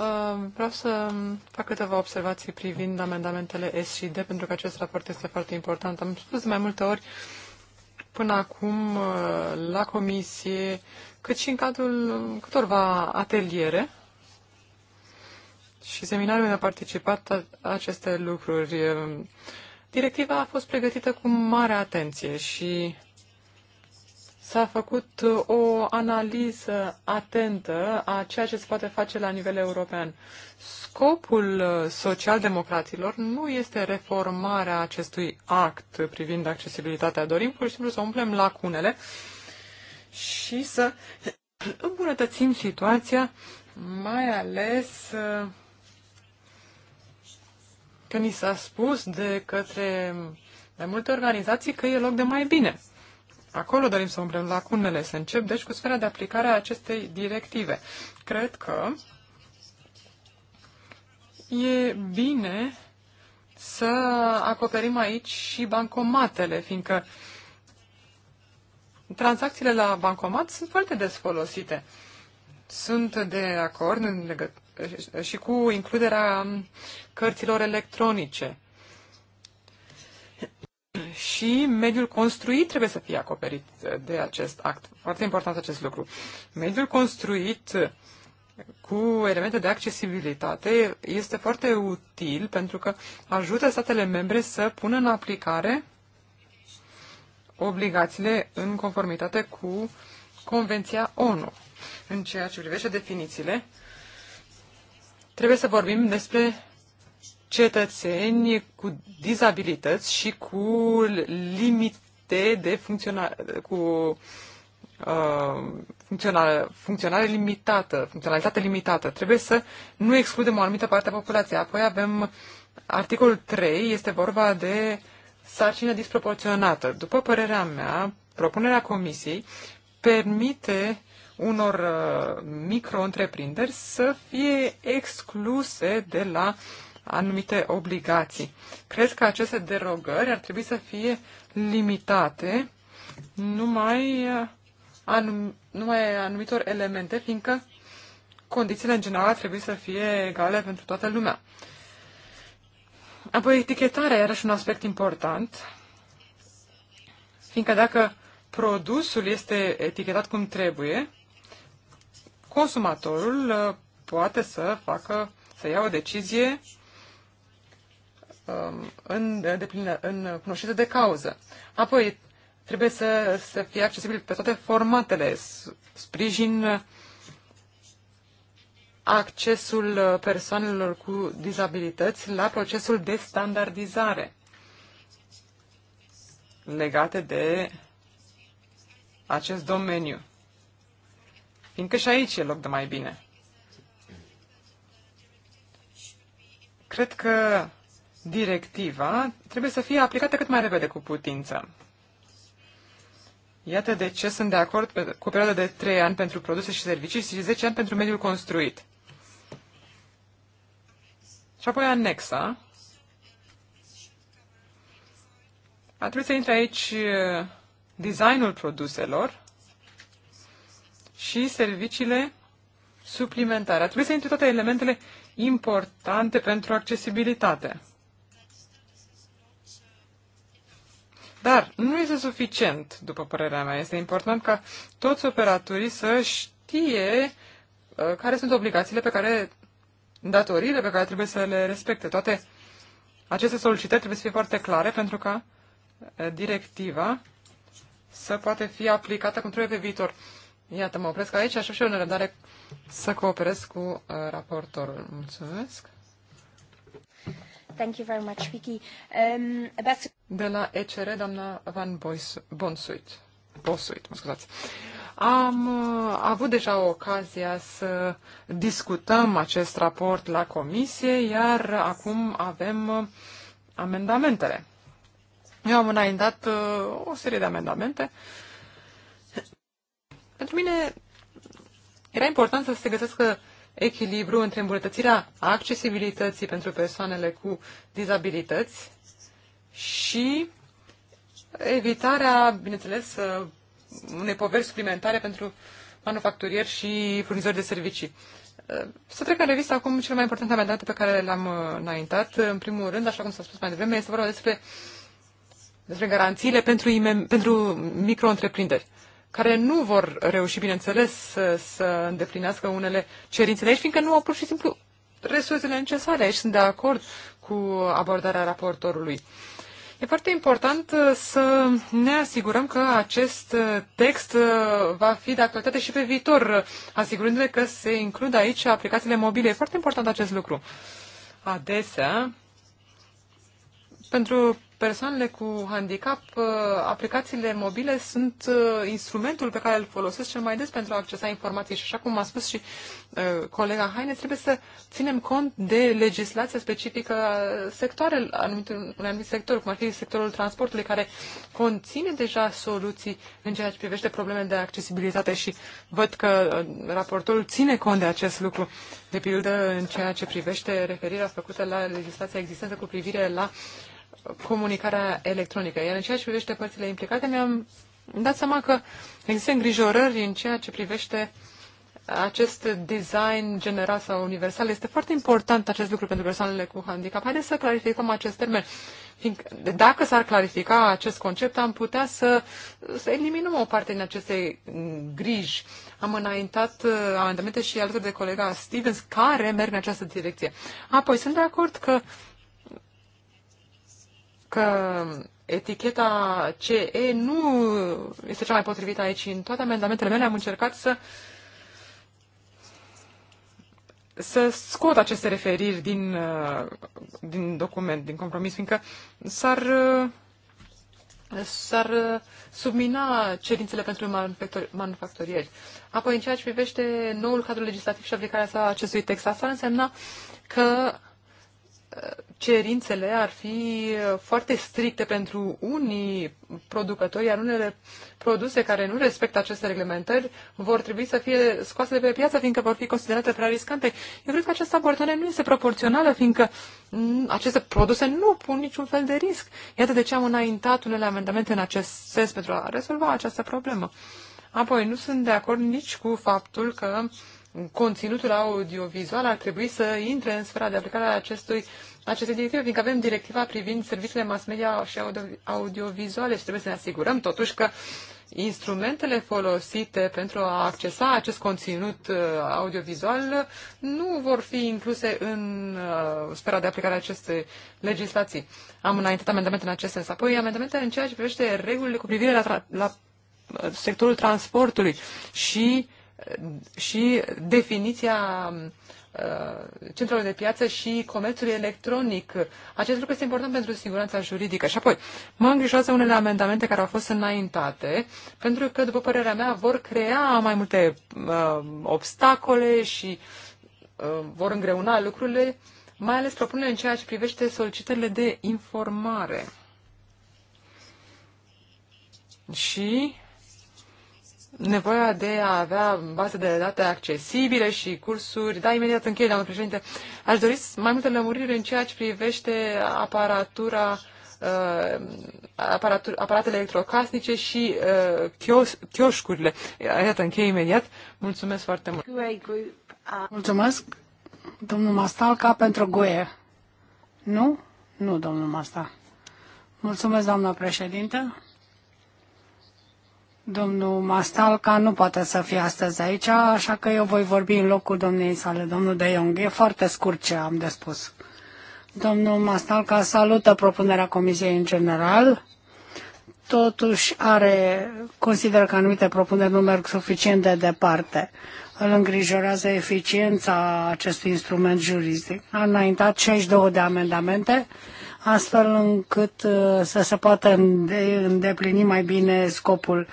Uh, vreau să fac câteva observații privind amendamentele S și D, pentru că acest raport este foarte important. Am spus mai multe ori până acum uh, la comisie, cât și în cadrul câtorva ateliere și seminarul unde a participat aceste lucruri. Uh, directiva a fost pregătită cu mare atenție și s-a făcut o analiză atentă a ceea ce se poate face la nivel european. Scopul socialdemocraților nu este reformarea acestui act privind accesibilitatea. Dorim pur și simplu să umplem lacunele și să îmbunătățim situația, mai ales uh, că ni s-a spus de către mai multe organizații că e loc de mai bine. Acolo dorim să umbrăm lacunele, să încep deci cu sfera de aplicare a acestei directive. Cred că e bine să acoperim aici și bancomatele, fiindcă tranzacțiile la bancomat sunt foarte des folosite. Sunt de acord în legăt- și cu includerea cărților electronice și mediul construit trebuie să fie acoperit uh, de acest act. Foarte important acest lucru. Mediul construit uh, cu elemente de accesibilitate este foarte util pentru că ajută statele membre să pună în aplicare obligațiile în conformitate cu Convenția ONU. În ceea ce privește definițiile, trebuie să vorbim despre cetățeni cu dizabilități și cu limite de funcționare, cu uh, funcționare, funcționare limitată, funcționalitate limitată. Trebuie să nu excludem o anumită parte a populației. Apoi avem articolul 3, este vorba de sarcină disproporționată. După părerea mea, propunerea comisiei permite unor uh, micro-întreprinderi să fie excluse de la uh, anumite obligații. Cred că aceste derogări ar trebui să fie limitate numai, anum, numai anumitor elemente, fiindcă condițiile în general ar trebui să fie egale pentru toată lumea. Apoi, etichetarea era și un aspect important, fiindcă dacă produsul este etichetat cum trebuie, consumatorul uh, poate să facă, să ia o decizie Um, în, de plină, în cunoștință de cauză. Apoi, trebuie să, să fie accesibil pe toate formatele, sprijin uh, accesul uh, persoanelor cu dizabilități la procesul de standardizare legate de acest domeniu. Fiindcă și aici e loc de mai bine. Cred că directiva trebuie să fie aplicată cât mai repede cu putință. Iată de ce sunt de acord cu o perioadă de 3 ani pentru produse și servicii și 10 ani pentru mediul construit. Și apoi anexa. A trebuit să intre aici uh, designul produselor și serviciile suplimentare. A trebuit să intre toate elementele importante pentru accesibilitate. Dar nu este suficient, după părerea mea. Este important ca toți operatorii să știe uh, care sunt obligațiile pe care, datoriile pe care trebuie să le respecte. Toate aceste solicitări trebuie să fie foarte clare pentru ca uh, directiva să poate fi aplicată cum trebuie pe viitor. Iată, mă opresc aici, așa și eu nerăbdare să cooperez cu uh, raportorul. Mulțumesc! Thank you very much, Vicky. Um, best... De la ECR, doamna Van Bois, Bonsuit. mă scuzați. Am uh, avut deja ocazia să discutăm acest raport la comisie, iar acum avem uh, amendamentele. Eu am înaintat uh, o serie de amendamente. Pentru mine era important să se găsească echilibru între îmbunătățirea accesibilității pentru persoanele cu dizabilități și evitarea, bineînțeles, uh, unei poveri suplimentare pentru manufacturieri și furnizori de servicii. Uh, să trec în revistă acum cele mai importante amendate pe care le-am uh, înaintat. În primul rând, așa cum s-a spus mai devreme, este vorba despre, despre garanțiile pentru, pentru micro-întreprinderi care nu vor reuși, bineînțeles, să, să îndeplinească unele cerințe de aici, fiindcă nu au pur și simplu resursele necesare. Aici sunt de acord cu abordarea raportorului. E foarte important uh, să ne asigurăm că acest uh, text uh, va fi de actualitate și pe viitor, asigurându-ne că se includ aici aplicațiile mobile. E foarte important acest lucru. Adesea, pentru persoanele cu handicap, uh, aplicațiile mobile sunt uh, instrumentul pe care îl folosesc cel mai des pentru a accesa informații și așa cum a spus și uh, colega Haine, trebuie să ținem cont de legislația specifică a anumit, un anumit sector, cum ar fi sectorul transportului, care conține deja soluții în ceea ce privește problemele de accesibilitate și văd că raportul ține cont de acest lucru, de pildă în ceea ce privește referirea făcută la legislația existentă cu privire la uh, comunicarea electronică. Iar în ceea ce privește părțile implicate, mi-am dat seama că există îngrijorări în ceea ce privește acest design general sau universal. Este foarte important acest lucru pentru persoanele cu handicap. Haideți să clarificăm acest termen. Fiindcă, dacă s-ar clarifica acest concept, am putea să, să eliminăm o parte din aceste griji. Am înaintat uh, amendamente și alături de colega Stevens care merg în această direcție. Apoi, sunt de acord că uh, că eticheta CE nu este cea mai potrivită aici. În toate amendamentele mele am încercat să să scot aceste referiri din, uh, din document, din compromis, fiindcă s-ar uh, s-ar uh, submina cerințele pentru manufacturieri. Apoi, în ceea ce privește noul cadru legislativ și aplicarea sa acestui text, asta ar însemna că cerințele ar fi foarte stricte pentru unii producători, iar unele produse care nu respectă aceste reglementări vor trebui să fie scoase de pe piață, fiindcă vor fi considerate prea riscante. Eu cred că această abordare nu este proporțională, fiindcă aceste produse nu pun niciun fel de risc. Iată de ce am înaintat unele amendamente în acest sens pentru a rezolva această problemă. Apoi, nu sunt de acord nici cu faptul că uh, conținutul audiovizual ar trebui să intre în sfera de aplicare a acestui, aceste directive, fiindcă avem directiva privind serviciile mass media și audio, audiovizuale și trebuie să ne asigurăm totuși că instrumentele folosite pentru a accesa acest conținut uh, audiovizual nu vor fi incluse în uh, sfera de aplicare a acestei legislații. Am înaintat amendamente în acest sens. Apoi amendamente în ceea ce privește regulile cu privire la, la uh, sectorul transportului și uh, și definiția uh, centrelor de piață și comerțului electronic. Acest lucru este important pentru siguranța juridică. Și apoi, mă îngrijoază unele amendamente care au fost înaintate, pentru că, după părerea mea, vor crea mai multe uh, obstacole și uh, vor îngreuna lucrurile, mai ales propunerea în ceea ce privește solicitările de informare. Și nevoia de a avea baze de date accesibile și cursuri. Da, imediat închei, doamnă președinte. Aș dori mai multe lămuriri în ceea ce privește aparatura uh, aparatur, aparatele electrocasnice și uh, chioșcurile. Iată, închei imediat. Mulțumesc foarte mult. Mulțumesc, domnul Mastalca, pentru goie. Nu? Nu, domnul Mastal. Mulțumesc, doamna președinte. Domnul Mastalca nu poate să fie astăzi aici, așa că eu voi vorbi în locul domnei sale, domnul De Jong. E foarte scurt ce am de spus. Domnul Mastalca salută propunerea Comisiei în general, totuși are, consideră că anumite propuneri nu merg suficient de departe. Îl îngrijorează eficiența acestui instrument juridic. A înaintat 62 de amendamente, astfel încât uh, să se poată îndeplini mai bine scopul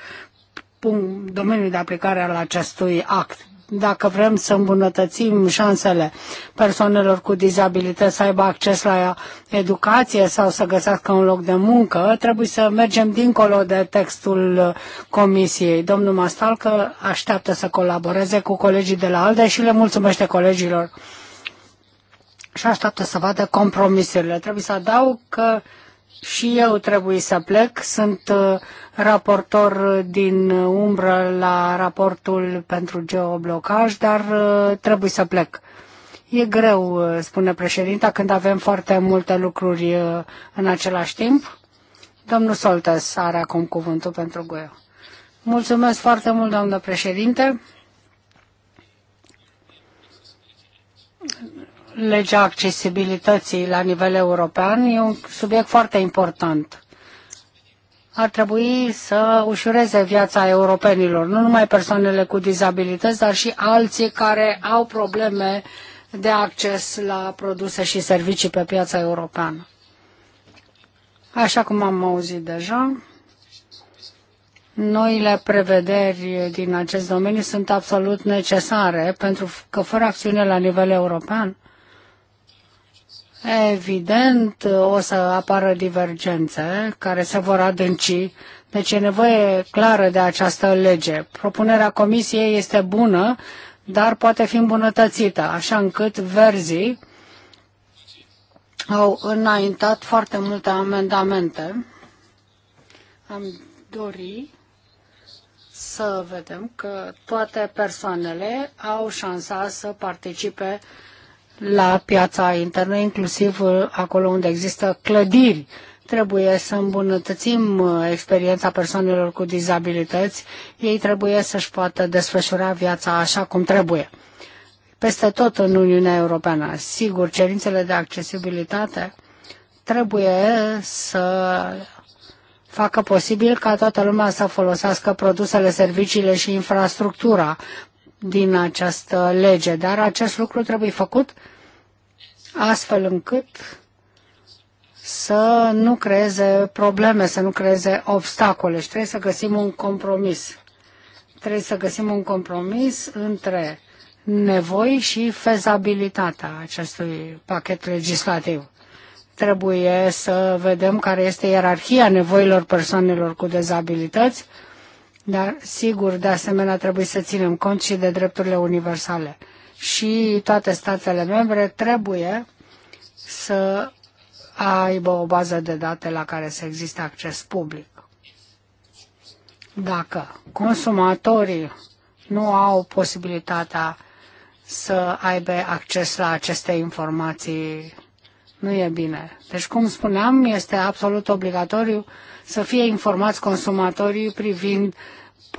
punct, domeniul de aplicare al acestui act dacă vrem să îmbunătățim șansele persoanelor cu dizabilități să aibă acces la educație sau să găsească un loc de muncă, trebuie să mergem dincolo de textul comisiei. Domnul Mastalcă așteaptă să colaboreze cu colegii de la ALDE și le mulțumește colegilor și așteaptă să vadă compromisurile. Trebuie să adaug că și eu trebuie să plec. Sunt uh, raportor din umbră la raportul pentru geoblocaj, dar uh, trebuie să plec. E greu, uh, spune președinta, când avem foarte multe lucruri în același timp. Domnul Soltes are acum cuvântul pentru Goio. Mulțumesc foarte mult, doamnă președinte legea accesibilității la nivel european e un subiect foarte important. Ar trebui să ușureze viața europenilor, nu numai persoanele cu dizabilități, dar și alții care au probleme de acces la produse și servicii pe piața europeană. Așa cum am auzit deja, noile prevederi din acest domeniu sunt absolut necesare, pentru că fără acțiune la nivel european Evident, o să apară divergențe care se vor adânci, deci e nevoie clară de această lege. Propunerea comisiei este bună, dar poate fi îmbunătățită, așa încât verzii au înaintat foarte multe amendamente. Am dori să vedem că toate persoanele au șansa să participe la piața internă, inclusiv uh, acolo unde există clădiri. Trebuie să îmbunătățim uh, experiența persoanelor cu dizabilități. Ei trebuie să-și poată desfășura viața așa cum trebuie. Peste tot în Uniunea Europeană. Sigur, cerințele de accesibilitate trebuie să facă posibil ca toată lumea să folosească produsele, serviciile și infrastructura din această lege, dar acest lucru trebuie făcut astfel încât să nu creeze probleme, să nu creeze obstacole și trebuie să găsim un compromis. Trebuie să găsim un compromis între nevoi și fezabilitatea acestui pachet legislativ. Trebuie să vedem care este ierarhia nevoilor persoanelor cu dezabilități, dar, sigur, de asemenea, trebuie să ținem cont și de drepturile universale. Și toate statele membre trebuie să aibă o bază de date la care să existe acces public. Dacă consumatorii nu au posibilitatea să aibă acces la aceste informații, nu e bine. Deci, cum spuneam, este absolut obligatoriu să fie informați consumatorii privind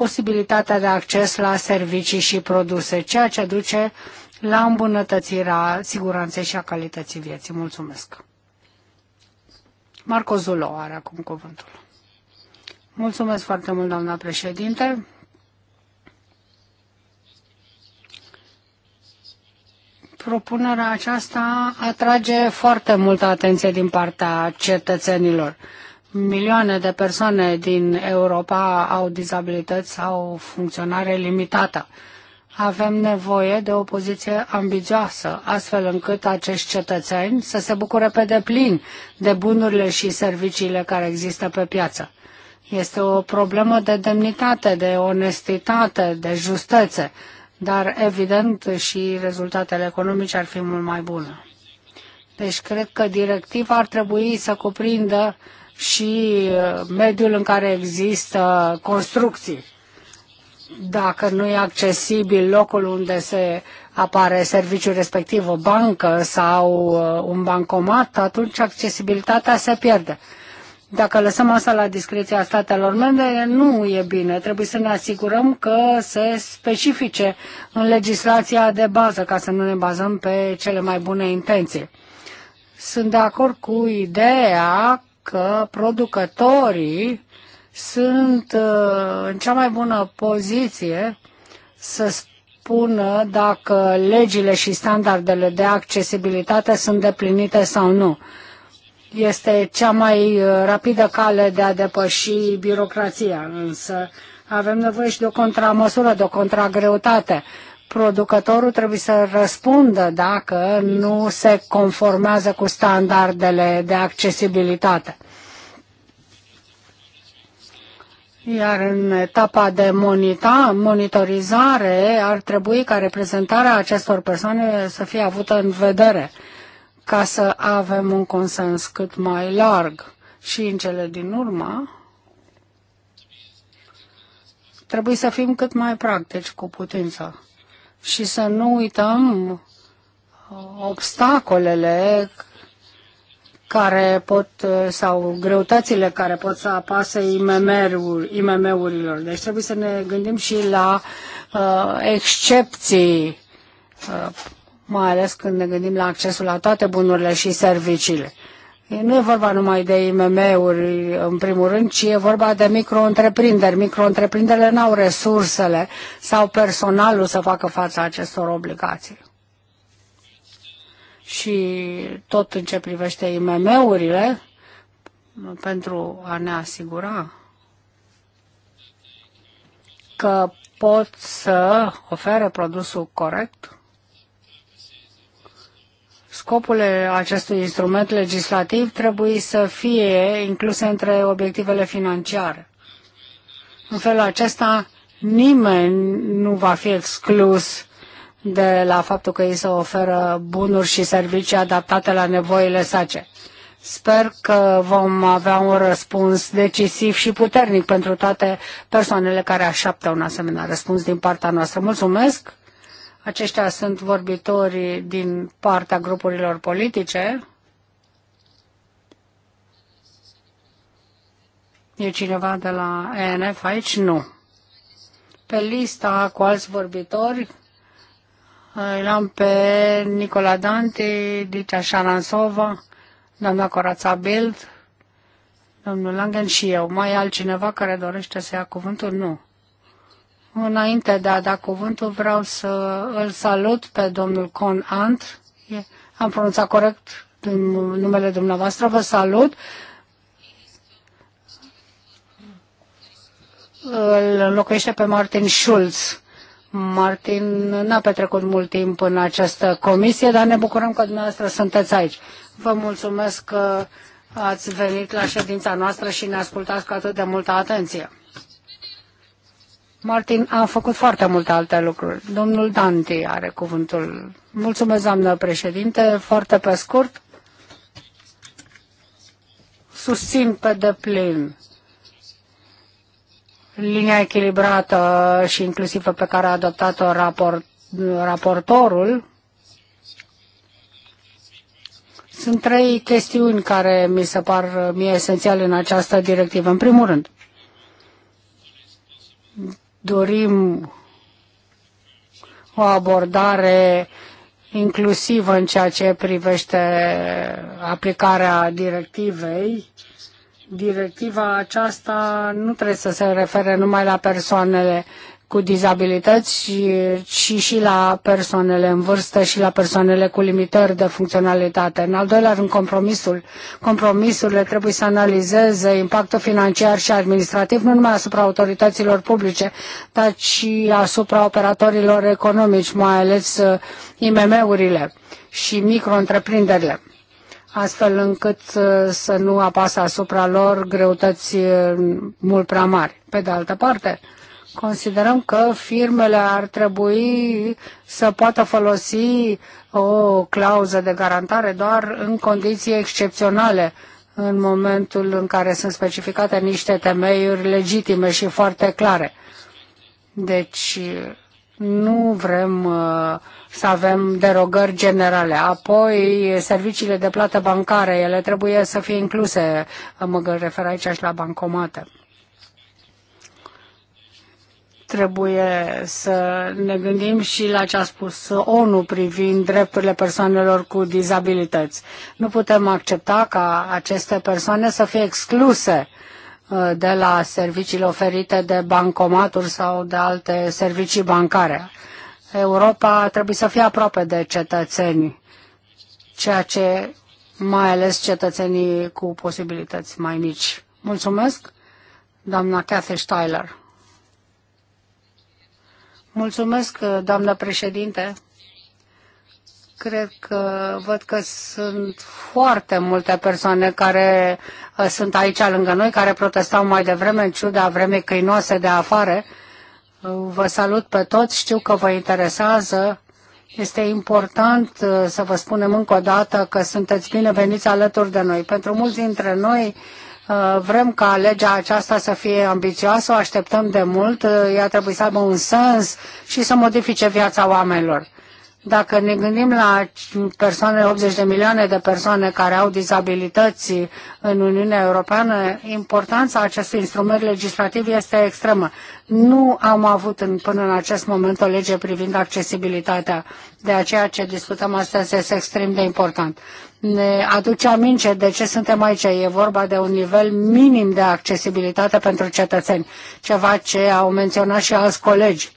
posibilitatea de acces la servicii și produse, ceea ce duce la îmbunătățirea siguranței și a calității vieții. Mulțumesc! Marco Zulo are acum cuvântul. Mulțumesc foarte mult, doamna președinte. Propunerea aceasta atrage foarte multă atenție din partea cetățenilor milioane de persoane din Europa au dizabilități sau funcționare limitată. Avem nevoie de o poziție ambițioasă, astfel încât acești cetățeni să se bucure pe deplin de bunurile și serviciile care există pe piață. Este o problemă de demnitate, de onestitate, de justețe, dar evident și rezultatele economice ar fi mult mai bune. Deci cred că directiva ar trebui să cuprindă uh, și uh, mediul în care există construcții. Dacă nu e accesibil locul unde se apare serviciul respectiv, o bancă sau uh, un bancomat, atunci accesibilitatea se pierde. Dacă lăsăm asta la discreția statelor membre, nu e bine. Trebuie să ne asigurăm că se specifice în legislația de bază, ca să nu ne bazăm pe cele mai bune intenții. Sunt de acord cu ideea că producătorii sunt uh, în cea mai bună poziție să spună dacă legile și standardele de accesibilitate sunt deplinite sau nu. Este cea mai uh, rapidă cale de a depăși birocrația, însă avem nevoie și de o contramăsură, de o contragreutate producătorul trebuie să răspundă dacă nu se conformează cu standardele de accesibilitate. Iar în etapa de monita, monitorizare ar trebui ca reprezentarea acestor persoane să fie avută în vedere ca să avem un consens cât mai larg. Și în cele din urmă trebuie să fim cât mai practici cu putință și să nu uităm obstacolele care pot, sau greutățile care pot să apase IMM-urilor. Deci trebuie să ne gândim și la uh, excepții, uh, mai ales când ne gândim la accesul la toate bunurile și serviciile. Nu e vorba numai de IMM-uri, în primul rând, ci e vorba de micro-întreprinderi. Micro-întreprinderile n-au resursele sau personalul să facă fața acestor obligații. Și tot în ce privește IMM-urile, pentru a ne asigura că pot să ofere produsul corect, Scopul acestui instrument legislativ trebuie să fie incluse între obiectivele financiare. În felul acesta, nimeni nu va fi exclus de la faptul că ei se oferă bunuri și servicii adaptate la nevoile sace. Sper că vom avea un răspuns decisiv și puternic pentru toate persoanele care așteaptă un asemenea răspuns din partea noastră. Mulțumesc! Aceștia sunt vorbitorii din partea grupurilor politice. E cineva de la ENF aici? Nu. Pe lista cu alți vorbitori îl am pe Nicola Dante, Dicea Șaransova, doamna Corața Bild, domnul Langen și eu. Mai e altcineva care dorește să ia cuvântul? Nu. Înainte de a da cuvântul, vreau să îl salut pe domnul Con Ant. Am pronunțat corect numele dumneavoastră. Vă salut. Îl înlocuiește pe Martin Schulz. Martin n-a petrecut mult timp în această comisie, dar ne bucurăm că dumneavoastră sunteți aici. Vă mulțumesc că ați venit la ședința noastră și ne ascultați cu atât de multă atenție. Martin, a făcut foarte multe alte lucruri. Domnul Danti are cuvântul. Mulțumesc, doamnă președinte. Foarte pe scurt, susțin pe deplin linia echilibrată și inclusivă pe care a adoptat-o raport, raportorul. Sunt trei chestiuni care mi se par mie esențiale în această directivă. În primul rând, dorim o abordare inclusivă în ceea ce privește aplicarea directivei. Directiva aceasta nu trebuie să se refere numai la persoanele cu dizabilități, ci, ci și la persoanele în vârstă și la persoanele cu limitări de funcționalitate. În al doilea rând, compromisul. Compromisurile trebuie să analizeze impactul financiar și administrativ, nu numai asupra autorităților publice, dar și asupra operatorilor economici, mai ales uh, IMM-urile și micro-întreprinderile astfel încât uh, să nu apasă asupra lor greutăți uh, mult prea mari. Pe de altă parte, Considerăm că firmele ar trebui să poată folosi o clauză de garantare doar în condiții excepționale, în momentul în care sunt specificate niște temeiuri legitime și foarte clare. Deci nu vrem uh, să avem derogări generale. Apoi, serviciile de plată bancare, ele trebuie să fie incluse. Mă refer aici și la bancomate trebuie să ne gândim și la ce a spus ONU privind drepturile persoanelor cu dizabilități. Nu putem accepta ca aceste persoane să fie excluse uh, de la serviciile oferite de bancomaturi sau de alte servicii bancare. Europa trebuie să fie aproape de cetățeni, ceea ce mai ales cetățenii cu posibilități mai mici. Mulțumesc, doamna Cathy Steiler. Mulțumesc, doamnă președinte. Cred că văd că sunt foarte multe persoane care uh, sunt aici lângă noi, care protestau mai devreme în ciuda vremei căinoase de afară. Uh, vă salut pe toți, știu că vă interesează. Este important uh, să vă spunem încă o dată că sunteți bineveniți alături de noi. Pentru mulți dintre noi, Uh, vrem ca legea aceasta să fie ambițioasă, o așteptăm de mult, uh, ea trebuie să aibă un sens și să modifice viața oamenilor. Dacă ne gândim la persoane, 80 de milioane de persoane care au dizabilități în Uniunea Europeană, importanța acestui instrument legislativ este extremă. Nu am avut în, până în acest moment o lege privind accesibilitatea, de aceea ce discutăm astăzi este extrem de important ne aduce aminte de ce suntem aici. E vorba de un nivel minim de accesibilitate pentru cetățeni, ceva ce au menționat și alți colegi.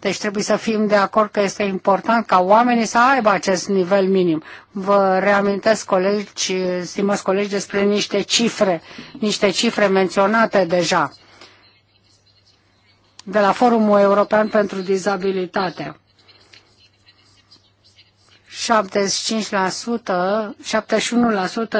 Deci trebuie să fim de acord că este important ca oamenii să aibă acest nivel minim. Vă reamintesc, colegi, stimați colegi, despre niște cifre, niște cifre menționate deja de la Forumul European pentru Dizabilitate. 75%,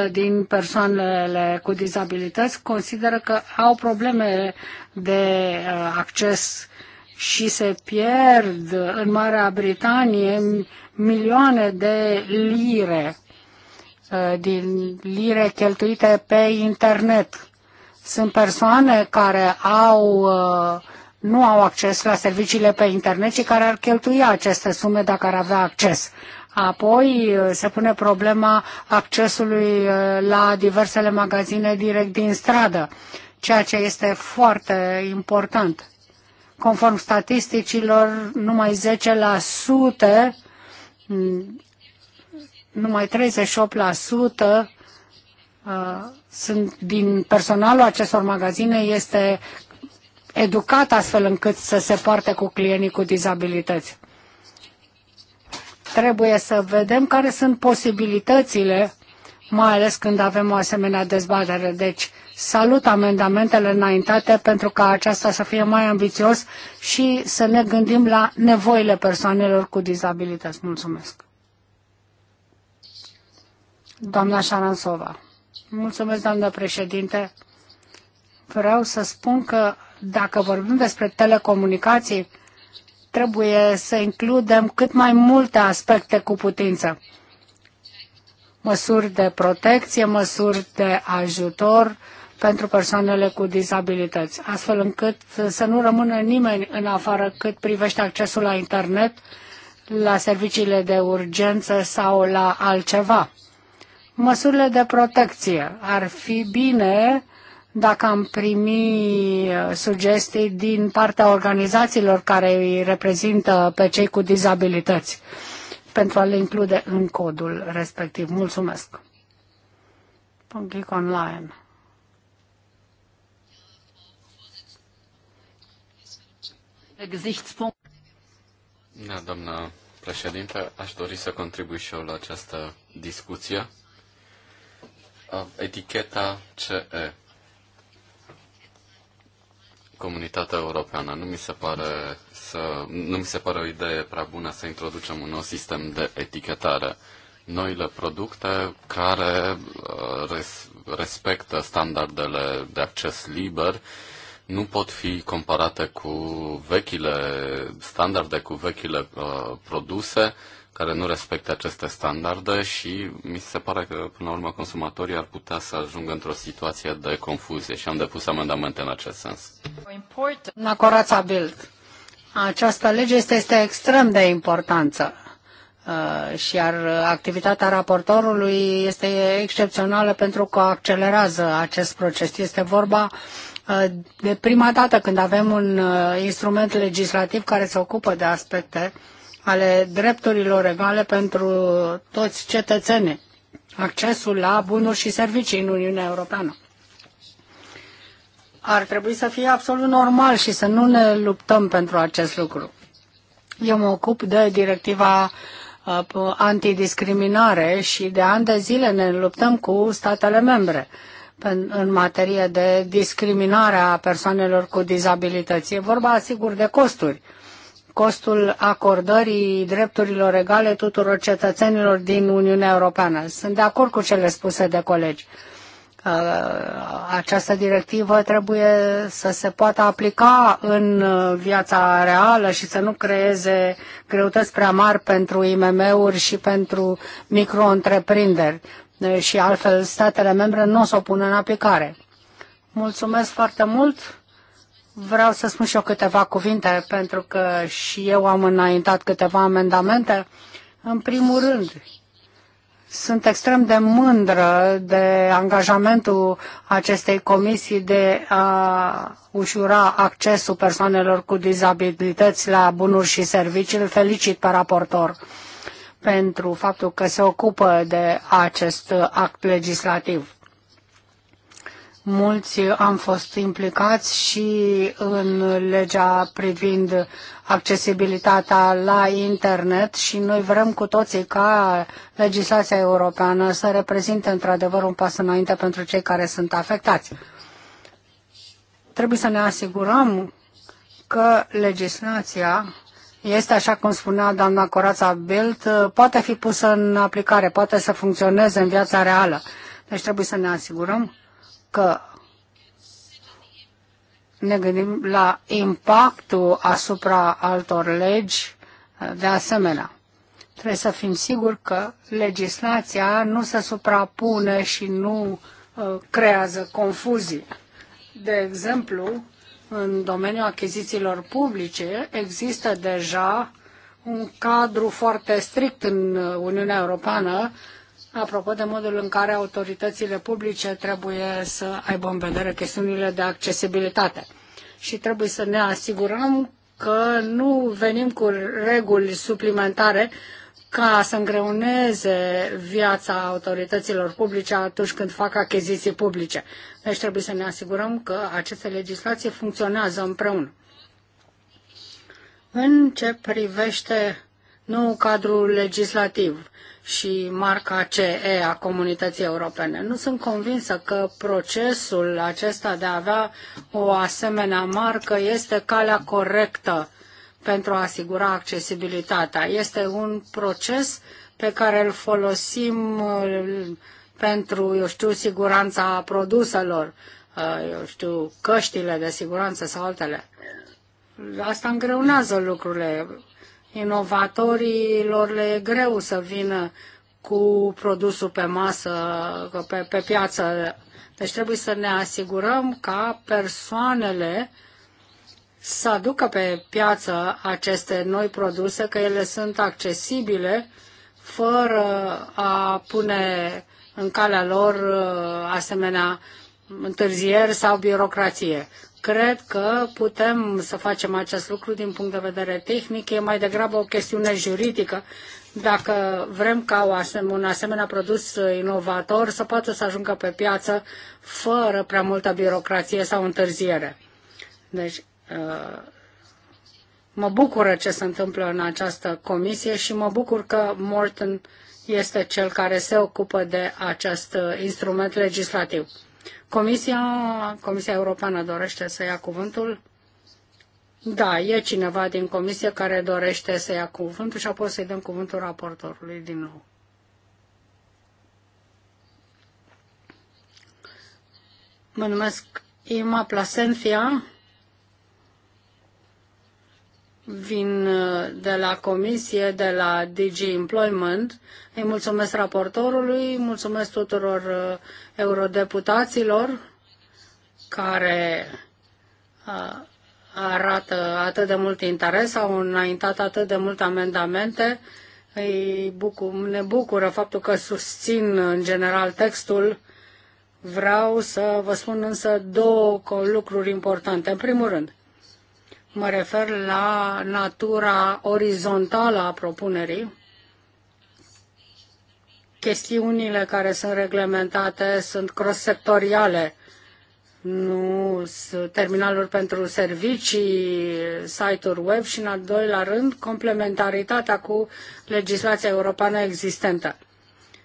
71% din persoanele cu dizabilități consideră că au probleme de uh, acces și se pierd în Marea Britanie milioane de lire uh, din lire cheltuite pe internet. Sunt persoane care au, uh, nu au acces la serviciile pe internet și care ar cheltui aceste sume dacă ar avea acces. Apoi uh, se pune problema accesului uh, la diversele magazine direct din stradă, ceea ce este foarte important. Conform statisticilor, numai 10%, mm, numai 38% uh, sunt din personalul acestor magazine este educat astfel încât să se poarte cu clienii cu dizabilități. Trebuie să vedem care sunt posibilitățile, mai ales când avem o asemenea dezbatere. Deci, salut amendamentele înaintate pentru ca aceasta să fie mai ambițios și să ne gândim la nevoile persoanelor cu dizabilități. Mulțumesc. Doamna Șaransova. Mulțumesc, doamnă președinte. Vreau să spun că dacă vorbim despre telecomunicații, trebuie să includem cât mai multe aspecte cu putință. Măsuri de protecție, măsuri de ajutor pentru persoanele cu dizabilități, astfel încât să nu rămână nimeni în afară cât privește accesul la internet, la serviciile de urgență sau la altceva. Măsurile de protecție. Ar fi bine dacă am primi uh, sugestii din partea organizațiilor care îi reprezintă pe cei cu dizabilități pentru a le include în codul respectiv. Mulțumesc! Geek Online. Da, doamna președinte, aș dori să contribui și eu la această discuție. Eticheta CE comunitatea europeană. Nu mi se pare, să, nu mi se pare o idee prea bună să introducem un nou sistem de etichetare. Noile producte care uh, res, respectă standardele de acces liber nu pot fi comparate cu vechile standarde, cu vechile uh, produse care nu respectă aceste standarde și mi se pare că, până la urmă, consumatorii ar putea să ajungă într-o situație de confuzie și am depus amendamente în acest sens. La Corața Bild, această lege este, este extrem de importantă uh, și iar activitatea raportorului este excepțională pentru că accelerează acest proces. Este vorba uh, de prima dată când avem un uh, instrument legislativ care se ocupă de aspecte uh, ale drepturilor egale pentru toți cetățenii, accesul la bunuri și servicii în Uniunea Europeană. Ar trebui să fie absolut normal și să nu ne luptăm pentru acest lucru. Eu mă ocup de directiva uh, antidiscriminare și de ani de zile ne luptăm cu statele membre în materie de discriminare a persoanelor cu dizabilități. E vorba, sigur, de costuri costul acordării drepturilor egale tuturor cetățenilor din Uniunea Europeană. Sunt de acord cu cele spuse de colegi. Uh, această directivă trebuie să se poată aplica în uh, viața reală și să nu creeze greutăți prea mari pentru IMM-uri și pentru micro-întreprinderi uh, și altfel statele membre nu o să o pună în aplicare. Mulțumesc foarte mult! Vreau să spun și eu câteva cuvinte, pentru că și eu am înaintat câteva amendamente. În primul rând, sunt extrem de mândră de angajamentul acestei comisii de a ușura accesul persoanelor cu dizabilități la bunuri și servicii. Îl felicit pe raportor pentru faptul că se ocupă de acest act legislativ. Mulți am fost implicați și în legea privind accesibilitatea la internet și noi vrem cu toții ca legislația europeană să reprezinte într-adevăr un pas înainte pentru cei care sunt afectați. Trebuie să ne asigurăm că legislația este, așa cum spunea doamna Corața Bilt, poate fi pusă în aplicare, poate să funcționeze în viața reală. Deci trebuie să ne asigurăm că ne gândim la impactul asupra altor legi de asemenea. Trebuie să fim siguri că legislația nu se suprapune și nu uh, creează confuzii. De exemplu, în domeniul achizițiilor publice există deja un cadru foarte strict în Uniunea Europeană apropo de modul în care autoritățile publice trebuie să aibă în vedere chestiunile de accesibilitate. Și trebuie să ne asigurăm că nu venim cu reguli suplimentare ca să îngreuneze viața autorităților publice atunci când fac achiziții publice. Deci trebuie să ne asigurăm că aceste legislații funcționează împreună. În ce privește nou cadru legislativ, și marca CE a comunității europene. Nu sunt convinsă că procesul acesta de a avea o asemenea marcă este calea corectă pentru a asigura accesibilitatea. Este un proces pe care îl folosim uh, pentru, eu știu, siguranța produselor, uh, eu știu, căștile de siguranță sau altele. Asta îngreunează lucrurile inovatorilor le e greu să vină cu produsul pe masă, pe, pe piață. Deci trebuie să ne asigurăm ca persoanele să aducă pe piață aceste noi produse, că ele sunt accesibile fără a pune în calea lor uh, asemenea întârzieri sau birocrație. Cred că putem să facem acest lucru din punct de vedere tehnic, e mai degrabă o chestiune juridică. Dacă vrem ca un asemenea produs inovator să poată să ajungă pe piață fără prea multă birocrație sau întârziere. Deci, uh, mă bucură ce se întâmplă în această comisie și mă bucur că Morton este cel care se ocupă de acest uh, instrument legislativ. Comisia, Comisia Europeană dorește să ia cuvântul? Da, e cineva din comisie care dorește să ia cuvântul și apoi să-i dăm cuvântul raportorului din nou. Mă numesc Ima Plasenfia vin uh, de la comisie, de la DG Employment. Îi mulțumesc raportorului, mulțumesc tuturor uh, eurodeputaților care uh, arată atât de mult interes, au înaintat atât de multe amendamente. Îi bucur, ne bucură faptul că susțin în general textul. Vreau să vă spun însă două lucruri importante. În primul rând, Mă refer la natura orizontală a propunerii. Chestiunile care sunt reglementate sunt cross-sectoriale, nu terminaluri pentru servicii, site-uri web și, în al doilea rând, complementaritatea cu legislația europeană existentă.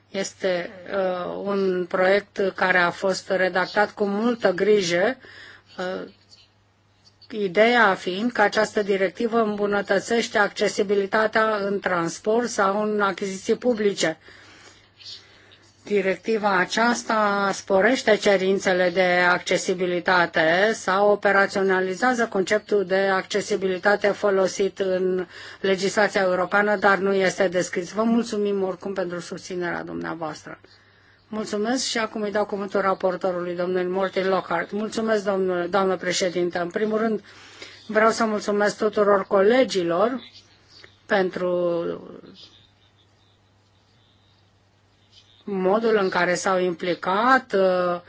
Este uh, un proiect care a fost redactat cu multă grijă, uh, Ideea fiind că această directivă îmbunătățește accesibilitatea în transport sau în achiziții publice. Directiva aceasta sporește cerințele de accesibilitate sau operaționalizează conceptul de accesibilitate folosit în legislația europeană, dar nu este descris. Vă mulțumim oricum pentru susținerea dumneavoastră. Mulțumesc și acum îi dau cuvântul raportorului, domnul Morty Lockhart. Mulțumesc, domnule, doamnă președintă. În primul rând, vreau să mulțumesc tuturor colegilor pentru modul în care s-au implicat. Uh,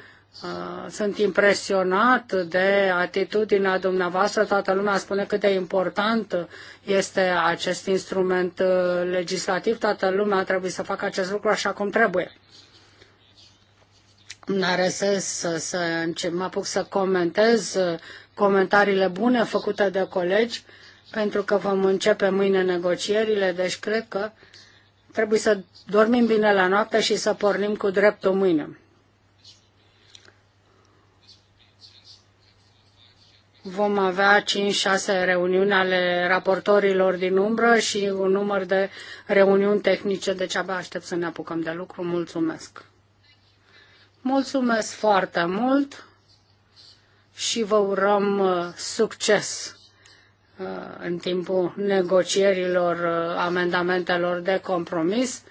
uh, sunt impresionat de atitudinea dumneavoastră. Toată lumea spune cât de important este acest instrument uh, legislativ. Toată lumea trebuie să facă acest lucru așa cum trebuie nărăsesc să, să mă apuc să comentez uh, comentariile bune făcute de colegi, pentru că vom începe mâine negocierile, deci cred că trebuie să dormim bine la noapte și să pornim cu dreptul mâine. Vom avea 5-6 reuniuni ale raportorilor din umbră și un număr de reuniuni tehnice, deci abia aștept să ne apucăm de lucru. Mulțumesc! Mulțumesc foarte mult și vă urăm uh, succes uh, în timpul negocierilor uh, amendamentelor de compromis.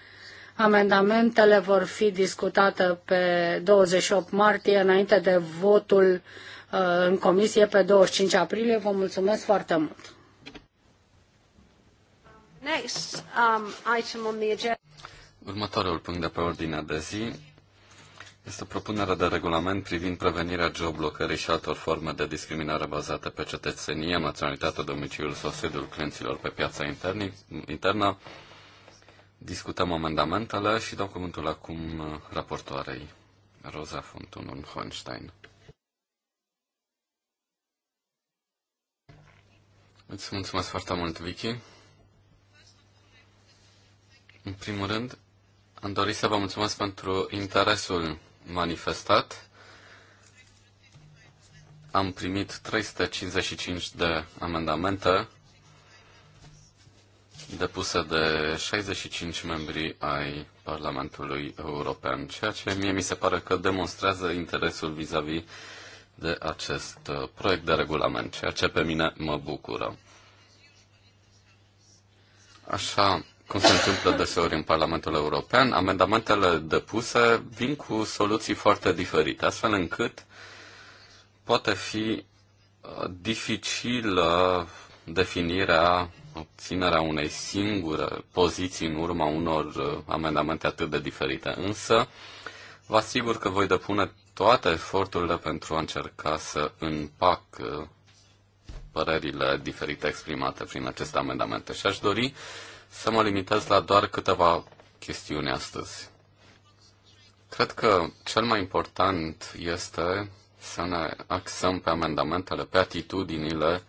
Amendamentele vor fi discutate pe 28 martie, înainte de votul în comisie pe 25 aprilie. Vă mulțumesc foarte mult! Next, um, item on the agenda. Următorul punct de pe ordinea de zi este propunerea de regulament privind prevenirea geoblocării și altor forme de discriminare bazată pe cetățenie, naționalitate, domiciliul sau sediul clienților pe piața internă. Discutăm amendamentele și dau cuvântul acum raportoarei Rosa Fontunun Hohenstein. Îți mulțumesc foarte mult, Vicky. În primul rând, am dorit să vă mulțumesc pentru interesul manifestat. Am primit 355 de amendamente depuse de 65 membri ai Parlamentului European, ceea ce mie mi se pare că demonstrează interesul vis-a-vis -vis de acest uh, proiect de regulament, ceea ce pe mine mă bucură. Așa cum se întâmplă deseori în Parlamentul European, amendamentele depuse vin cu soluții foarte diferite, astfel încât poate fi uh, dificilă definirea, obținerea unei singure poziții în urma unor uh, amendamente atât de diferite. Însă, vă asigur că voi depune toate eforturile pentru a încerca să împac uh, părerile diferite exprimate prin aceste amendamente. Și aș dori să mă limitez la doar câteva chestiuni astăzi. Cred că cel mai important este să ne axăm pe amendamentele, pe atitudinile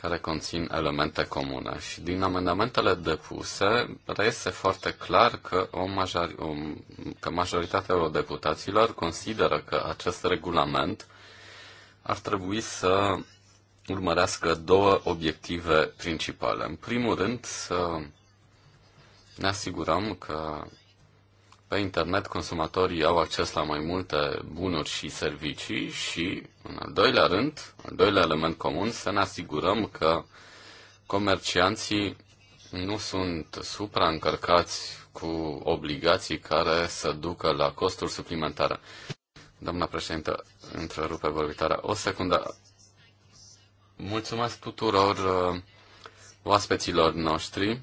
care conțin elemente comune. Și din amendamentele depuse reiese foarte clar că, o major, o, că majoritatea deputaților consideră că acest regulament ar trebui să urmărească două obiective principale. În primul rând, să ne asigurăm că pe internet consumatorii au acces la mai multe bunuri și servicii și, în al doilea rând, al doilea element comun, să ne asigurăm că comercianții nu sunt supraîncărcați cu obligații care să ducă la costuri suplimentare. Doamna președintă, întrerupe vorbitarea. O secundă. Mulțumesc tuturor uh, oaspeților noștri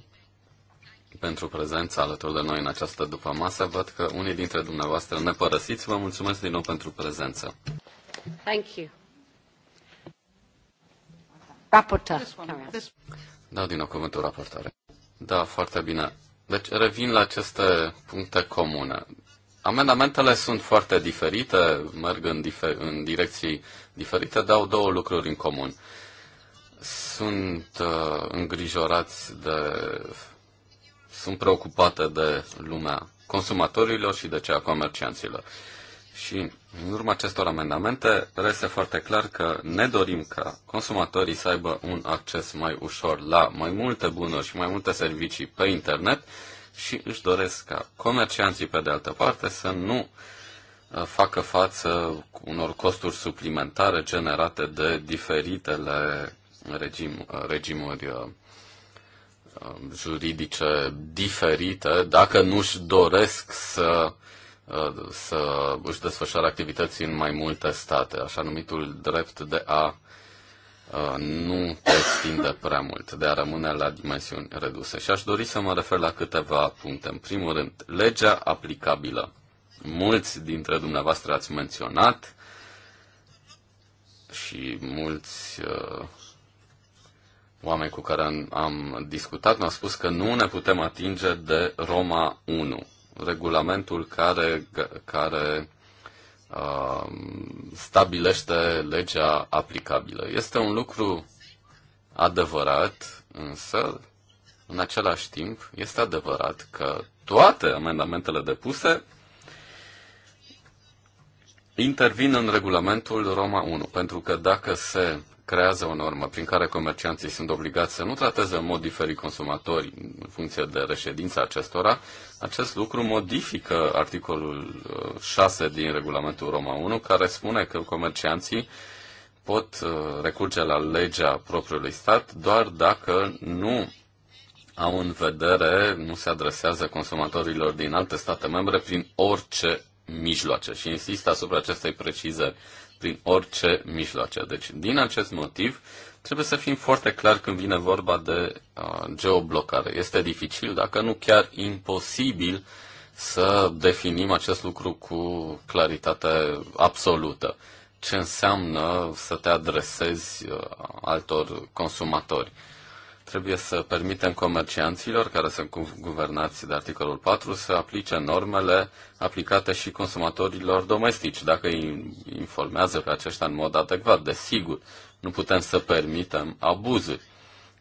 pentru prezența alături de noi în această după masă. Văd că unii dintre dumneavoastră ne părăsiți. Vă mulțumesc din nou pentru prezență. Thank you. Da, din nou cuvântul raportare. Da, foarte bine. Deci revin la aceste puncte comune. Amendamentele sunt foarte diferite, merg în, dife- în direcții diferite, dar au două lucruri în comun. Sunt uh, îngrijorați de. sunt preocupate de lumea consumatorilor și de cea a comercianților. Și în urma acestor amendamente reste foarte clar că ne dorim ca consumatorii să aibă un acces mai ușor la mai multe bunuri și mai multe servicii pe internet, uh, și își doresc ca comercianții, pe de altă parte, să nu uh, facă față unor costuri suplimentare generate de diferitele regim, uh, regimuri uh, juridice diferite, dacă nu își doresc să, să își desfășoare activități în mai multe state, așa numitul drept de a Uh, nu te extinde prea mult, de a rămâne la dimensiuni reduse. Și aș dori să mă refer la câteva puncte. În primul rând, legea aplicabilă. Mulți dintre dumneavoastră ați menționat și mulți uh, oameni cu care am, am discutat mi-au spus că nu ne putem atinge de Roma 1, regulamentul care, care Um, stabilește legea aplicabilă. Este un lucru adevărat, însă, în același timp, este adevărat că toate amendamentele depuse intervin în regulamentul Roma 1, pentru că dacă se creează o normă prin care comercianții sunt obligați să nu trateze în mod diferit consumatorii în funcție de reședința acestora, acest lucru modifică articolul 6 uh, din regulamentul Roma 1, care spune că comercianții pot uh, recurge la legea propriului stat doar dacă nu au în vedere, nu se adresează consumatorilor din alte state membre prin orice mijloace. Și insist asupra acestei precizări prin orice mijloace. Deci, din acest motiv, trebuie să fim foarte clar când vine vorba de uh, geoblocare. Este dificil, dacă nu chiar imposibil, să definim acest lucru cu claritate absolută. Ce înseamnă să te adresezi uh, altor consumatori? Trebuie să permitem comercianților care sunt guvernați de articolul 4 să aplice normele aplicate și consumatorilor domestici, dacă îi informează pe aceștia în mod adecvat. Desigur, nu putem să permitem abuzuri.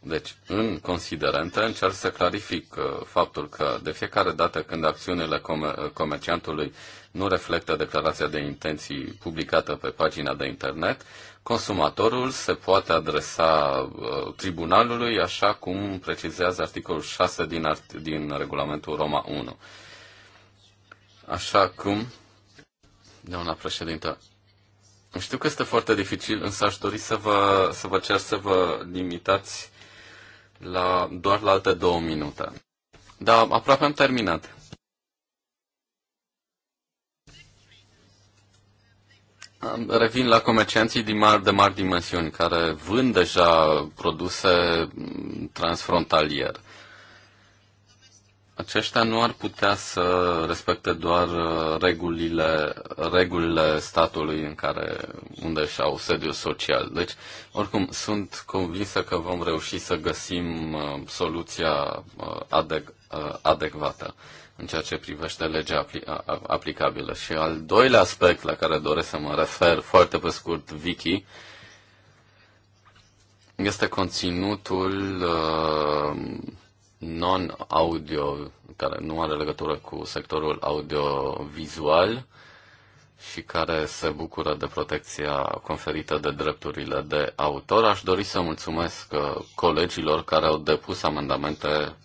Deci, în considerente, încerc să clarific uh, faptul că de fiecare dată când acțiunile comer- uh, comerciantului nu reflectă declarația de intenții publicată pe pagina de internet, consumatorul se poate adresa uh, tribunalului, așa cum precizează articolul 6 din, art- din regulamentul Roma 1. Așa cum, doamna președintă, știu că este foarte dificil, însă aș dori să vă, să vă cer să vă limitați la, doar la alte două minute. Da, aproape am terminat. Revin la comercianții de mari, de mari dimensiuni, care vând deja produse mm, transfrontalier. Aceștia nu ar putea să respecte doar uh, regulile, regulile statului în care, unde și au sediu social. Deci, oricum, sunt convinsă că vom reuși să găsim uh, soluția uh, adec, adecvată în ceea ce privește legea apli- aplicabilă. Și al doilea aspect la care doresc să mă refer foarte pe scurt, Vicky, este conținutul uh, non-audio, care nu are legătură cu sectorul audio-vizual și care se bucură de protecția conferită de drepturile de autor. Aș dori să mulțumesc uh, colegilor care au depus amendamente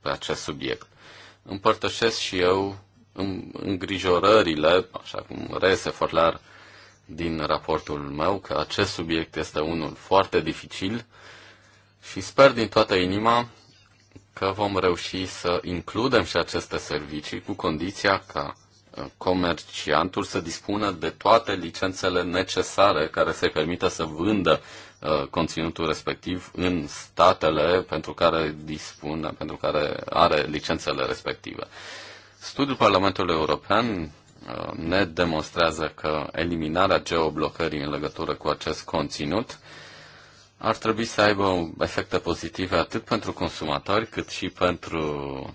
pe acest subiect. Împărtășesc și eu îngrijorările, așa cum reiese forlar din raportul meu, că acest subiect este unul foarte dificil și sper din toată inima că vom reuși să includem și aceste servicii cu condiția ca uh, comerciantul să dispună de toate licențele necesare care să-i permită să vândă Uh, conținutul respectiv în statele pentru care dispune, pentru care are licențele respective. Studiul Parlamentului European uh, ne demonstrează că eliminarea geoblocării în legătură cu acest conținut ar trebui să aibă efecte pozitive atât pentru consumatori cât și pentru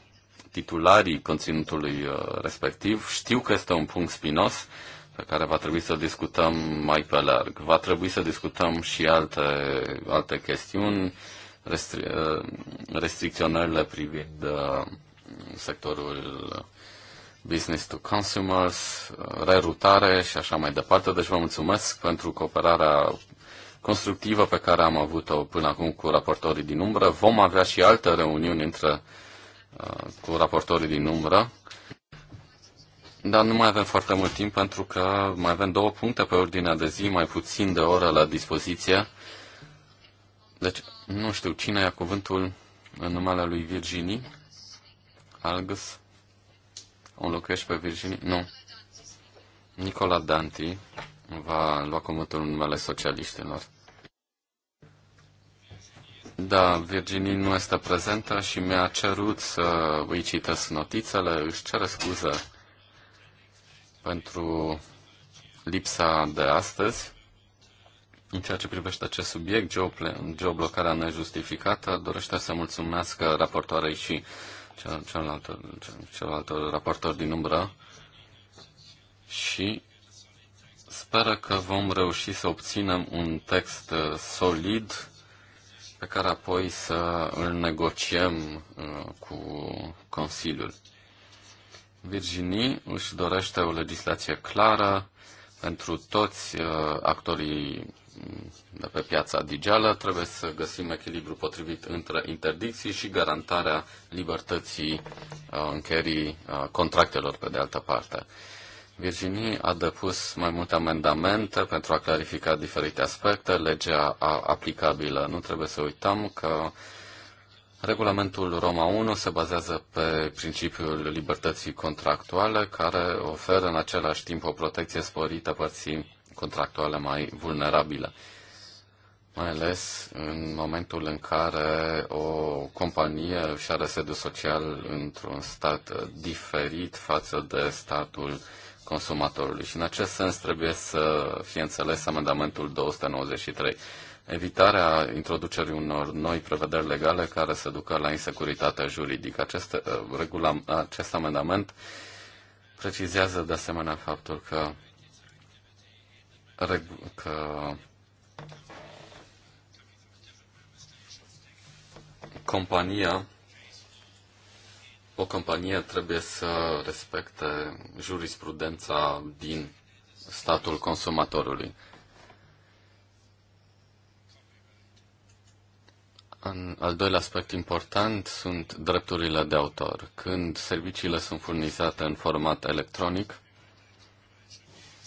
titularii conținutului uh, respectiv. Știu că este un punct spinos, pe care va trebui să discutăm mai pe larg. Va trebui să discutăm și alte, alte chestiuni, restri, uh, restricționările privind uh, sectorul business to consumers, rerutare și așa mai departe. Deci vă mulțumesc pentru cooperarea constructivă pe care am avut-o până acum cu raportorii din umbră. Vom avea și alte reuniuni între, uh, cu raportorii din umbră dar nu mai avem foarte mult timp pentru că mai avem două puncte pe ordinea de zi, mai puțin de oră la dispoziție. Deci, nu știu cine ia cuvântul în numele lui Virginie. Algus. O locuiești pe Virginie? Nu. Nicola Danti va lua cuvântul în numele socialiștilor. Da, Virginie nu este prezentă și mi-a cerut să îi citesc notițele, își cere scuză pentru lipsa de astăzi. În ceea ce privește acest subiect, geoblocarea nejustificată, dorește să mulțumesc raportoarei și celălalt, celălalt raportor din umbră și speră că vom reuși să obținem un text uh, solid pe care apoi să îl negociem uh, cu Consiliul. Virginie își dorește o legislație clară pentru toți uh, actorii de pe piața digitală. Trebuie să găsim echilibru potrivit între interdicții și garantarea libertății uh, încherii uh, contractelor, pe de altă parte. Virginie a depus mai multe amendamente pentru a clarifica diferite aspecte. Legea aplicabilă. Nu trebuie să uităm că uh, Regulamentul Roma 1 se bazează pe principiul libertății contractuale, care oferă în același timp o protecție sporită părții contractuale mai vulnerabile, mai ales în momentul în care o companie își are sediu social într-un stat diferit față de statul consumatorului. Și în acest sens trebuie să fie înțeles amendamentul 293 evitarea introducerii unor noi prevederi legale care să ducă la insecuritatea juridică. Acest, uh, regula, acest amendament precizează de asemenea faptul că, că compania o companie trebuie să respecte jurisprudența din statul consumatorului. În al doilea aspect important sunt drepturile de autor. Când serviciile sunt furnizate în format electronic,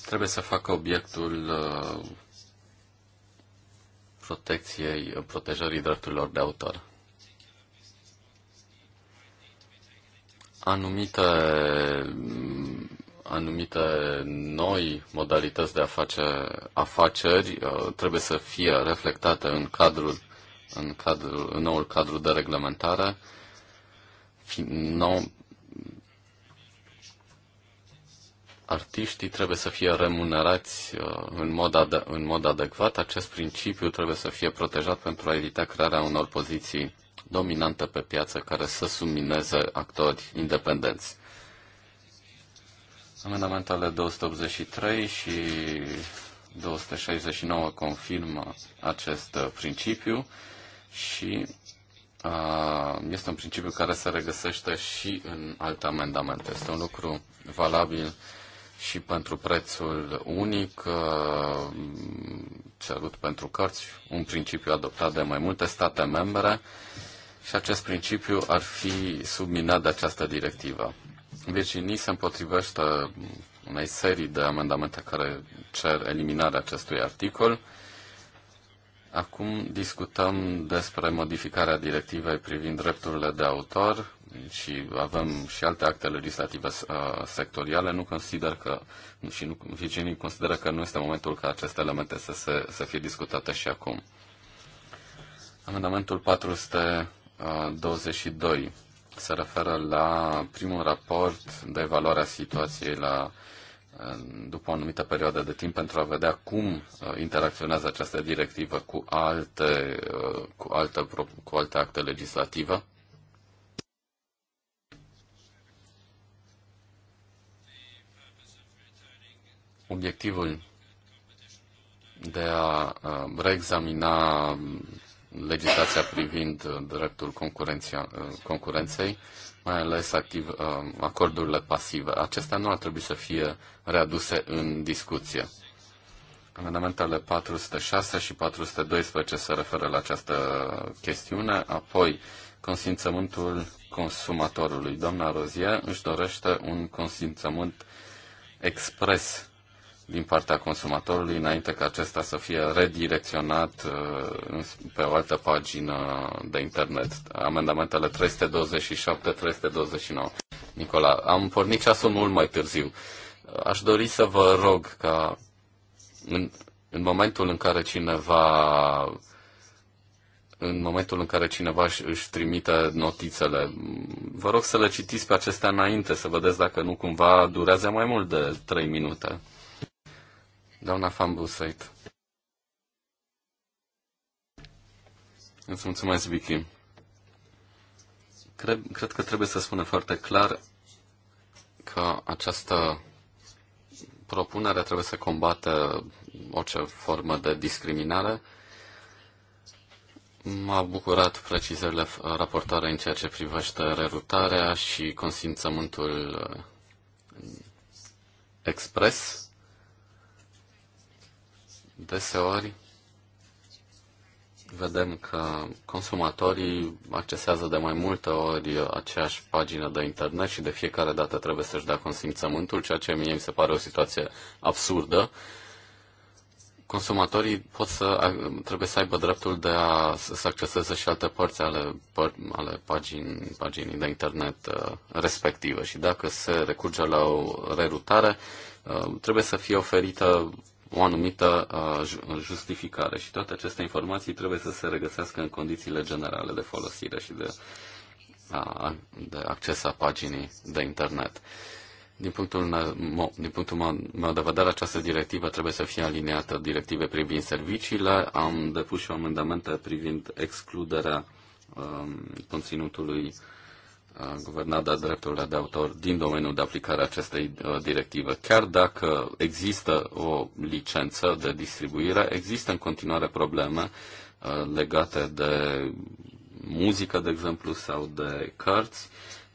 trebuie să facă obiectul uh, protecției, uh, protejării drepturilor de autor. Anumite, mm, anumite noi modalități de a face afaceri uh, trebuie să fie reflectate în cadrul în, cadru, în noul cadru de reglementare. Nou, artiștii trebuie să fie remunerați uh, în mod, ad- în mod adecvat. Acest principiu trebuie să fie protejat pentru a evita crearea unor poziții dominante pe piață care să submineze actori independenți. Amendamentele 283 și 269 confirmă acest uh, principiu și este un principiu care se regăsește și în alte amendamente. Este un lucru valabil și pentru prețul unic cerut pentru cărți, un principiu adoptat de mai multe state membre și acest principiu ar fi subminat de această directivă. Virginie se împotrivește unei serii de amendamente care cer eliminarea acestui articol Acum discutăm despre modificarea directivei privind drepturile de autor și avem și alte acte legislative uh, sectoriale. Nu consider că și nu, vicinii consideră că nu este momentul ca aceste elemente să, se, să fie discutate și acum. Amendamentul 422 uh, se referă la primul raport de evaluare a situației la după o anumită perioadă de timp pentru a vedea cum uh, interacționează această directivă cu alte, uh, cu alte, cu alte acte legislative. Obiectivul de a uh, reexamina legislația privind dreptul concurenței mai ales activ, um, acordurile pasive. Acestea nu ar trebui să fie readuse în discuție. Amendamentele 406 și 412 se referă la această chestiune, apoi consimțământul consumatorului. Doamna Rozie își dorește un consimțământ expres din partea consumatorului înainte ca acesta să fie redirecționat uh, pe o altă pagină de internet. Amendamentele 327-329. Nicola, am pornit ceasul mult mai târziu. Aș dori să vă rog ca în, în momentul în care cineva în momentul în care cineva își trimite notițele. Vă rog să le citiți pe acestea înainte, să vedeți dacă nu cumva durează mai mult de 3 minute. Doamna Fambusait. Îți mulțumesc, Vicky. Cred, cred că trebuie să spunem foarte clar că această propunere trebuie să combată orice formă de discriminare. M-a bucurat precizările raportoare în ceea ce privește rerutarea și consimțământul expres Deseori vedem că consumatorii accesează de mai multe ori aceeași pagină de internet și de fiecare dată trebuie să-și dea consimțământul, ceea ce mie mi se pare o situație absurdă. Consumatorii pot să, trebuie să aibă dreptul de a să acceseze și alte părți ale, păr, ale pagini, paginii de internet uh, respective și dacă se recurge la o rerutare, uh, trebuie să fie oferită o anumită uh, justificare și toate aceste informații trebuie să se regăsească în condițiile generale de folosire și de, de acces a paginii de internet. Din punctul, din punctul meu de vedere, această directivă trebuie să fie aliniată directive privind serviciile. Am depus și amendamentă privind excluderea um, conținutului uh, guvernat de drepturile de autor din domeniul de aplicare a acestei uh, directive. Chiar dacă există o licență de distribuire, există în continuare probleme uh, legate de muzică, de exemplu, sau de cărți,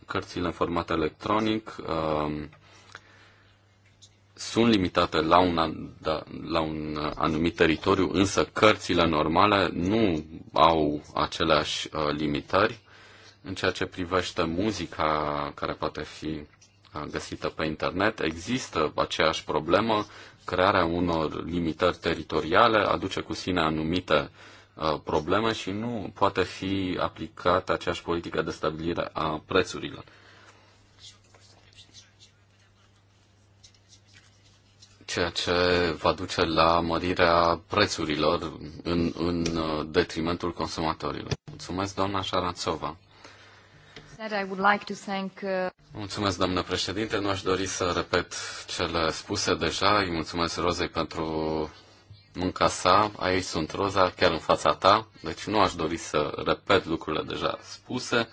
cărțile în format electronic um, sunt limitate la un, da, la un anumit teritoriu, însă cărțile normale nu au aceleași uh, limitări în ceea ce privește muzica care poate fi găsită pe internet, există aceeași problemă. Crearea unor limitări teritoriale aduce cu sine anumite probleme și nu poate fi aplicată aceeași politică de stabilire a prețurilor. ceea ce va duce la mărirea prețurilor în, în detrimentul consumatorilor. Mulțumesc, doamna Șaranțova. Uh, mulțumesc, doamnă președinte. Nu aș dori să repet cele spuse deja. Îi mulțumesc Rozei pentru munca sa. Aici sunt Roza, chiar în fața ta. Deci nu aș dori să repet lucrurile deja spuse.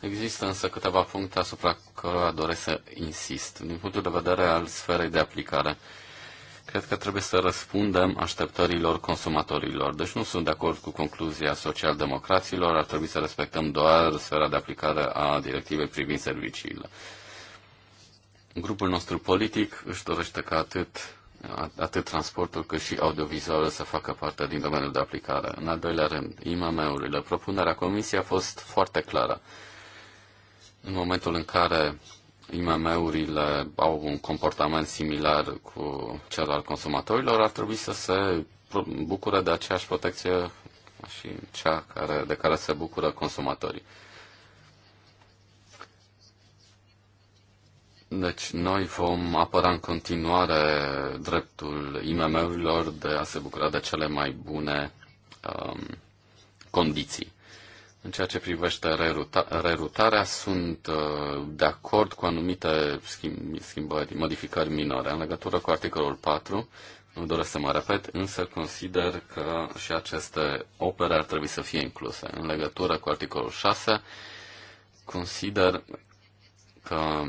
Există însă câteva puncte asupra cărora doresc să insist, din punctul de vedere al sferei de aplicare. Cred că trebuie să răspundem așteptărilor consumatorilor. Deci nu sunt de acord cu concluzia socialdemocraților, ar trebui să respectăm doar sfera de aplicare a directivei privind serviciile. Grupul nostru politic își dorește ca atât, atât transportul cât și audiovizualul să facă parte din domeniul de aplicare. În al doilea rând, IMM-urile. Propunerea Comisiei a fost foarte clară. În momentul în care IMM-urile au un comportament similar cu cel al consumatorilor, ar trebui să se bucure de aceeași protecție și cea care, de care se bucură consumatorii. Deci noi vom apăra în continuare dreptul IMM-urilor de a se bucura de cele mai bune um, condiții. În ceea ce privește reruta, rerutarea, sunt uh, de acord cu anumite schimbări, modificări minore. În legătură cu articolul 4, nu doresc să mă repet, însă consider că și aceste opere ar trebui să fie incluse. În legătură cu articolul 6, consider că,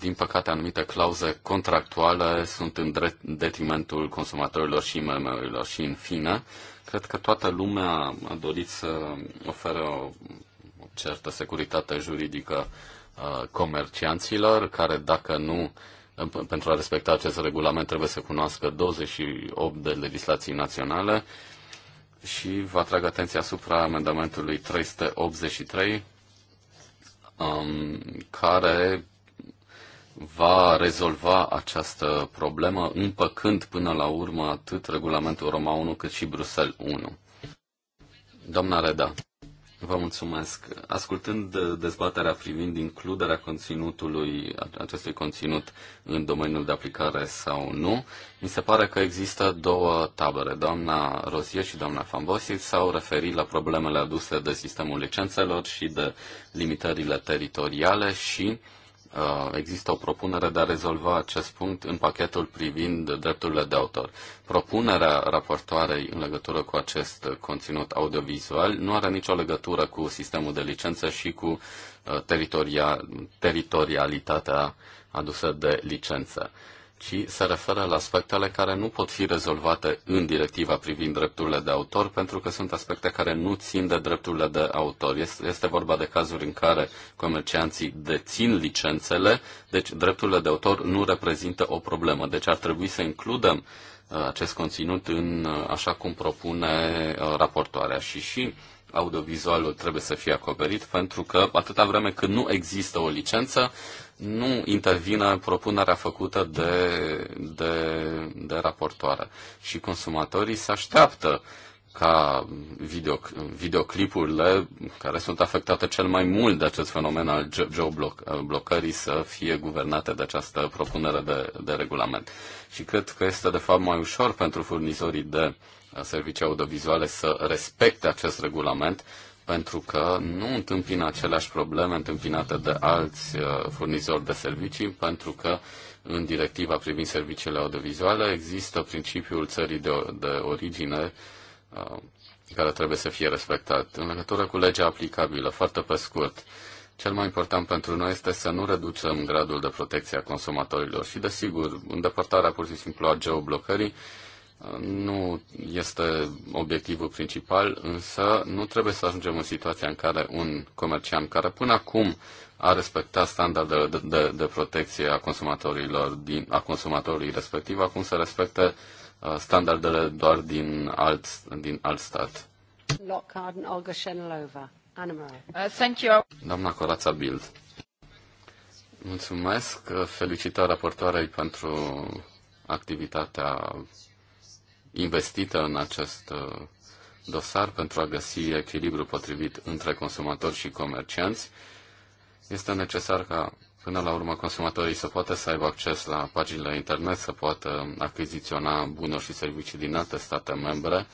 din păcate, anumite clauze contractuale sunt în detrimentul consumatorilor și IMM-urilor. Și, în fine, cred că toată lumea a dorit să oferă o certă securitate juridică uh, comercianților, care, dacă nu, uh, pentru a respecta acest regulament, trebuie să cunoască 28 de legislații naționale și vă atrag atenția asupra amendamentului 383 um, care va rezolva această problemă, împăcând până la urmă atât regulamentul Roma 1 cât și Bruxelles 1. Doamna Reda. Vă mulțumesc. Ascultând uh, dezbaterea privind includerea conținutului, acestui conținut în domeniul de aplicare sau nu, mi se pare că există două tabere. Doamna Rozier și doamna Fambosi s-au referit la problemele aduse de sistemul licențelor și de limitările teritoriale și uh, Uh, există o propunere de a rezolva acest punct în pachetul privind drepturile de autor. Propunerea raportoarei în legătură cu acest conținut audiovizual nu are nicio legătură cu sistemul de licență și cu uh, teritoria, teritorialitatea adusă de licență ci se referă la aspectele care nu pot fi rezolvate în directiva privind drepturile de autor, pentru că sunt aspecte care nu țin de drepturile de autor. Este, este vorba de cazuri în care comercianții dețin licențele, deci drepturile de autor nu reprezintă o problemă. Deci ar trebui să includem uh, acest conținut în uh, așa cum propune uh, raportoarea și și audiovizualul trebuie să fie acoperit pentru că atâta vreme cât nu există o licență, nu intervine propunerea făcută de, de, de raportoare. Și consumatorii se așteaptă ca video, videoclipurile care sunt afectate cel mai mult de acest fenomen al geoblocării să fie guvernate de această propunere de, de regulament. Și cred că este de fapt mai ușor pentru furnizorii de uh, servicii audiovizuale să respecte acest regulament pentru că nu întâmpină aceleași probleme întâmpinate de alți uh, furnizori de servicii, pentru că în directiva privind serviciile audiovizuale există principiul țării de, de origine uh, care trebuie să fie respectat. În legătură cu legea aplicabilă, foarte pe scurt, cel mai important pentru noi este să nu reducem gradul de protecție a consumatorilor și, desigur, îndepărtarea pur și simplu a geoblocării, nu este obiectivul principal, însă nu trebuie să ajungem în situația în care un comerciant care până acum a respectat standardele de, de, de protecție a consumatorilor din, a consumatorului respectiv, acum să respecte uh, standardele doar din alt, din alt stat. Lockhart Olga Shenilova. Uh, thank you. Doamna Corața Bild. Mulțumesc. Felicitări raportoarei pentru activitatea investită în acest uh, dosar pentru a găsi echilibru potrivit între consumatori și comercianți. Este necesar ca Până la urmă, consumatorii să poată să aibă acces la paginile internet, să poată achiziționa bunuri și servicii din alte state membre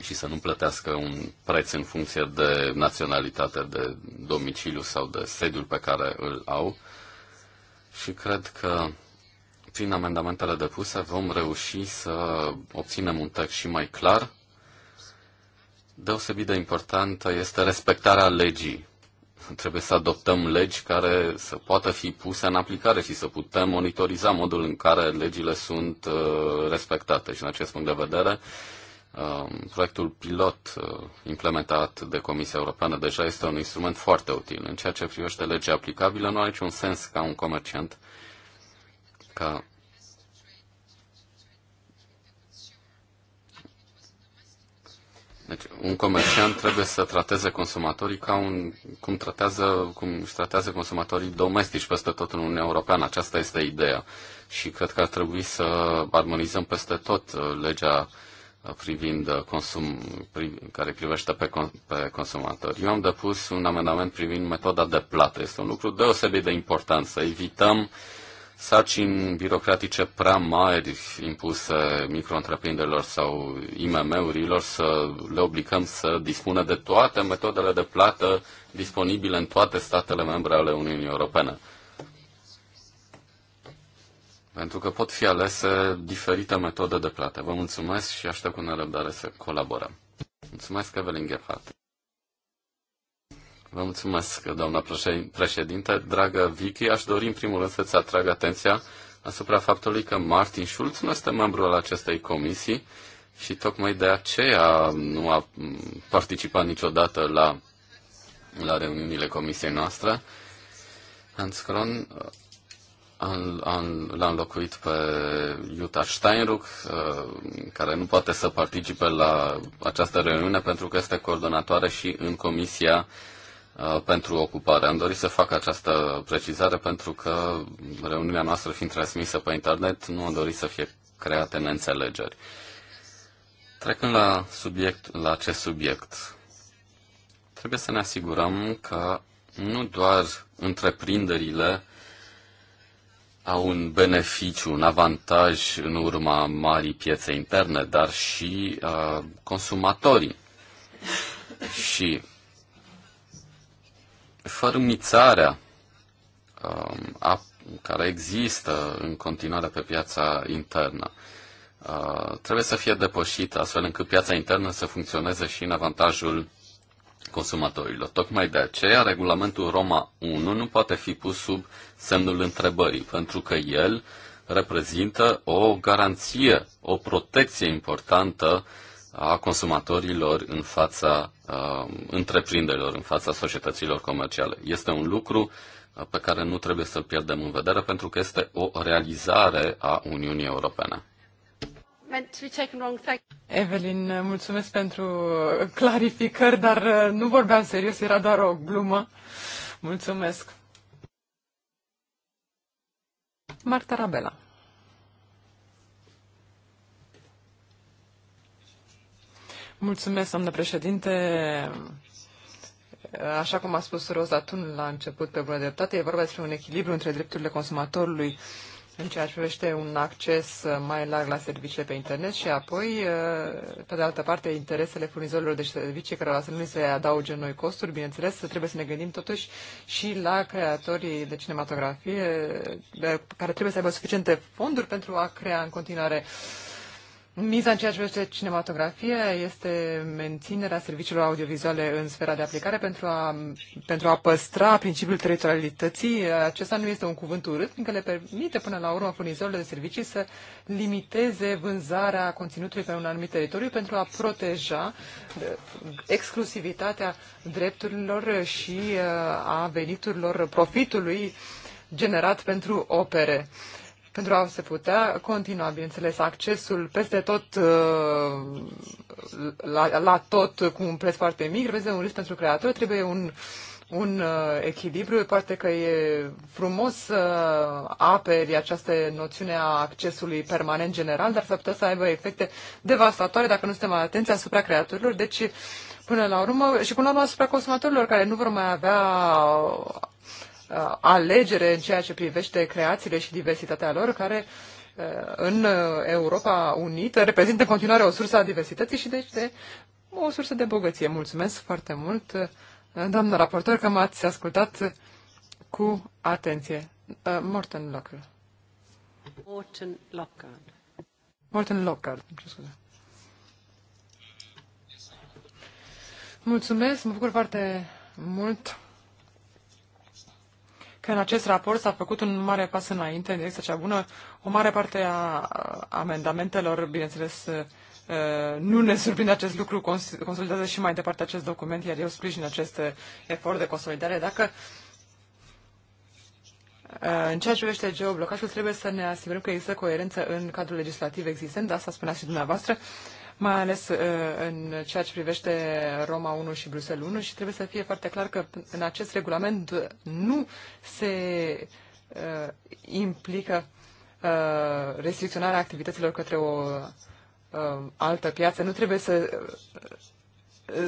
și să nu plătească un preț în funcție de naționalitate, de domiciliu sau de sediul pe care îl au. Și cred că prin amendamentele depuse vom reuși să obținem un text și mai clar. Deosebit de importantă este respectarea legii. Trebuie să adoptăm legi care să poată fi puse în aplicare și să putem monitoriza modul în care legile sunt uh, respectate. Și în acest punct de vedere, uh, proiectul pilot uh, implementat de Comisia Europeană deja este un instrument foarte util. În ceea ce privește legea aplicabilă, nu are niciun sens ca un comerciant ca Deci, un comerciant trebuie să trateze consumatorii ca un, cum, tratează, cum își tratează consumatorii domestici peste tot în Uniunea Europeană. Aceasta este ideea. Și cred că ar trebui să armonizăm peste tot uh, legea uh, privind uh, consum, care privește pe, pe consumatori. Eu am depus un amendament privind metoda de plată. Este un lucru deosebit de important să evităm uh, sarcini birocratice prea mari impuse micro sau IMM-urilor să le obligăm să dispună de toate metodele de plată disponibile în toate statele membre ale Uniunii Europene. Pentru că pot fi alese diferite metode de plată. Vă mulțumesc și aștept cu nerăbdare să colaborăm. Mulțumesc, Evelyn Gephardt. Vă mulțumesc, doamna președinte. Dragă Vicky, aș dori în primul rând să-ți atrag atenția asupra faptului că Martin Schulz nu este membru al acestei comisii și tocmai de aceea nu a participat niciodată la, la reuniunile comisiei noastre. Hans Kron l-a înlocuit pe Jutta Steinruck, uh, care nu poate să participe la această reuniune pentru că este coordonatoare și în comisia Uh, pentru ocupare. Am dorit să fac această precizare pentru că reuniunea noastră fiind transmisă pe internet, nu am dorit să fie create neînțelegeri. Trecând la, subiect, la acest subiect, trebuie să ne asigurăm că nu doar întreprinderile au un beneficiu, un avantaj în urma marii piețe interne, dar și uh, consumatorii. Și fărâmițarea um, a, care există în continuare pe piața internă uh, trebuie să fie depășită astfel încât piața internă să funcționeze și în avantajul consumatorilor. Tocmai de aceea, regulamentul Roma 1 nu poate fi pus sub semnul întrebării, pentru că el reprezintă o garanție, o protecție importantă uh, a consumatorilor în fața uh, întreprinderilor, în fața societăților comerciale. Este un lucru uh, pe care nu trebuie să-l pierdem în vedere pentru că este o realizare a Uniunii Europene. Evelyn, mulțumesc pentru clarificări, dar uh, nu vorbeam serios, era doar o glumă. Mulțumesc. Marta Rabela. Mulțumesc, doamnă președinte. Așa cum a spus Roza Tun la început pe bună dreptate, e vorba despre un echilibru între drepturile consumatorului în ceea ce privește un acces mai larg la serviciile pe internet și apoi, pe de altă parte, interesele furnizorilor de servicii care la să nu se adauge noi costuri, bineînțeles, trebuie să ne gândim totuși și la creatorii de cinematografie care trebuie să aibă suficiente fonduri pentru a crea în continuare uh, Miza în ceea ce privește cinematografie este menținerea serviciilor audiovizuale în sfera de aplicare pentru a, pentru a păstra principiul teritorialității. Acesta nu este un cuvânt urât, fiindcă le permite până la urmă furnizorilor de servicii să limiteze vânzarea conținutului pe un anumit teritoriu pentru a proteja uh, exclusivitatea drepturilor și uh, a veniturilor profitului generat pentru opere pentru a se putea continua, bineînțeles, accesul peste tot uh, la, la tot cu un preț foarte mic, trebuie un risc pentru creator, trebuie un un uh, echilibru, poate că e frumos să aperi această noțiune a accesului permanent general, dar s-ar putea să aibă efecte devastatoare dacă nu suntem atenți asupra creatorilor, deci până la urmă și până la urmă asupra consumatorilor care nu vor mai avea Uh, alegere în ceea ce privește creațiile și diversitatea lor, care uh, în uh, Europa Unită reprezintă în continuare o sursă a diversității și deci de o sursă de bogăție. Mulțumesc foarte mult, doamnă raportor, că m-ați ascultat cu atenție. Morten Locker. Morten Locker. Morten Locker, scuze. Mulțumesc, mă bucur foarte mult că în acest raport s-a făcut un mare pas înainte, în direcția cea bună. O mare parte a amendamentelor, bineînțeles, uh, nu ne surprinde acest lucru, consolidează și mai departe acest document, iar eu sprijin acest uh, efort de consolidare. Dacă uh, în ceea ce privește geoblocajul, trebuie să ne asigurăm că există coerență în cadrul legislativ existent, asta spunea și dumneavoastră mai ales uh, în ceea ce privește Roma 1 și Bruxelles 1 și trebuie să fie foarte clar că în acest regulament nu se uh, implică uh, restricționarea activităților către o altă piață. Nu trebuie să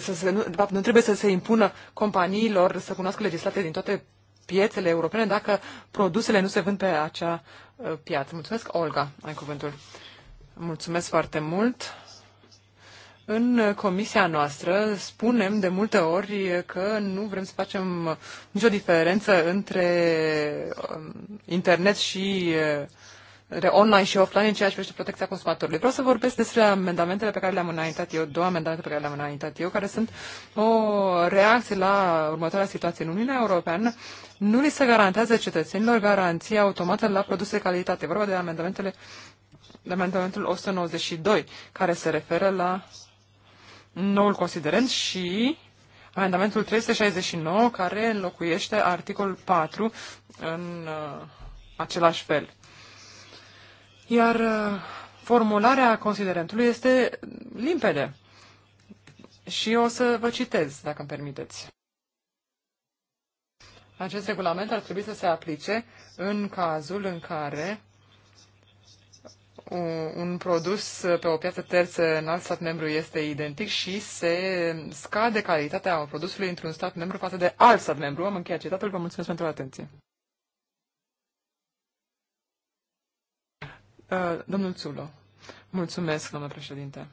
să se, nu, de fapt, nu trebuie să se impună companiilor să cunoască legislația din toate piețele europene dacă produsele nu se vând pe acea piață. Mulțumesc, Olga, ai cuvântul. Mulțumesc foarte mult. În comisia noastră spunem de multe ori că nu vrem să facem nicio diferență între um, internet și uh, online și offline în ceea ce privește protecția consumatorului. Vreau să vorbesc despre amendamentele pe care le-am înaintat eu, două amendamente pe care le-am înaintat eu, care sunt o reacție la următoarea situație în Uniunea Europeană. Nu li se garantează cetățenilor garanția automată la produse de calitate. Vorba de amendamentele de amendamentul 192, care se referă la noul considerent și amendamentul 369 care înlocuiește articolul 4 în uh, același fel. Iar uh, formularea considerentului este limpede și o să vă citez, dacă îmi permiteți. Acest regulament ar trebui să se aplice în cazul în care un produs pe o piață terță în alt stat membru este identic și se scade calitatea produsului într-un stat membru față de alt stat membru. Am încheiat citatul, vă mulțumesc pentru atenție. Uh, domnul Țulo. Mulțumesc, domnul președinte.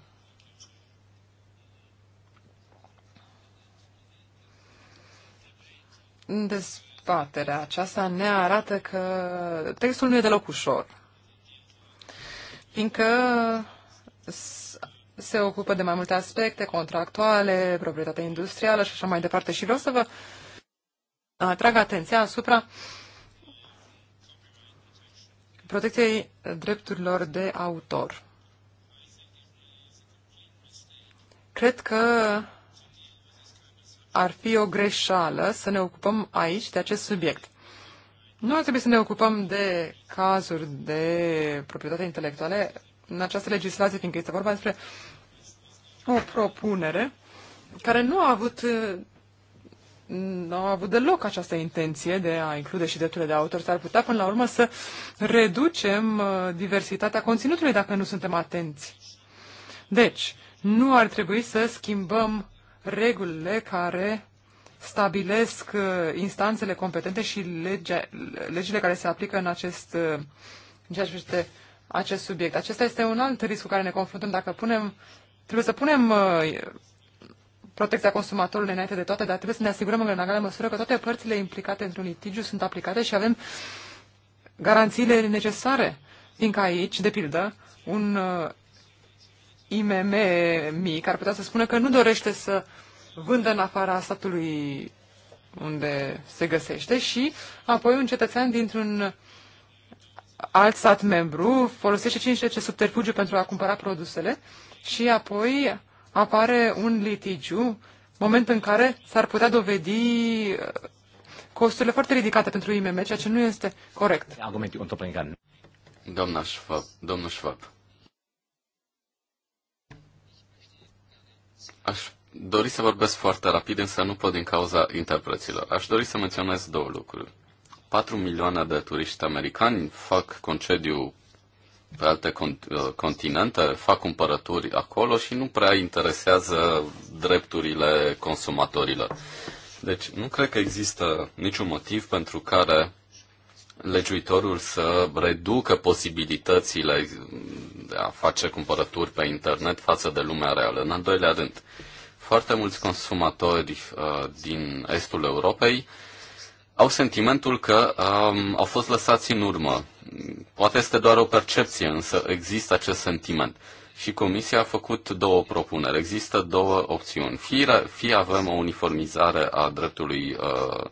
Despaterea aceasta ne arată că textul nu e deloc ușor fiindcă se ocupă de mai multe aspecte, contractuale, proprietatea industrială și așa mai departe. Și vreau să vă atrag atenția asupra protecției drepturilor de autor. Cred că ar fi o greșeală să ne ocupăm aici de acest subiect. Nu ar trebui să ne ocupăm de cazuri de proprietate intelectuale în această legislație, fiindcă este vorba despre o propunere care nu a avut nu a avut deloc această intenție de a include și drepturile de autor. S-ar putea până la urmă să reducem uh, diversitatea conținutului dacă nu suntem atenți. Deci, nu ar trebui să schimbăm regulile care stabilesc uh, instanțele competente și legea, legile care se aplică în acest, uh, în ceea ce privește acest subiect. Acesta este un alt risc cu care ne confruntăm. Dacă punem, trebuie să punem uh, protecția consumatorului înainte de toate, dar trebuie să ne asigurăm în egală măsură că toate părțile implicate într-un litigiu sunt aplicate și avem garanțiile necesare. Fiindcă aici, de pildă, un IMM mic ar putea să spună că nu dorește să uh, vândă în afara statului unde se găsește și apoi un cetățean dintr-un alt stat membru folosește 15 subterfugiu pentru a cumpăra produsele și apoi apare un litigiu, moment în care s-ar putea dovedi uh, costurile foarte ridicate pentru IMM, ceea ce nu este corect. Argumentul întopringan. Doamna Schwab, domnul Schwab. Aș dori să vorbesc foarte rapid, însă nu pot din cauza interpreților. Aș dori să menționez două lucruri. 4 milioane de turiști americani fac concediu pe alte uh, continente, fac cumpărături acolo și nu prea interesează drepturile consumatorilor. Deci nu cred că există niciun motiv pentru care legiuitorul să reducă posibilitățile de a face cumpărături pe internet față de lumea reală. În al doilea rând, uh, foarte mulți consumatori uh, din estul Europei au sentimentul că um, au fost lăsați în urmă. Poate este doar o percepție, însă există acest sentiment. Și Comisia a făcut două propuneri. Există două opțiuni. Fie, fie avem o uniformizare a dreptului uh,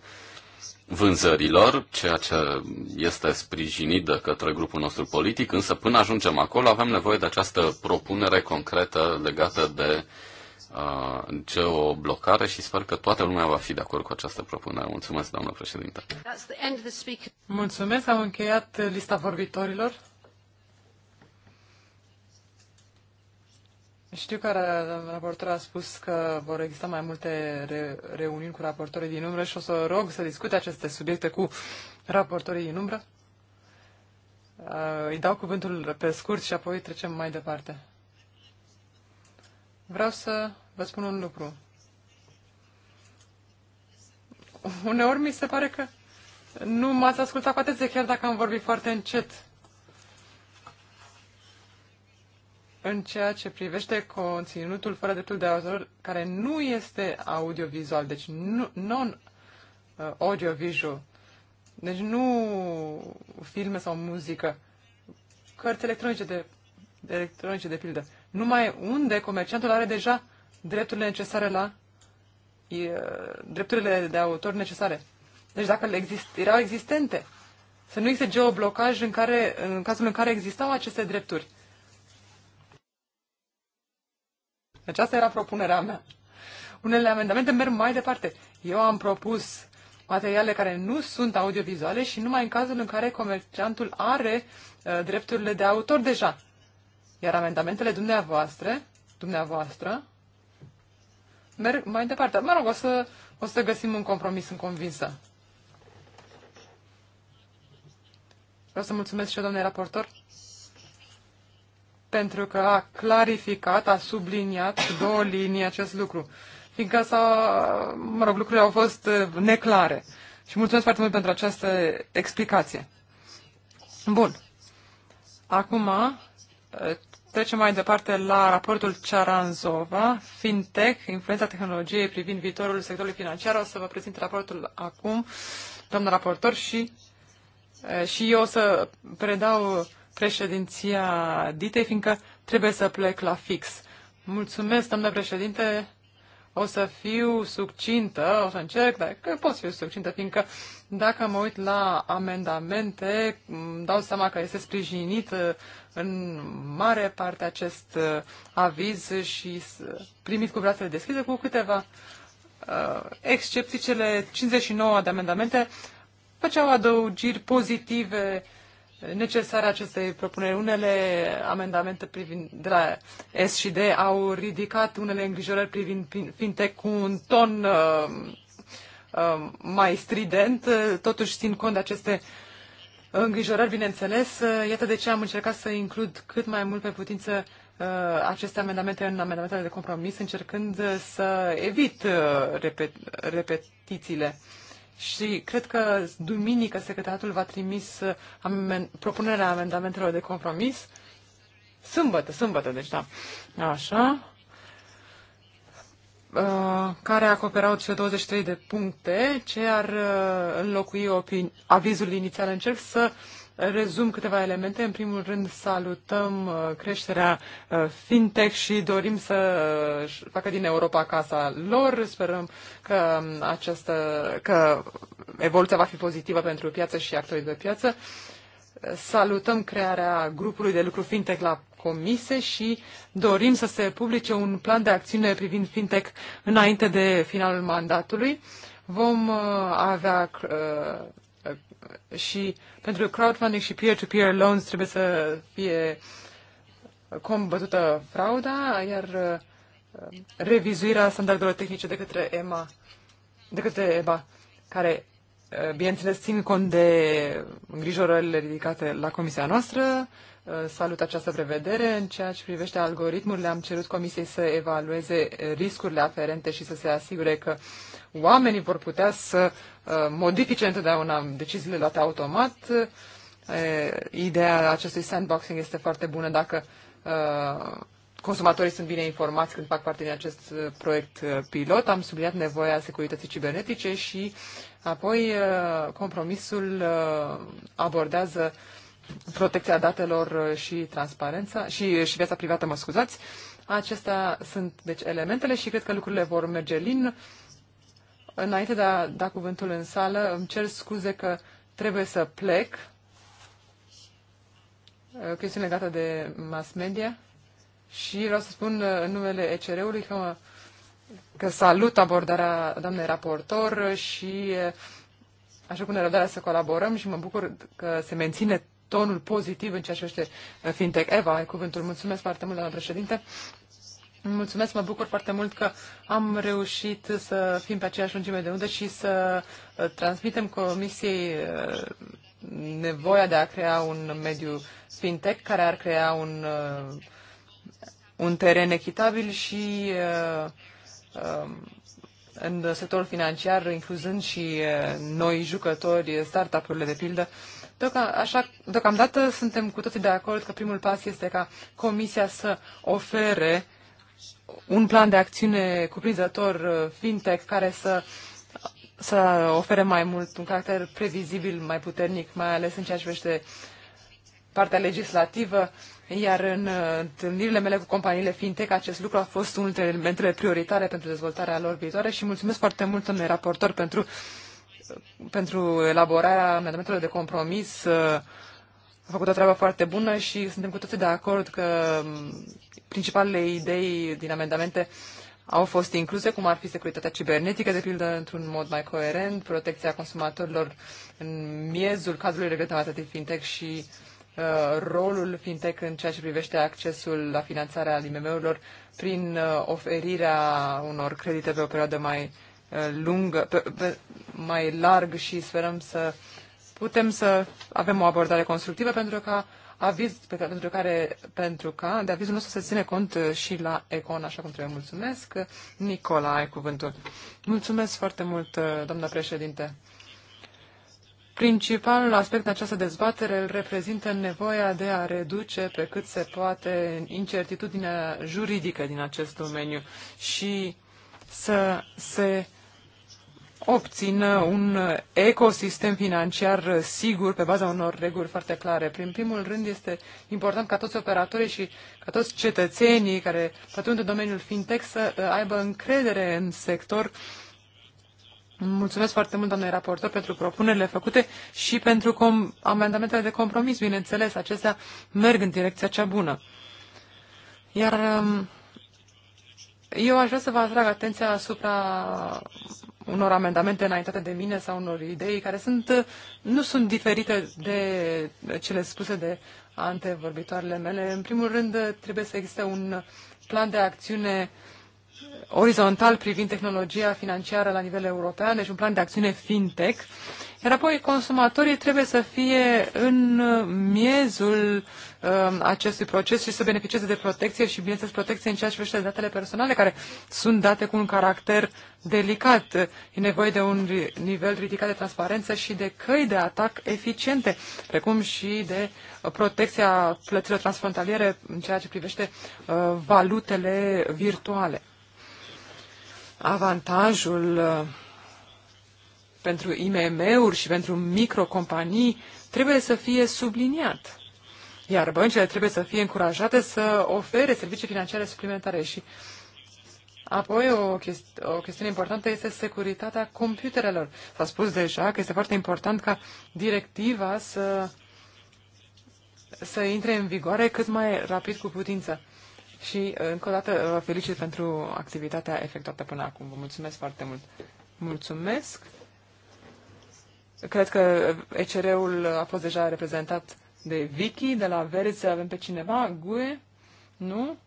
vânzărilor, ceea ce este sprijinit de către grupul nostru politic, însă până ajungem acolo avem nevoie de această propunere concretă legată de uh, geoblocare și sper că toată lumea va fi de acord cu această propunere. Mulțumesc, doamnă președinte. Mulțumesc, am încheiat lista vorbitorilor. Știu că raportorul a spus că vor exista mai multe re- reuniuni cu raportorii din umbră și o să rog să discute aceste subiecte cu raportorii din umbră. Uh, îi dau cuvântul pe scurt și apoi trecem mai departe. Vreau să vă spun un lucru. Uneori mi se pare că nu m-ați ascultat cu atenție, chiar dacă am vorbit foarte încet. În ceea ce privește conținutul fără dreptul de autor, care nu este audiovizual, deci non-audiovisual, uh, deci nu filme sau muzică, cărți electronice de, de electronice de pildă numai unde comerciantul are deja drepturile necesare la e, drepturile de autor necesare. Deci dacă le exist, erau existente, să nu existe geoblocaj în, care, în cazul în care existau aceste drepturi. Deci asta era propunerea mea. Unele amendamente merg mai departe. Eu am propus materiale care nu sunt audiovizuale și numai în cazul în care comerciantul are uh, drepturile de autor deja. Iar amendamentele dumneavoastră, dumneavoastră, merg mai departe. Mă rog, o să, o să găsim un compromis, sunt convinsă. Vreau să mulțumesc și eu, domnule raportor, pentru că a clarificat, a subliniat două linii acest lucru, fiindcă s-a, mă rog, lucrurile au fost uh, neclare. Și mulțumesc foarte mult pentru această explicație. Bun. Acum Trecem mai departe la raportul Charanzova, FinTech, influența tehnologiei privind viitorul sectorului financiar. O să vă prezint raportul acum, doamnă raportor, și, și eu o să predau președinția Ditei, fiindcă trebuie să plec la fix. Mulțumesc, doamna președinte, o să fiu succintă, o să încerc, dar că pot să fiu succintă, fiindcă dacă mă uit la amendamente, îmi dau seama că este sprijinit în mare parte acest uh, aviz și uh, primit cu brațele deschise, cu câteva uh, excepții, cele 59 de amendamente făceau adăugiri pozitive necesare acestei propuneri. Unele amendamente privind de la S și D au ridicat unele îngrijorări privind fintech cu un ton uh, uh, mai strident, totuși țin cont de aceste îngrijorări, bineînțeles. Uh, iată de ce am încercat să includ cât mai mult pe putință uh, aceste amendamente în amendamentele de compromis, încercând uh, să evit repet, repetițiile. Și cred că duminică secretariatul va trimis amen, propunerea amendamentelor de compromis. Sâmbătă, sâmbătă, deci da. Așa. Uh, care acoperau cele 23 de puncte, ce ar uh, înlocui opini- avizul inițial. Încerc să rezum câteva elemente. În primul rând, salutăm uh, creșterea fintech și dorim să facă din Europa casa lor. Sperăm că, um, această, că evoluția va fi pozitivă pentru piață și actorii de piață. Uh, salutăm crearea grupului de lucru fintech la comise și dorim să se publice un plan de acțiune privind fintech înainte de finalul mandatului. Vom uh, avea uh, și pentru crowdfunding și peer-to-peer -peer loans trebuie să fie combătută frauda, iar uh, revizuirea standardelor tehnice de către EMA, de către EBA, care Eh, bineînțeles, țin cont de îngrijorările ridicate la comisia noastră. Eh, salut această prevedere. În ceea ce privește algoritmurile, am cerut comisiei să evalueze riscurile aferente și să se asigure că oamenii vor putea să eh, modifice întotdeauna deciziile luate automat. Ideea acestui sandboxing este foarte bună dacă consumatorii sunt bine informați când fac parte din acest proiect pilot. Am subliniat nevoia securității cibernetice și Apoi, uh, compromisul uh, abordează protecția datelor uh, și transparența și, și viața privată, mă scuzați. Acestea sunt, deci, elementele și cred că lucrurile vor merge lin. Înainte de a da cuvântul în sală, îmi cer scuze că trebuie să plec. Chestiune legată de mass media. Și vreau să spun în numele ECR-ului că mă că salut abordarea doamnei raportor și eh, așa cu nerăbdare să colaborăm și mă bucur că se menține tonul pozitiv în ceea ce este eh, fintech. Eva, ai cuvântul. Mulțumesc foarte mult, doamna președinte. Mulțumesc, mă bucur foarte mult că am reușit să fim pe aceeași lungime de undă și să eh, transmitem Comisiei nevoia de a crea un mediu fintech care ar crea un, un teren echitabil și uh, Um, în sectorul financiar, incluzând și uh, noi jucători, startup-urile de pildă. așa, deocamdată suntem cu toții de acord că primul pas este ca Comisia să ofere un plan de acțiune cuprinzător uh, fintech care să, să ofere mai mult un caracter previzibil, mai puternic, mai ales în ceea ce privește partea legislativă. Iar în uh, întâlnirile mele cu companiile fintech, acest lucru a fost unul dintre elementele prioritare pentru dezvoltarea lor viitoare și mulțumesc foarte mult, domnule raportor, pentru, uh, pentru elaborarea amendamentelor de compromis. Uh, a făcut o treabă foarte bună și suntem cu toții de acord că um, principalele idei din amendamente au fost incluse, cum ar fi securitatea cibernetică, de pildă, într-un mod mai coerent, protecția consumatorilor în miezul cadrului de fintech și uh, Uh, rolul fintech în ceea ce privește accesul la finanțarea al IMM-urilor prin uh, oferirea unor credite pe o perioadă mai uh, lungă, pe, pe, mai larg și sperăm să putem să avem o abordare constructivă pentru ca aviz pe, pentru care, pentru ca de avizul nostru să ține cont și la Econ, așa cum trebuie. Mulțumesc. Nicola, ai cuvântul. Mulțumesc foarte mult, doamna președinte. Principalul aspect în această dezbatere îl reprezintă nevoia de a reduce pe cât se poate incertitudinea juridică din acest domeniu și să se obțină un ecosistem financiar sigur pe baza unor reguli foarte clare. Prin primul rând este important ca toți operatorii și ca toți cetățenii care pătrund în domeniul fintech să uh, aibă încredere în sector Mulțumesc foarte mult, doamne raportor, pentru propunerile făcute și pentru com- amendamentele de compromis. Bineînțeles, acestea merg în direcția cea bună. Iar um, eu aș vrea să vă atrag atenția asupra unor amendamente înaintate de mine sau unor idei care sunt, nu sunt diferite de cele spuse de antevorbitoarele mele. În primul rând, trebuie să existe un plan de acțiune uh, orizontal privind tehnologia financiară la nivel european, deci un plan de acțiune fintech, iar apoi consumatorii trebuie să fie în miezul uh, acestui proces și să beneficieze de protecție și, bineînțeles, protecție în ceea ce privește datele personale, care sunt date cu un caracter delicat. E nevoie de un nivel ridicat de transparență și de căi de atac eficiente, precum și de protecția plăților transfrontaliere în ceea ce privește uh, valutele virtuale avantajul uh, pentru IMM-uri și pentru microcompanii trebuie să fie subliniat. Iar băncile trebuie să fie încurajate să ofere servicii financiare suplimentare și Apoi, o, chesti- o chestiune importantă este securitatea computerelor. S-a spus deja că este foarte important ca directiva să, să intre în vigoare cât mai rapid cu putință. Și uh, încă o dată vă felicit pentru activitatea efectuată până acum. Vă mulțumesc foarte mult. Mulțumesc. Cred că ECR-ul a fost deja reprezentat de Vicky, de la Verzi avem pe cineva, Gue, nu?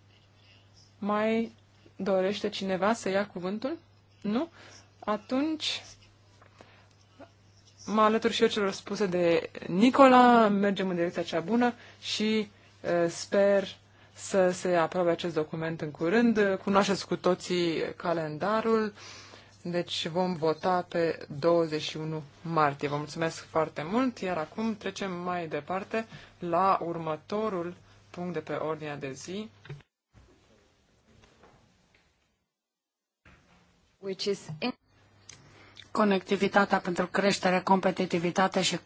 Mai dorește cineva să ia cuvântul? Nu? Atunci mă alătur și eu celor spuse de Nicola, mergem în direcția cea bună și uh, sper să se aprobe acest document în curând. Cunoașteți cu toții calendarul, deci vom vota pe 21 martie. Vă mulțumesc foarte mult, iar acum trecem mai departe la următorul punct de pe ordinea de zi. Which is in conectivitatea pentru creștere, competitivitate și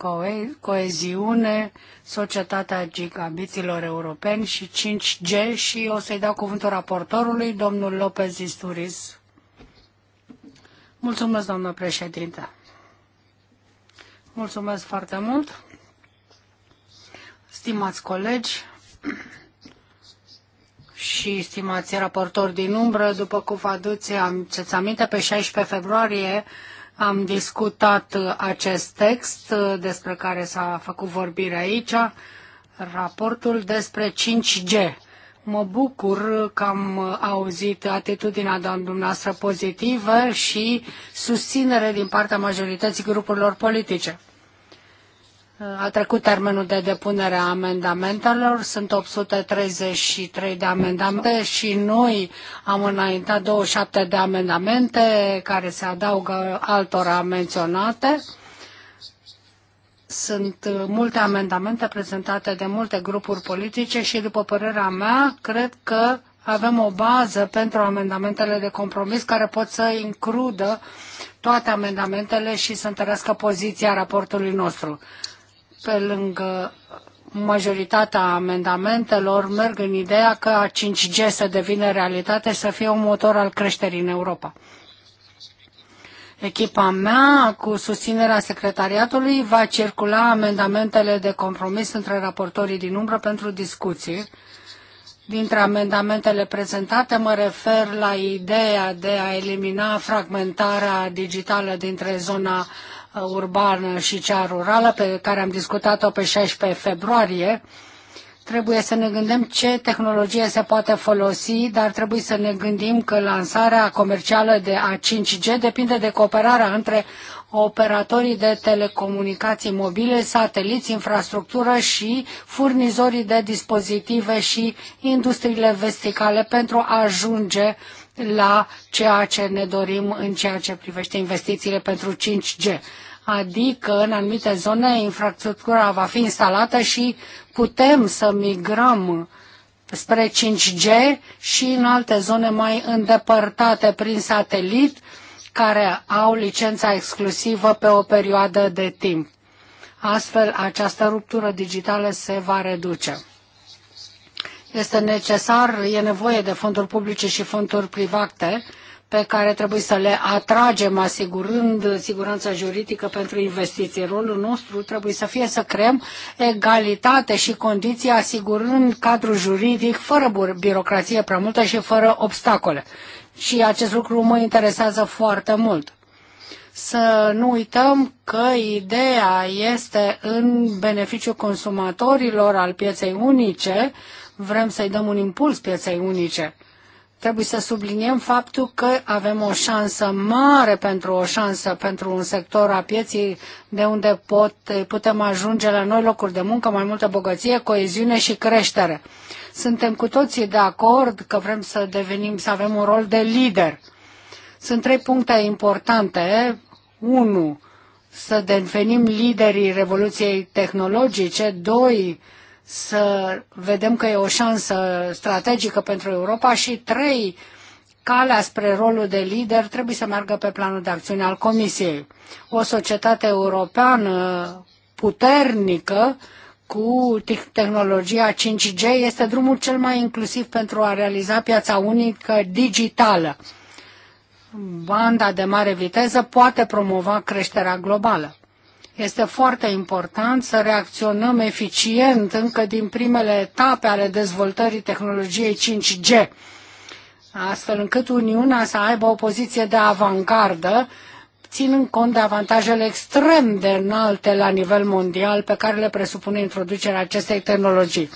coeziune, societatea gigabiților europeni și 5G și o să-i dau cuvântul raportorului, domnul Lopez Isturiz. Mulțumesc, doamnă președinte. Mulțumesc foarte mult. Stimați colegi și stimați raportori din umbră, după cum vă aduceți aminte, pe 16 februarie am discutat uh, acest text uh, despre care s-a făcut vorbire aici, raportul despre 5G. Mă bucur că am uh, auzit atitudinea dumneavoastră pozitivă și susținere din partea majorității grupurilor politice. A trecut termenul de depunere a amendamentelor, sunt 833 de amendamente și noi am înaintat 27 de amendamente care se adaugă altora menționate. Sunt multe amendamente prezentate de multe grupuri politice și, după părerea mea, cred că avem o bază pentru amendamentele de compromis care pot să includă toate amendamentele și să întărească poziția raportului nostru pe lângă majoritatea amendamentelor, merg în ideea că 5G să devină realitate, să fie un motor al creșterii în Europa. Echipa mea, cu susținerea secretariatului, va circula amendamentele de compromis între raportorii din umbră pentru discuții. Dintre amendamentele prezentate mă refer la ideea de a elimina fragmentarea digitală dintre zona urbană și cea rurală, pe care am discutat-o pe 16 februarie, trebuie să ne gândim ce tehnologie se poate folosi, dar trebuie să ne gândim că lansarea comercială de A5G depinde de cooperarea între operatorii de telecomunicații mobile, sateliți, infrastructură și furnizorii de dispozitive și industriile vesticale pentru a ajunge uh, la ceea ce ne dorim în ceea ce privește investițiile pentru 5G. Adică în anumite zone infrastructura va fi instalată și putem să migrăm spre 5G și în alte zone mai îndepărtate prin satelit care au licența exclusivă pe o perioadă de timp. Astfel, această ruptură digitală se va reduce. Este necesar, e nevoie de fonduri publice și fonduri private pe care trebuie să le atragem asigurând siguranța juridică pentru investiții. Rolul nostru trebuie să fie să creăm egalitate și condiții asigurând cadrul juridic fără birocrație prea multă și fără obstacole. Și acest lucru mă interesează foarte mult. Să nu uităm că ideea este în beneficiul consumatorilor al pieței unice, vrem să-i dăm un impuls pieței unice. Trebuie să subliniem faptul că avem o șansă mare pentru o șansă pentru un sector a pieții de unde pot, putem ajunge la noi locuri de muncă, mai multă bogăție, coeziune și creștere. Suntem cu toții de acord că vrem să devenim, să avem un rol de lider. Sunt trei puncte importante. unu, să devenim liderii revoluției tehnologice, doi, să vedem că e o șansă strategică pentru Europa și trei, calea spre rolul de lider trebuie să meargă pe planul de acțiune al Comisiei. O societate europeană puternică cu tehnologia 5G este drumul cel mai inclusiv pentru a realiza piața unică digitală. Banda de mare viteză poate promova creșterea globală. Este foarte important să reacționăm eficient încă din primele etape ale dezvoltării tehnologiei 5G, astfel încât Uniunea să aibă o poziție de avangardă, ținând cont de avantajele extrem de înalte la nivel mondial pe care le presupune introducerea acestei tehnologii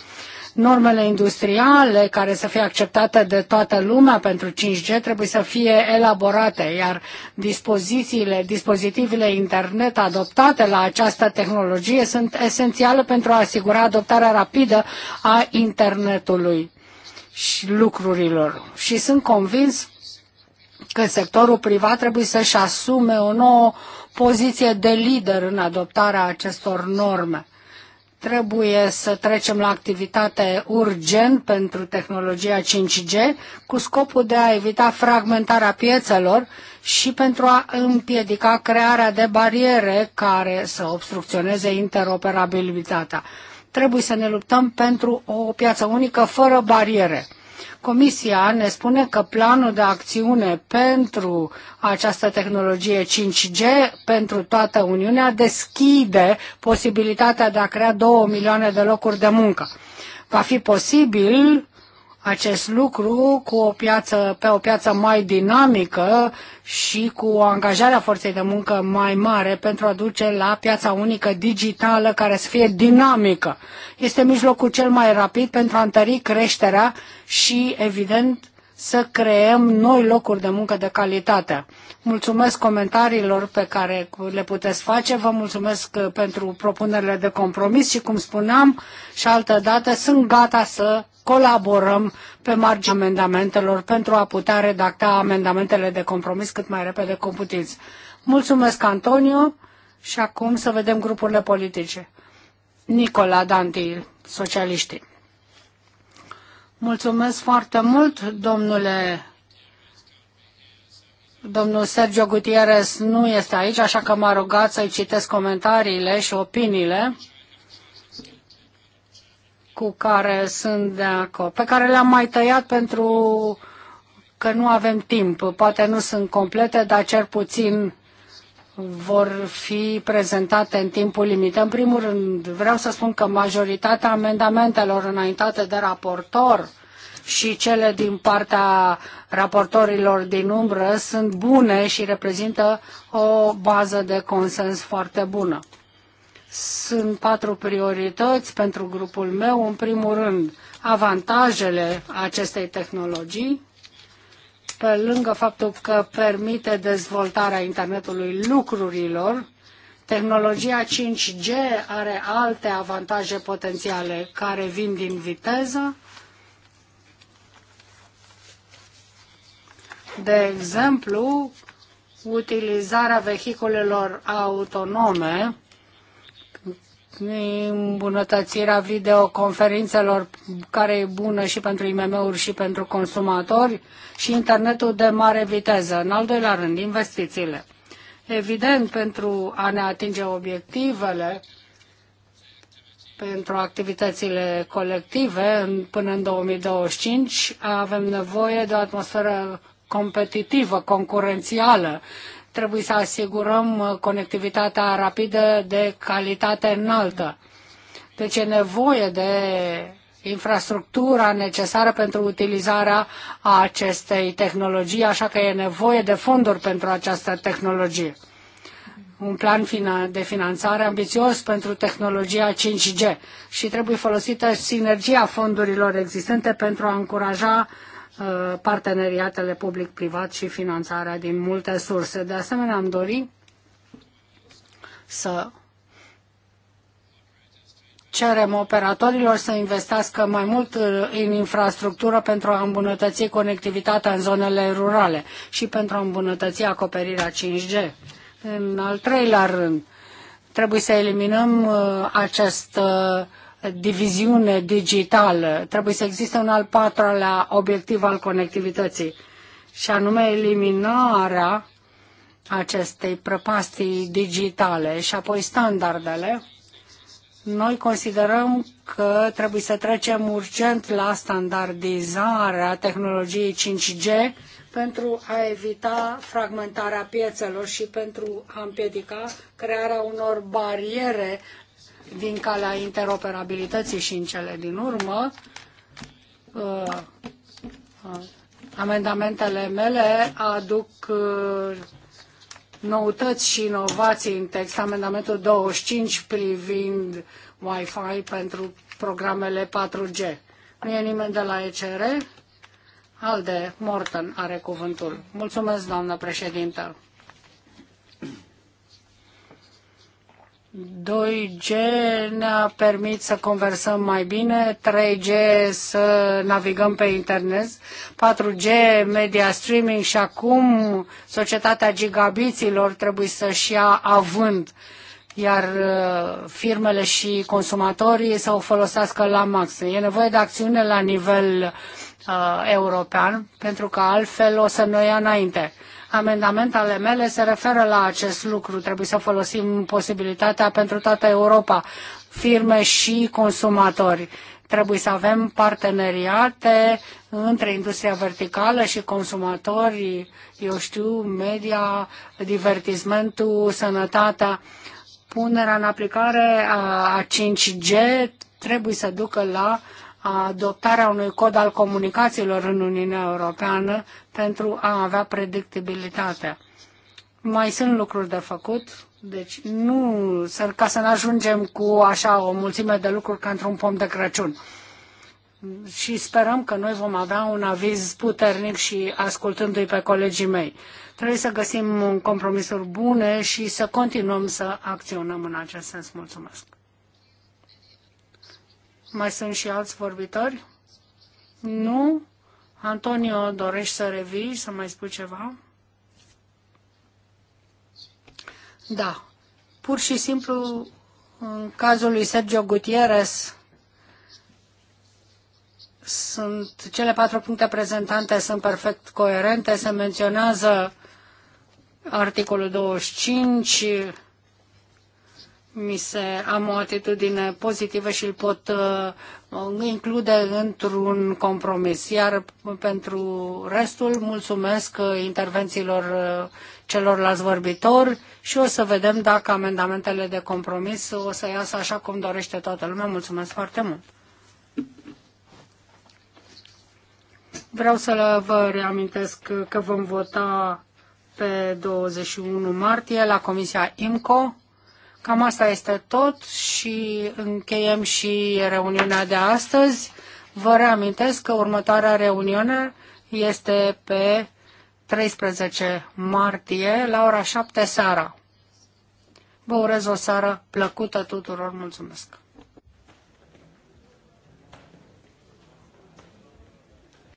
normele industriale care să fie acceptate de toată lumea pentru 5G trebuie să fie elaborate, iar dispozițiile, dispozitivele internet adoptate la această tehnologie sunt esențiale pentru a asigura adoptarea rapidă a internetului și lucrurilor. Și sunt convins că sectorul privat trebuie să-și asume o nouă poziție de lider în adoptarea acestor norme Trebuie să trecem la activitate urgent pentru tehnologia 5G cu scopul de a evita fragmentarea piețelor și pentru a împiedica crearea de bariere care să obstrucționeze interoperabilitatea. Trebuie să ne luptăm pentru o piață unică fără bariere Comisia ne spune că planul de acțiune pentru această tehnologie 5G pentru toată Uniunea deschide posibilitatea de a crea 2 milioane de locuri de muncă. Va fi posibil acest lucru cu o piață, pe o piață mai dinamică și cu o angajarea forței de muncă mai mare pentru a duce la piața unică digitală care să fie dinamică. Este mijlocul cel mai rapid pentru a întări creșterea și, evident, să creăm noi locuri de muncă de calitate. Mulțumesc comentariilor pe care le puteți face, vă mulțumesc uh, pentru propunerile de compromis și, cum spuneam și altă dată, sunt gata să colaborăm pe marginea amendamentelor pentru a putea redacta amendamentele de compromis cât mai repede cum puteți. Mulțumesc, Antonio, și acum să vedem grupurile politice. Nicola Dantil, socialiștii. Mulțumesc foarte mult, domnule Domnul Sergio Gutierrez nu este aici, așa că m-a rugat să-i citesc comentariile și opiniile cu care sunt de acord, pe care le-am mai tăiat pentru că nu avem timp. Poate nu sunt complete, dar cel puțin vor fi prezentate în timpul limitat. În primul rând, vreau să spun că majoritatea amendamentelor înaintate de raportor și cele din partea raportorilor din umbră sunt bune și reprezintă o bază de consens foarte bună. Sunt patru priorități pentru grupul meu. În primul rând, avantajele acestei tehnologii, pe lângă faptul că permite dezvoltarea internetului lucrurilor, tehnologia 5G are alte avantaje potențiale care vin din viteză, de exemplu, utilizarea vehiculelor autonome îmbunătățirea videoconferințelor care e bună și pentru IMM-uri și pentru consumatori și internetul de mare viteză. În al doilea rând, investițiile. Evident, pentru a ne atinge obiectivele, pentru activitățile colective până în 2025, avem nevoie de o atmosferă competitivă, concurențială trebuie să asigurăm uh, conectivitatea rapidă de calitate înaltă. Deci e nevoie de infrastructura necesară pentru utilizarea acestei tehnologii, așa că e nevoie de fonduri pentru această tehnologie. Un plan de finanțare ambițios pentru tehnologia 5G și trebuie folosită sinergia fondurilor existente pentru a încuraja Uh, parteneriatele public-privat și finanțarea din multe surse. De asemenea, am dori să cerem operatorilor să investească mai mult uh, în infrastructură pentru a îmbunătăți conectivitatea în zonele rurale și pentru a îmbunătăți acoperirea 5G. În al treilea rând, trebuie să eliminăm uh, acest uh, diviziune digitală. Trebuie să existe un al patrulea obiectiv al conectivității și anume eliminarea acestei prăpastii digitale și apoi standardele. Noi considerăm că trebuie să trecem urgent la standardizarea tehnologiei 5G pentru a evita fragmentarea piețelor și pentru a împiedica crearea unor bariere din calea interoperabilității și în cele din urmă, uh, amendamentele mele aduc uh, noutăți și inovații în text. Amendamentul 25 privind Wi-Fi pentru programele 4G. Nu e nimeni de la ECR? Alde Morton are cuvântul. Mulțumesc, doamnă președintă. 2G ne permit să conversăm mai bine, 3G să navigăm pe internet, 4G media streaming și acum societatea gigabiților trebuie să-și ia având, iar uh, firmele și consumatorii să o folosească la maxim. E nevoie de acțiune la nivel uh, european, pentru că altfel o să noi ia înainte Amendamentele mele se referă la acest lucru. Trebuie să folosim posibilitatea pentru toată Europa, firme și consumatori. Trebuie să avem parteneriate între industria verticală și consumatori, eu știu, media, divertismentul, sănătatea. Punerea în aplicare a 5G trebuie să ducă la uh, adoptarea unui cod al comunicațiilor în Uniunea Europeană pentru a avea predictibilitatea. Mai sunt lucruri de făcut, deci nu, ca să ne ajungem cu așa o mulțime de lucruri ca într-un pom de Crăciun. Și sperăm că noi vom avea un aviz puternic și ascultându-i pe colegii mei. Trebuie să găsim compromisuri bune și să continuăm să acționăm în acest sens. Mulțumesc! Mai sunt și alți vorbitori? Nu? Antonio, dorești să revii, să mai spui ceva? Da. Pur și simplu, în cazul lui Sergio Gutierrez, sunt cele patru puncte prezentante sunt perfect coerente, se menționează articolul 25, mi se, am o atitudine pozitivă și îl pot uh, include într-un compromis. Iar pentru restul, mulțumesc uh, intervențiilor uh, celorlalți vorbitori și o să vedem dacă amendamentele de compromis o să iasă așa cum dorește toată lumea. Mulțumesc foarte mult! Vreau să vă reamintesc că vom vota pe 21 martie la Comisia IMCO Cam asta este tot și încheiem și reuniunea de astăzi. Vă reamintesc că următoarea reuniune este pe 13 martie la ora 7 seara. Vă urez o seară plăcută tuturor. Mulțumesc!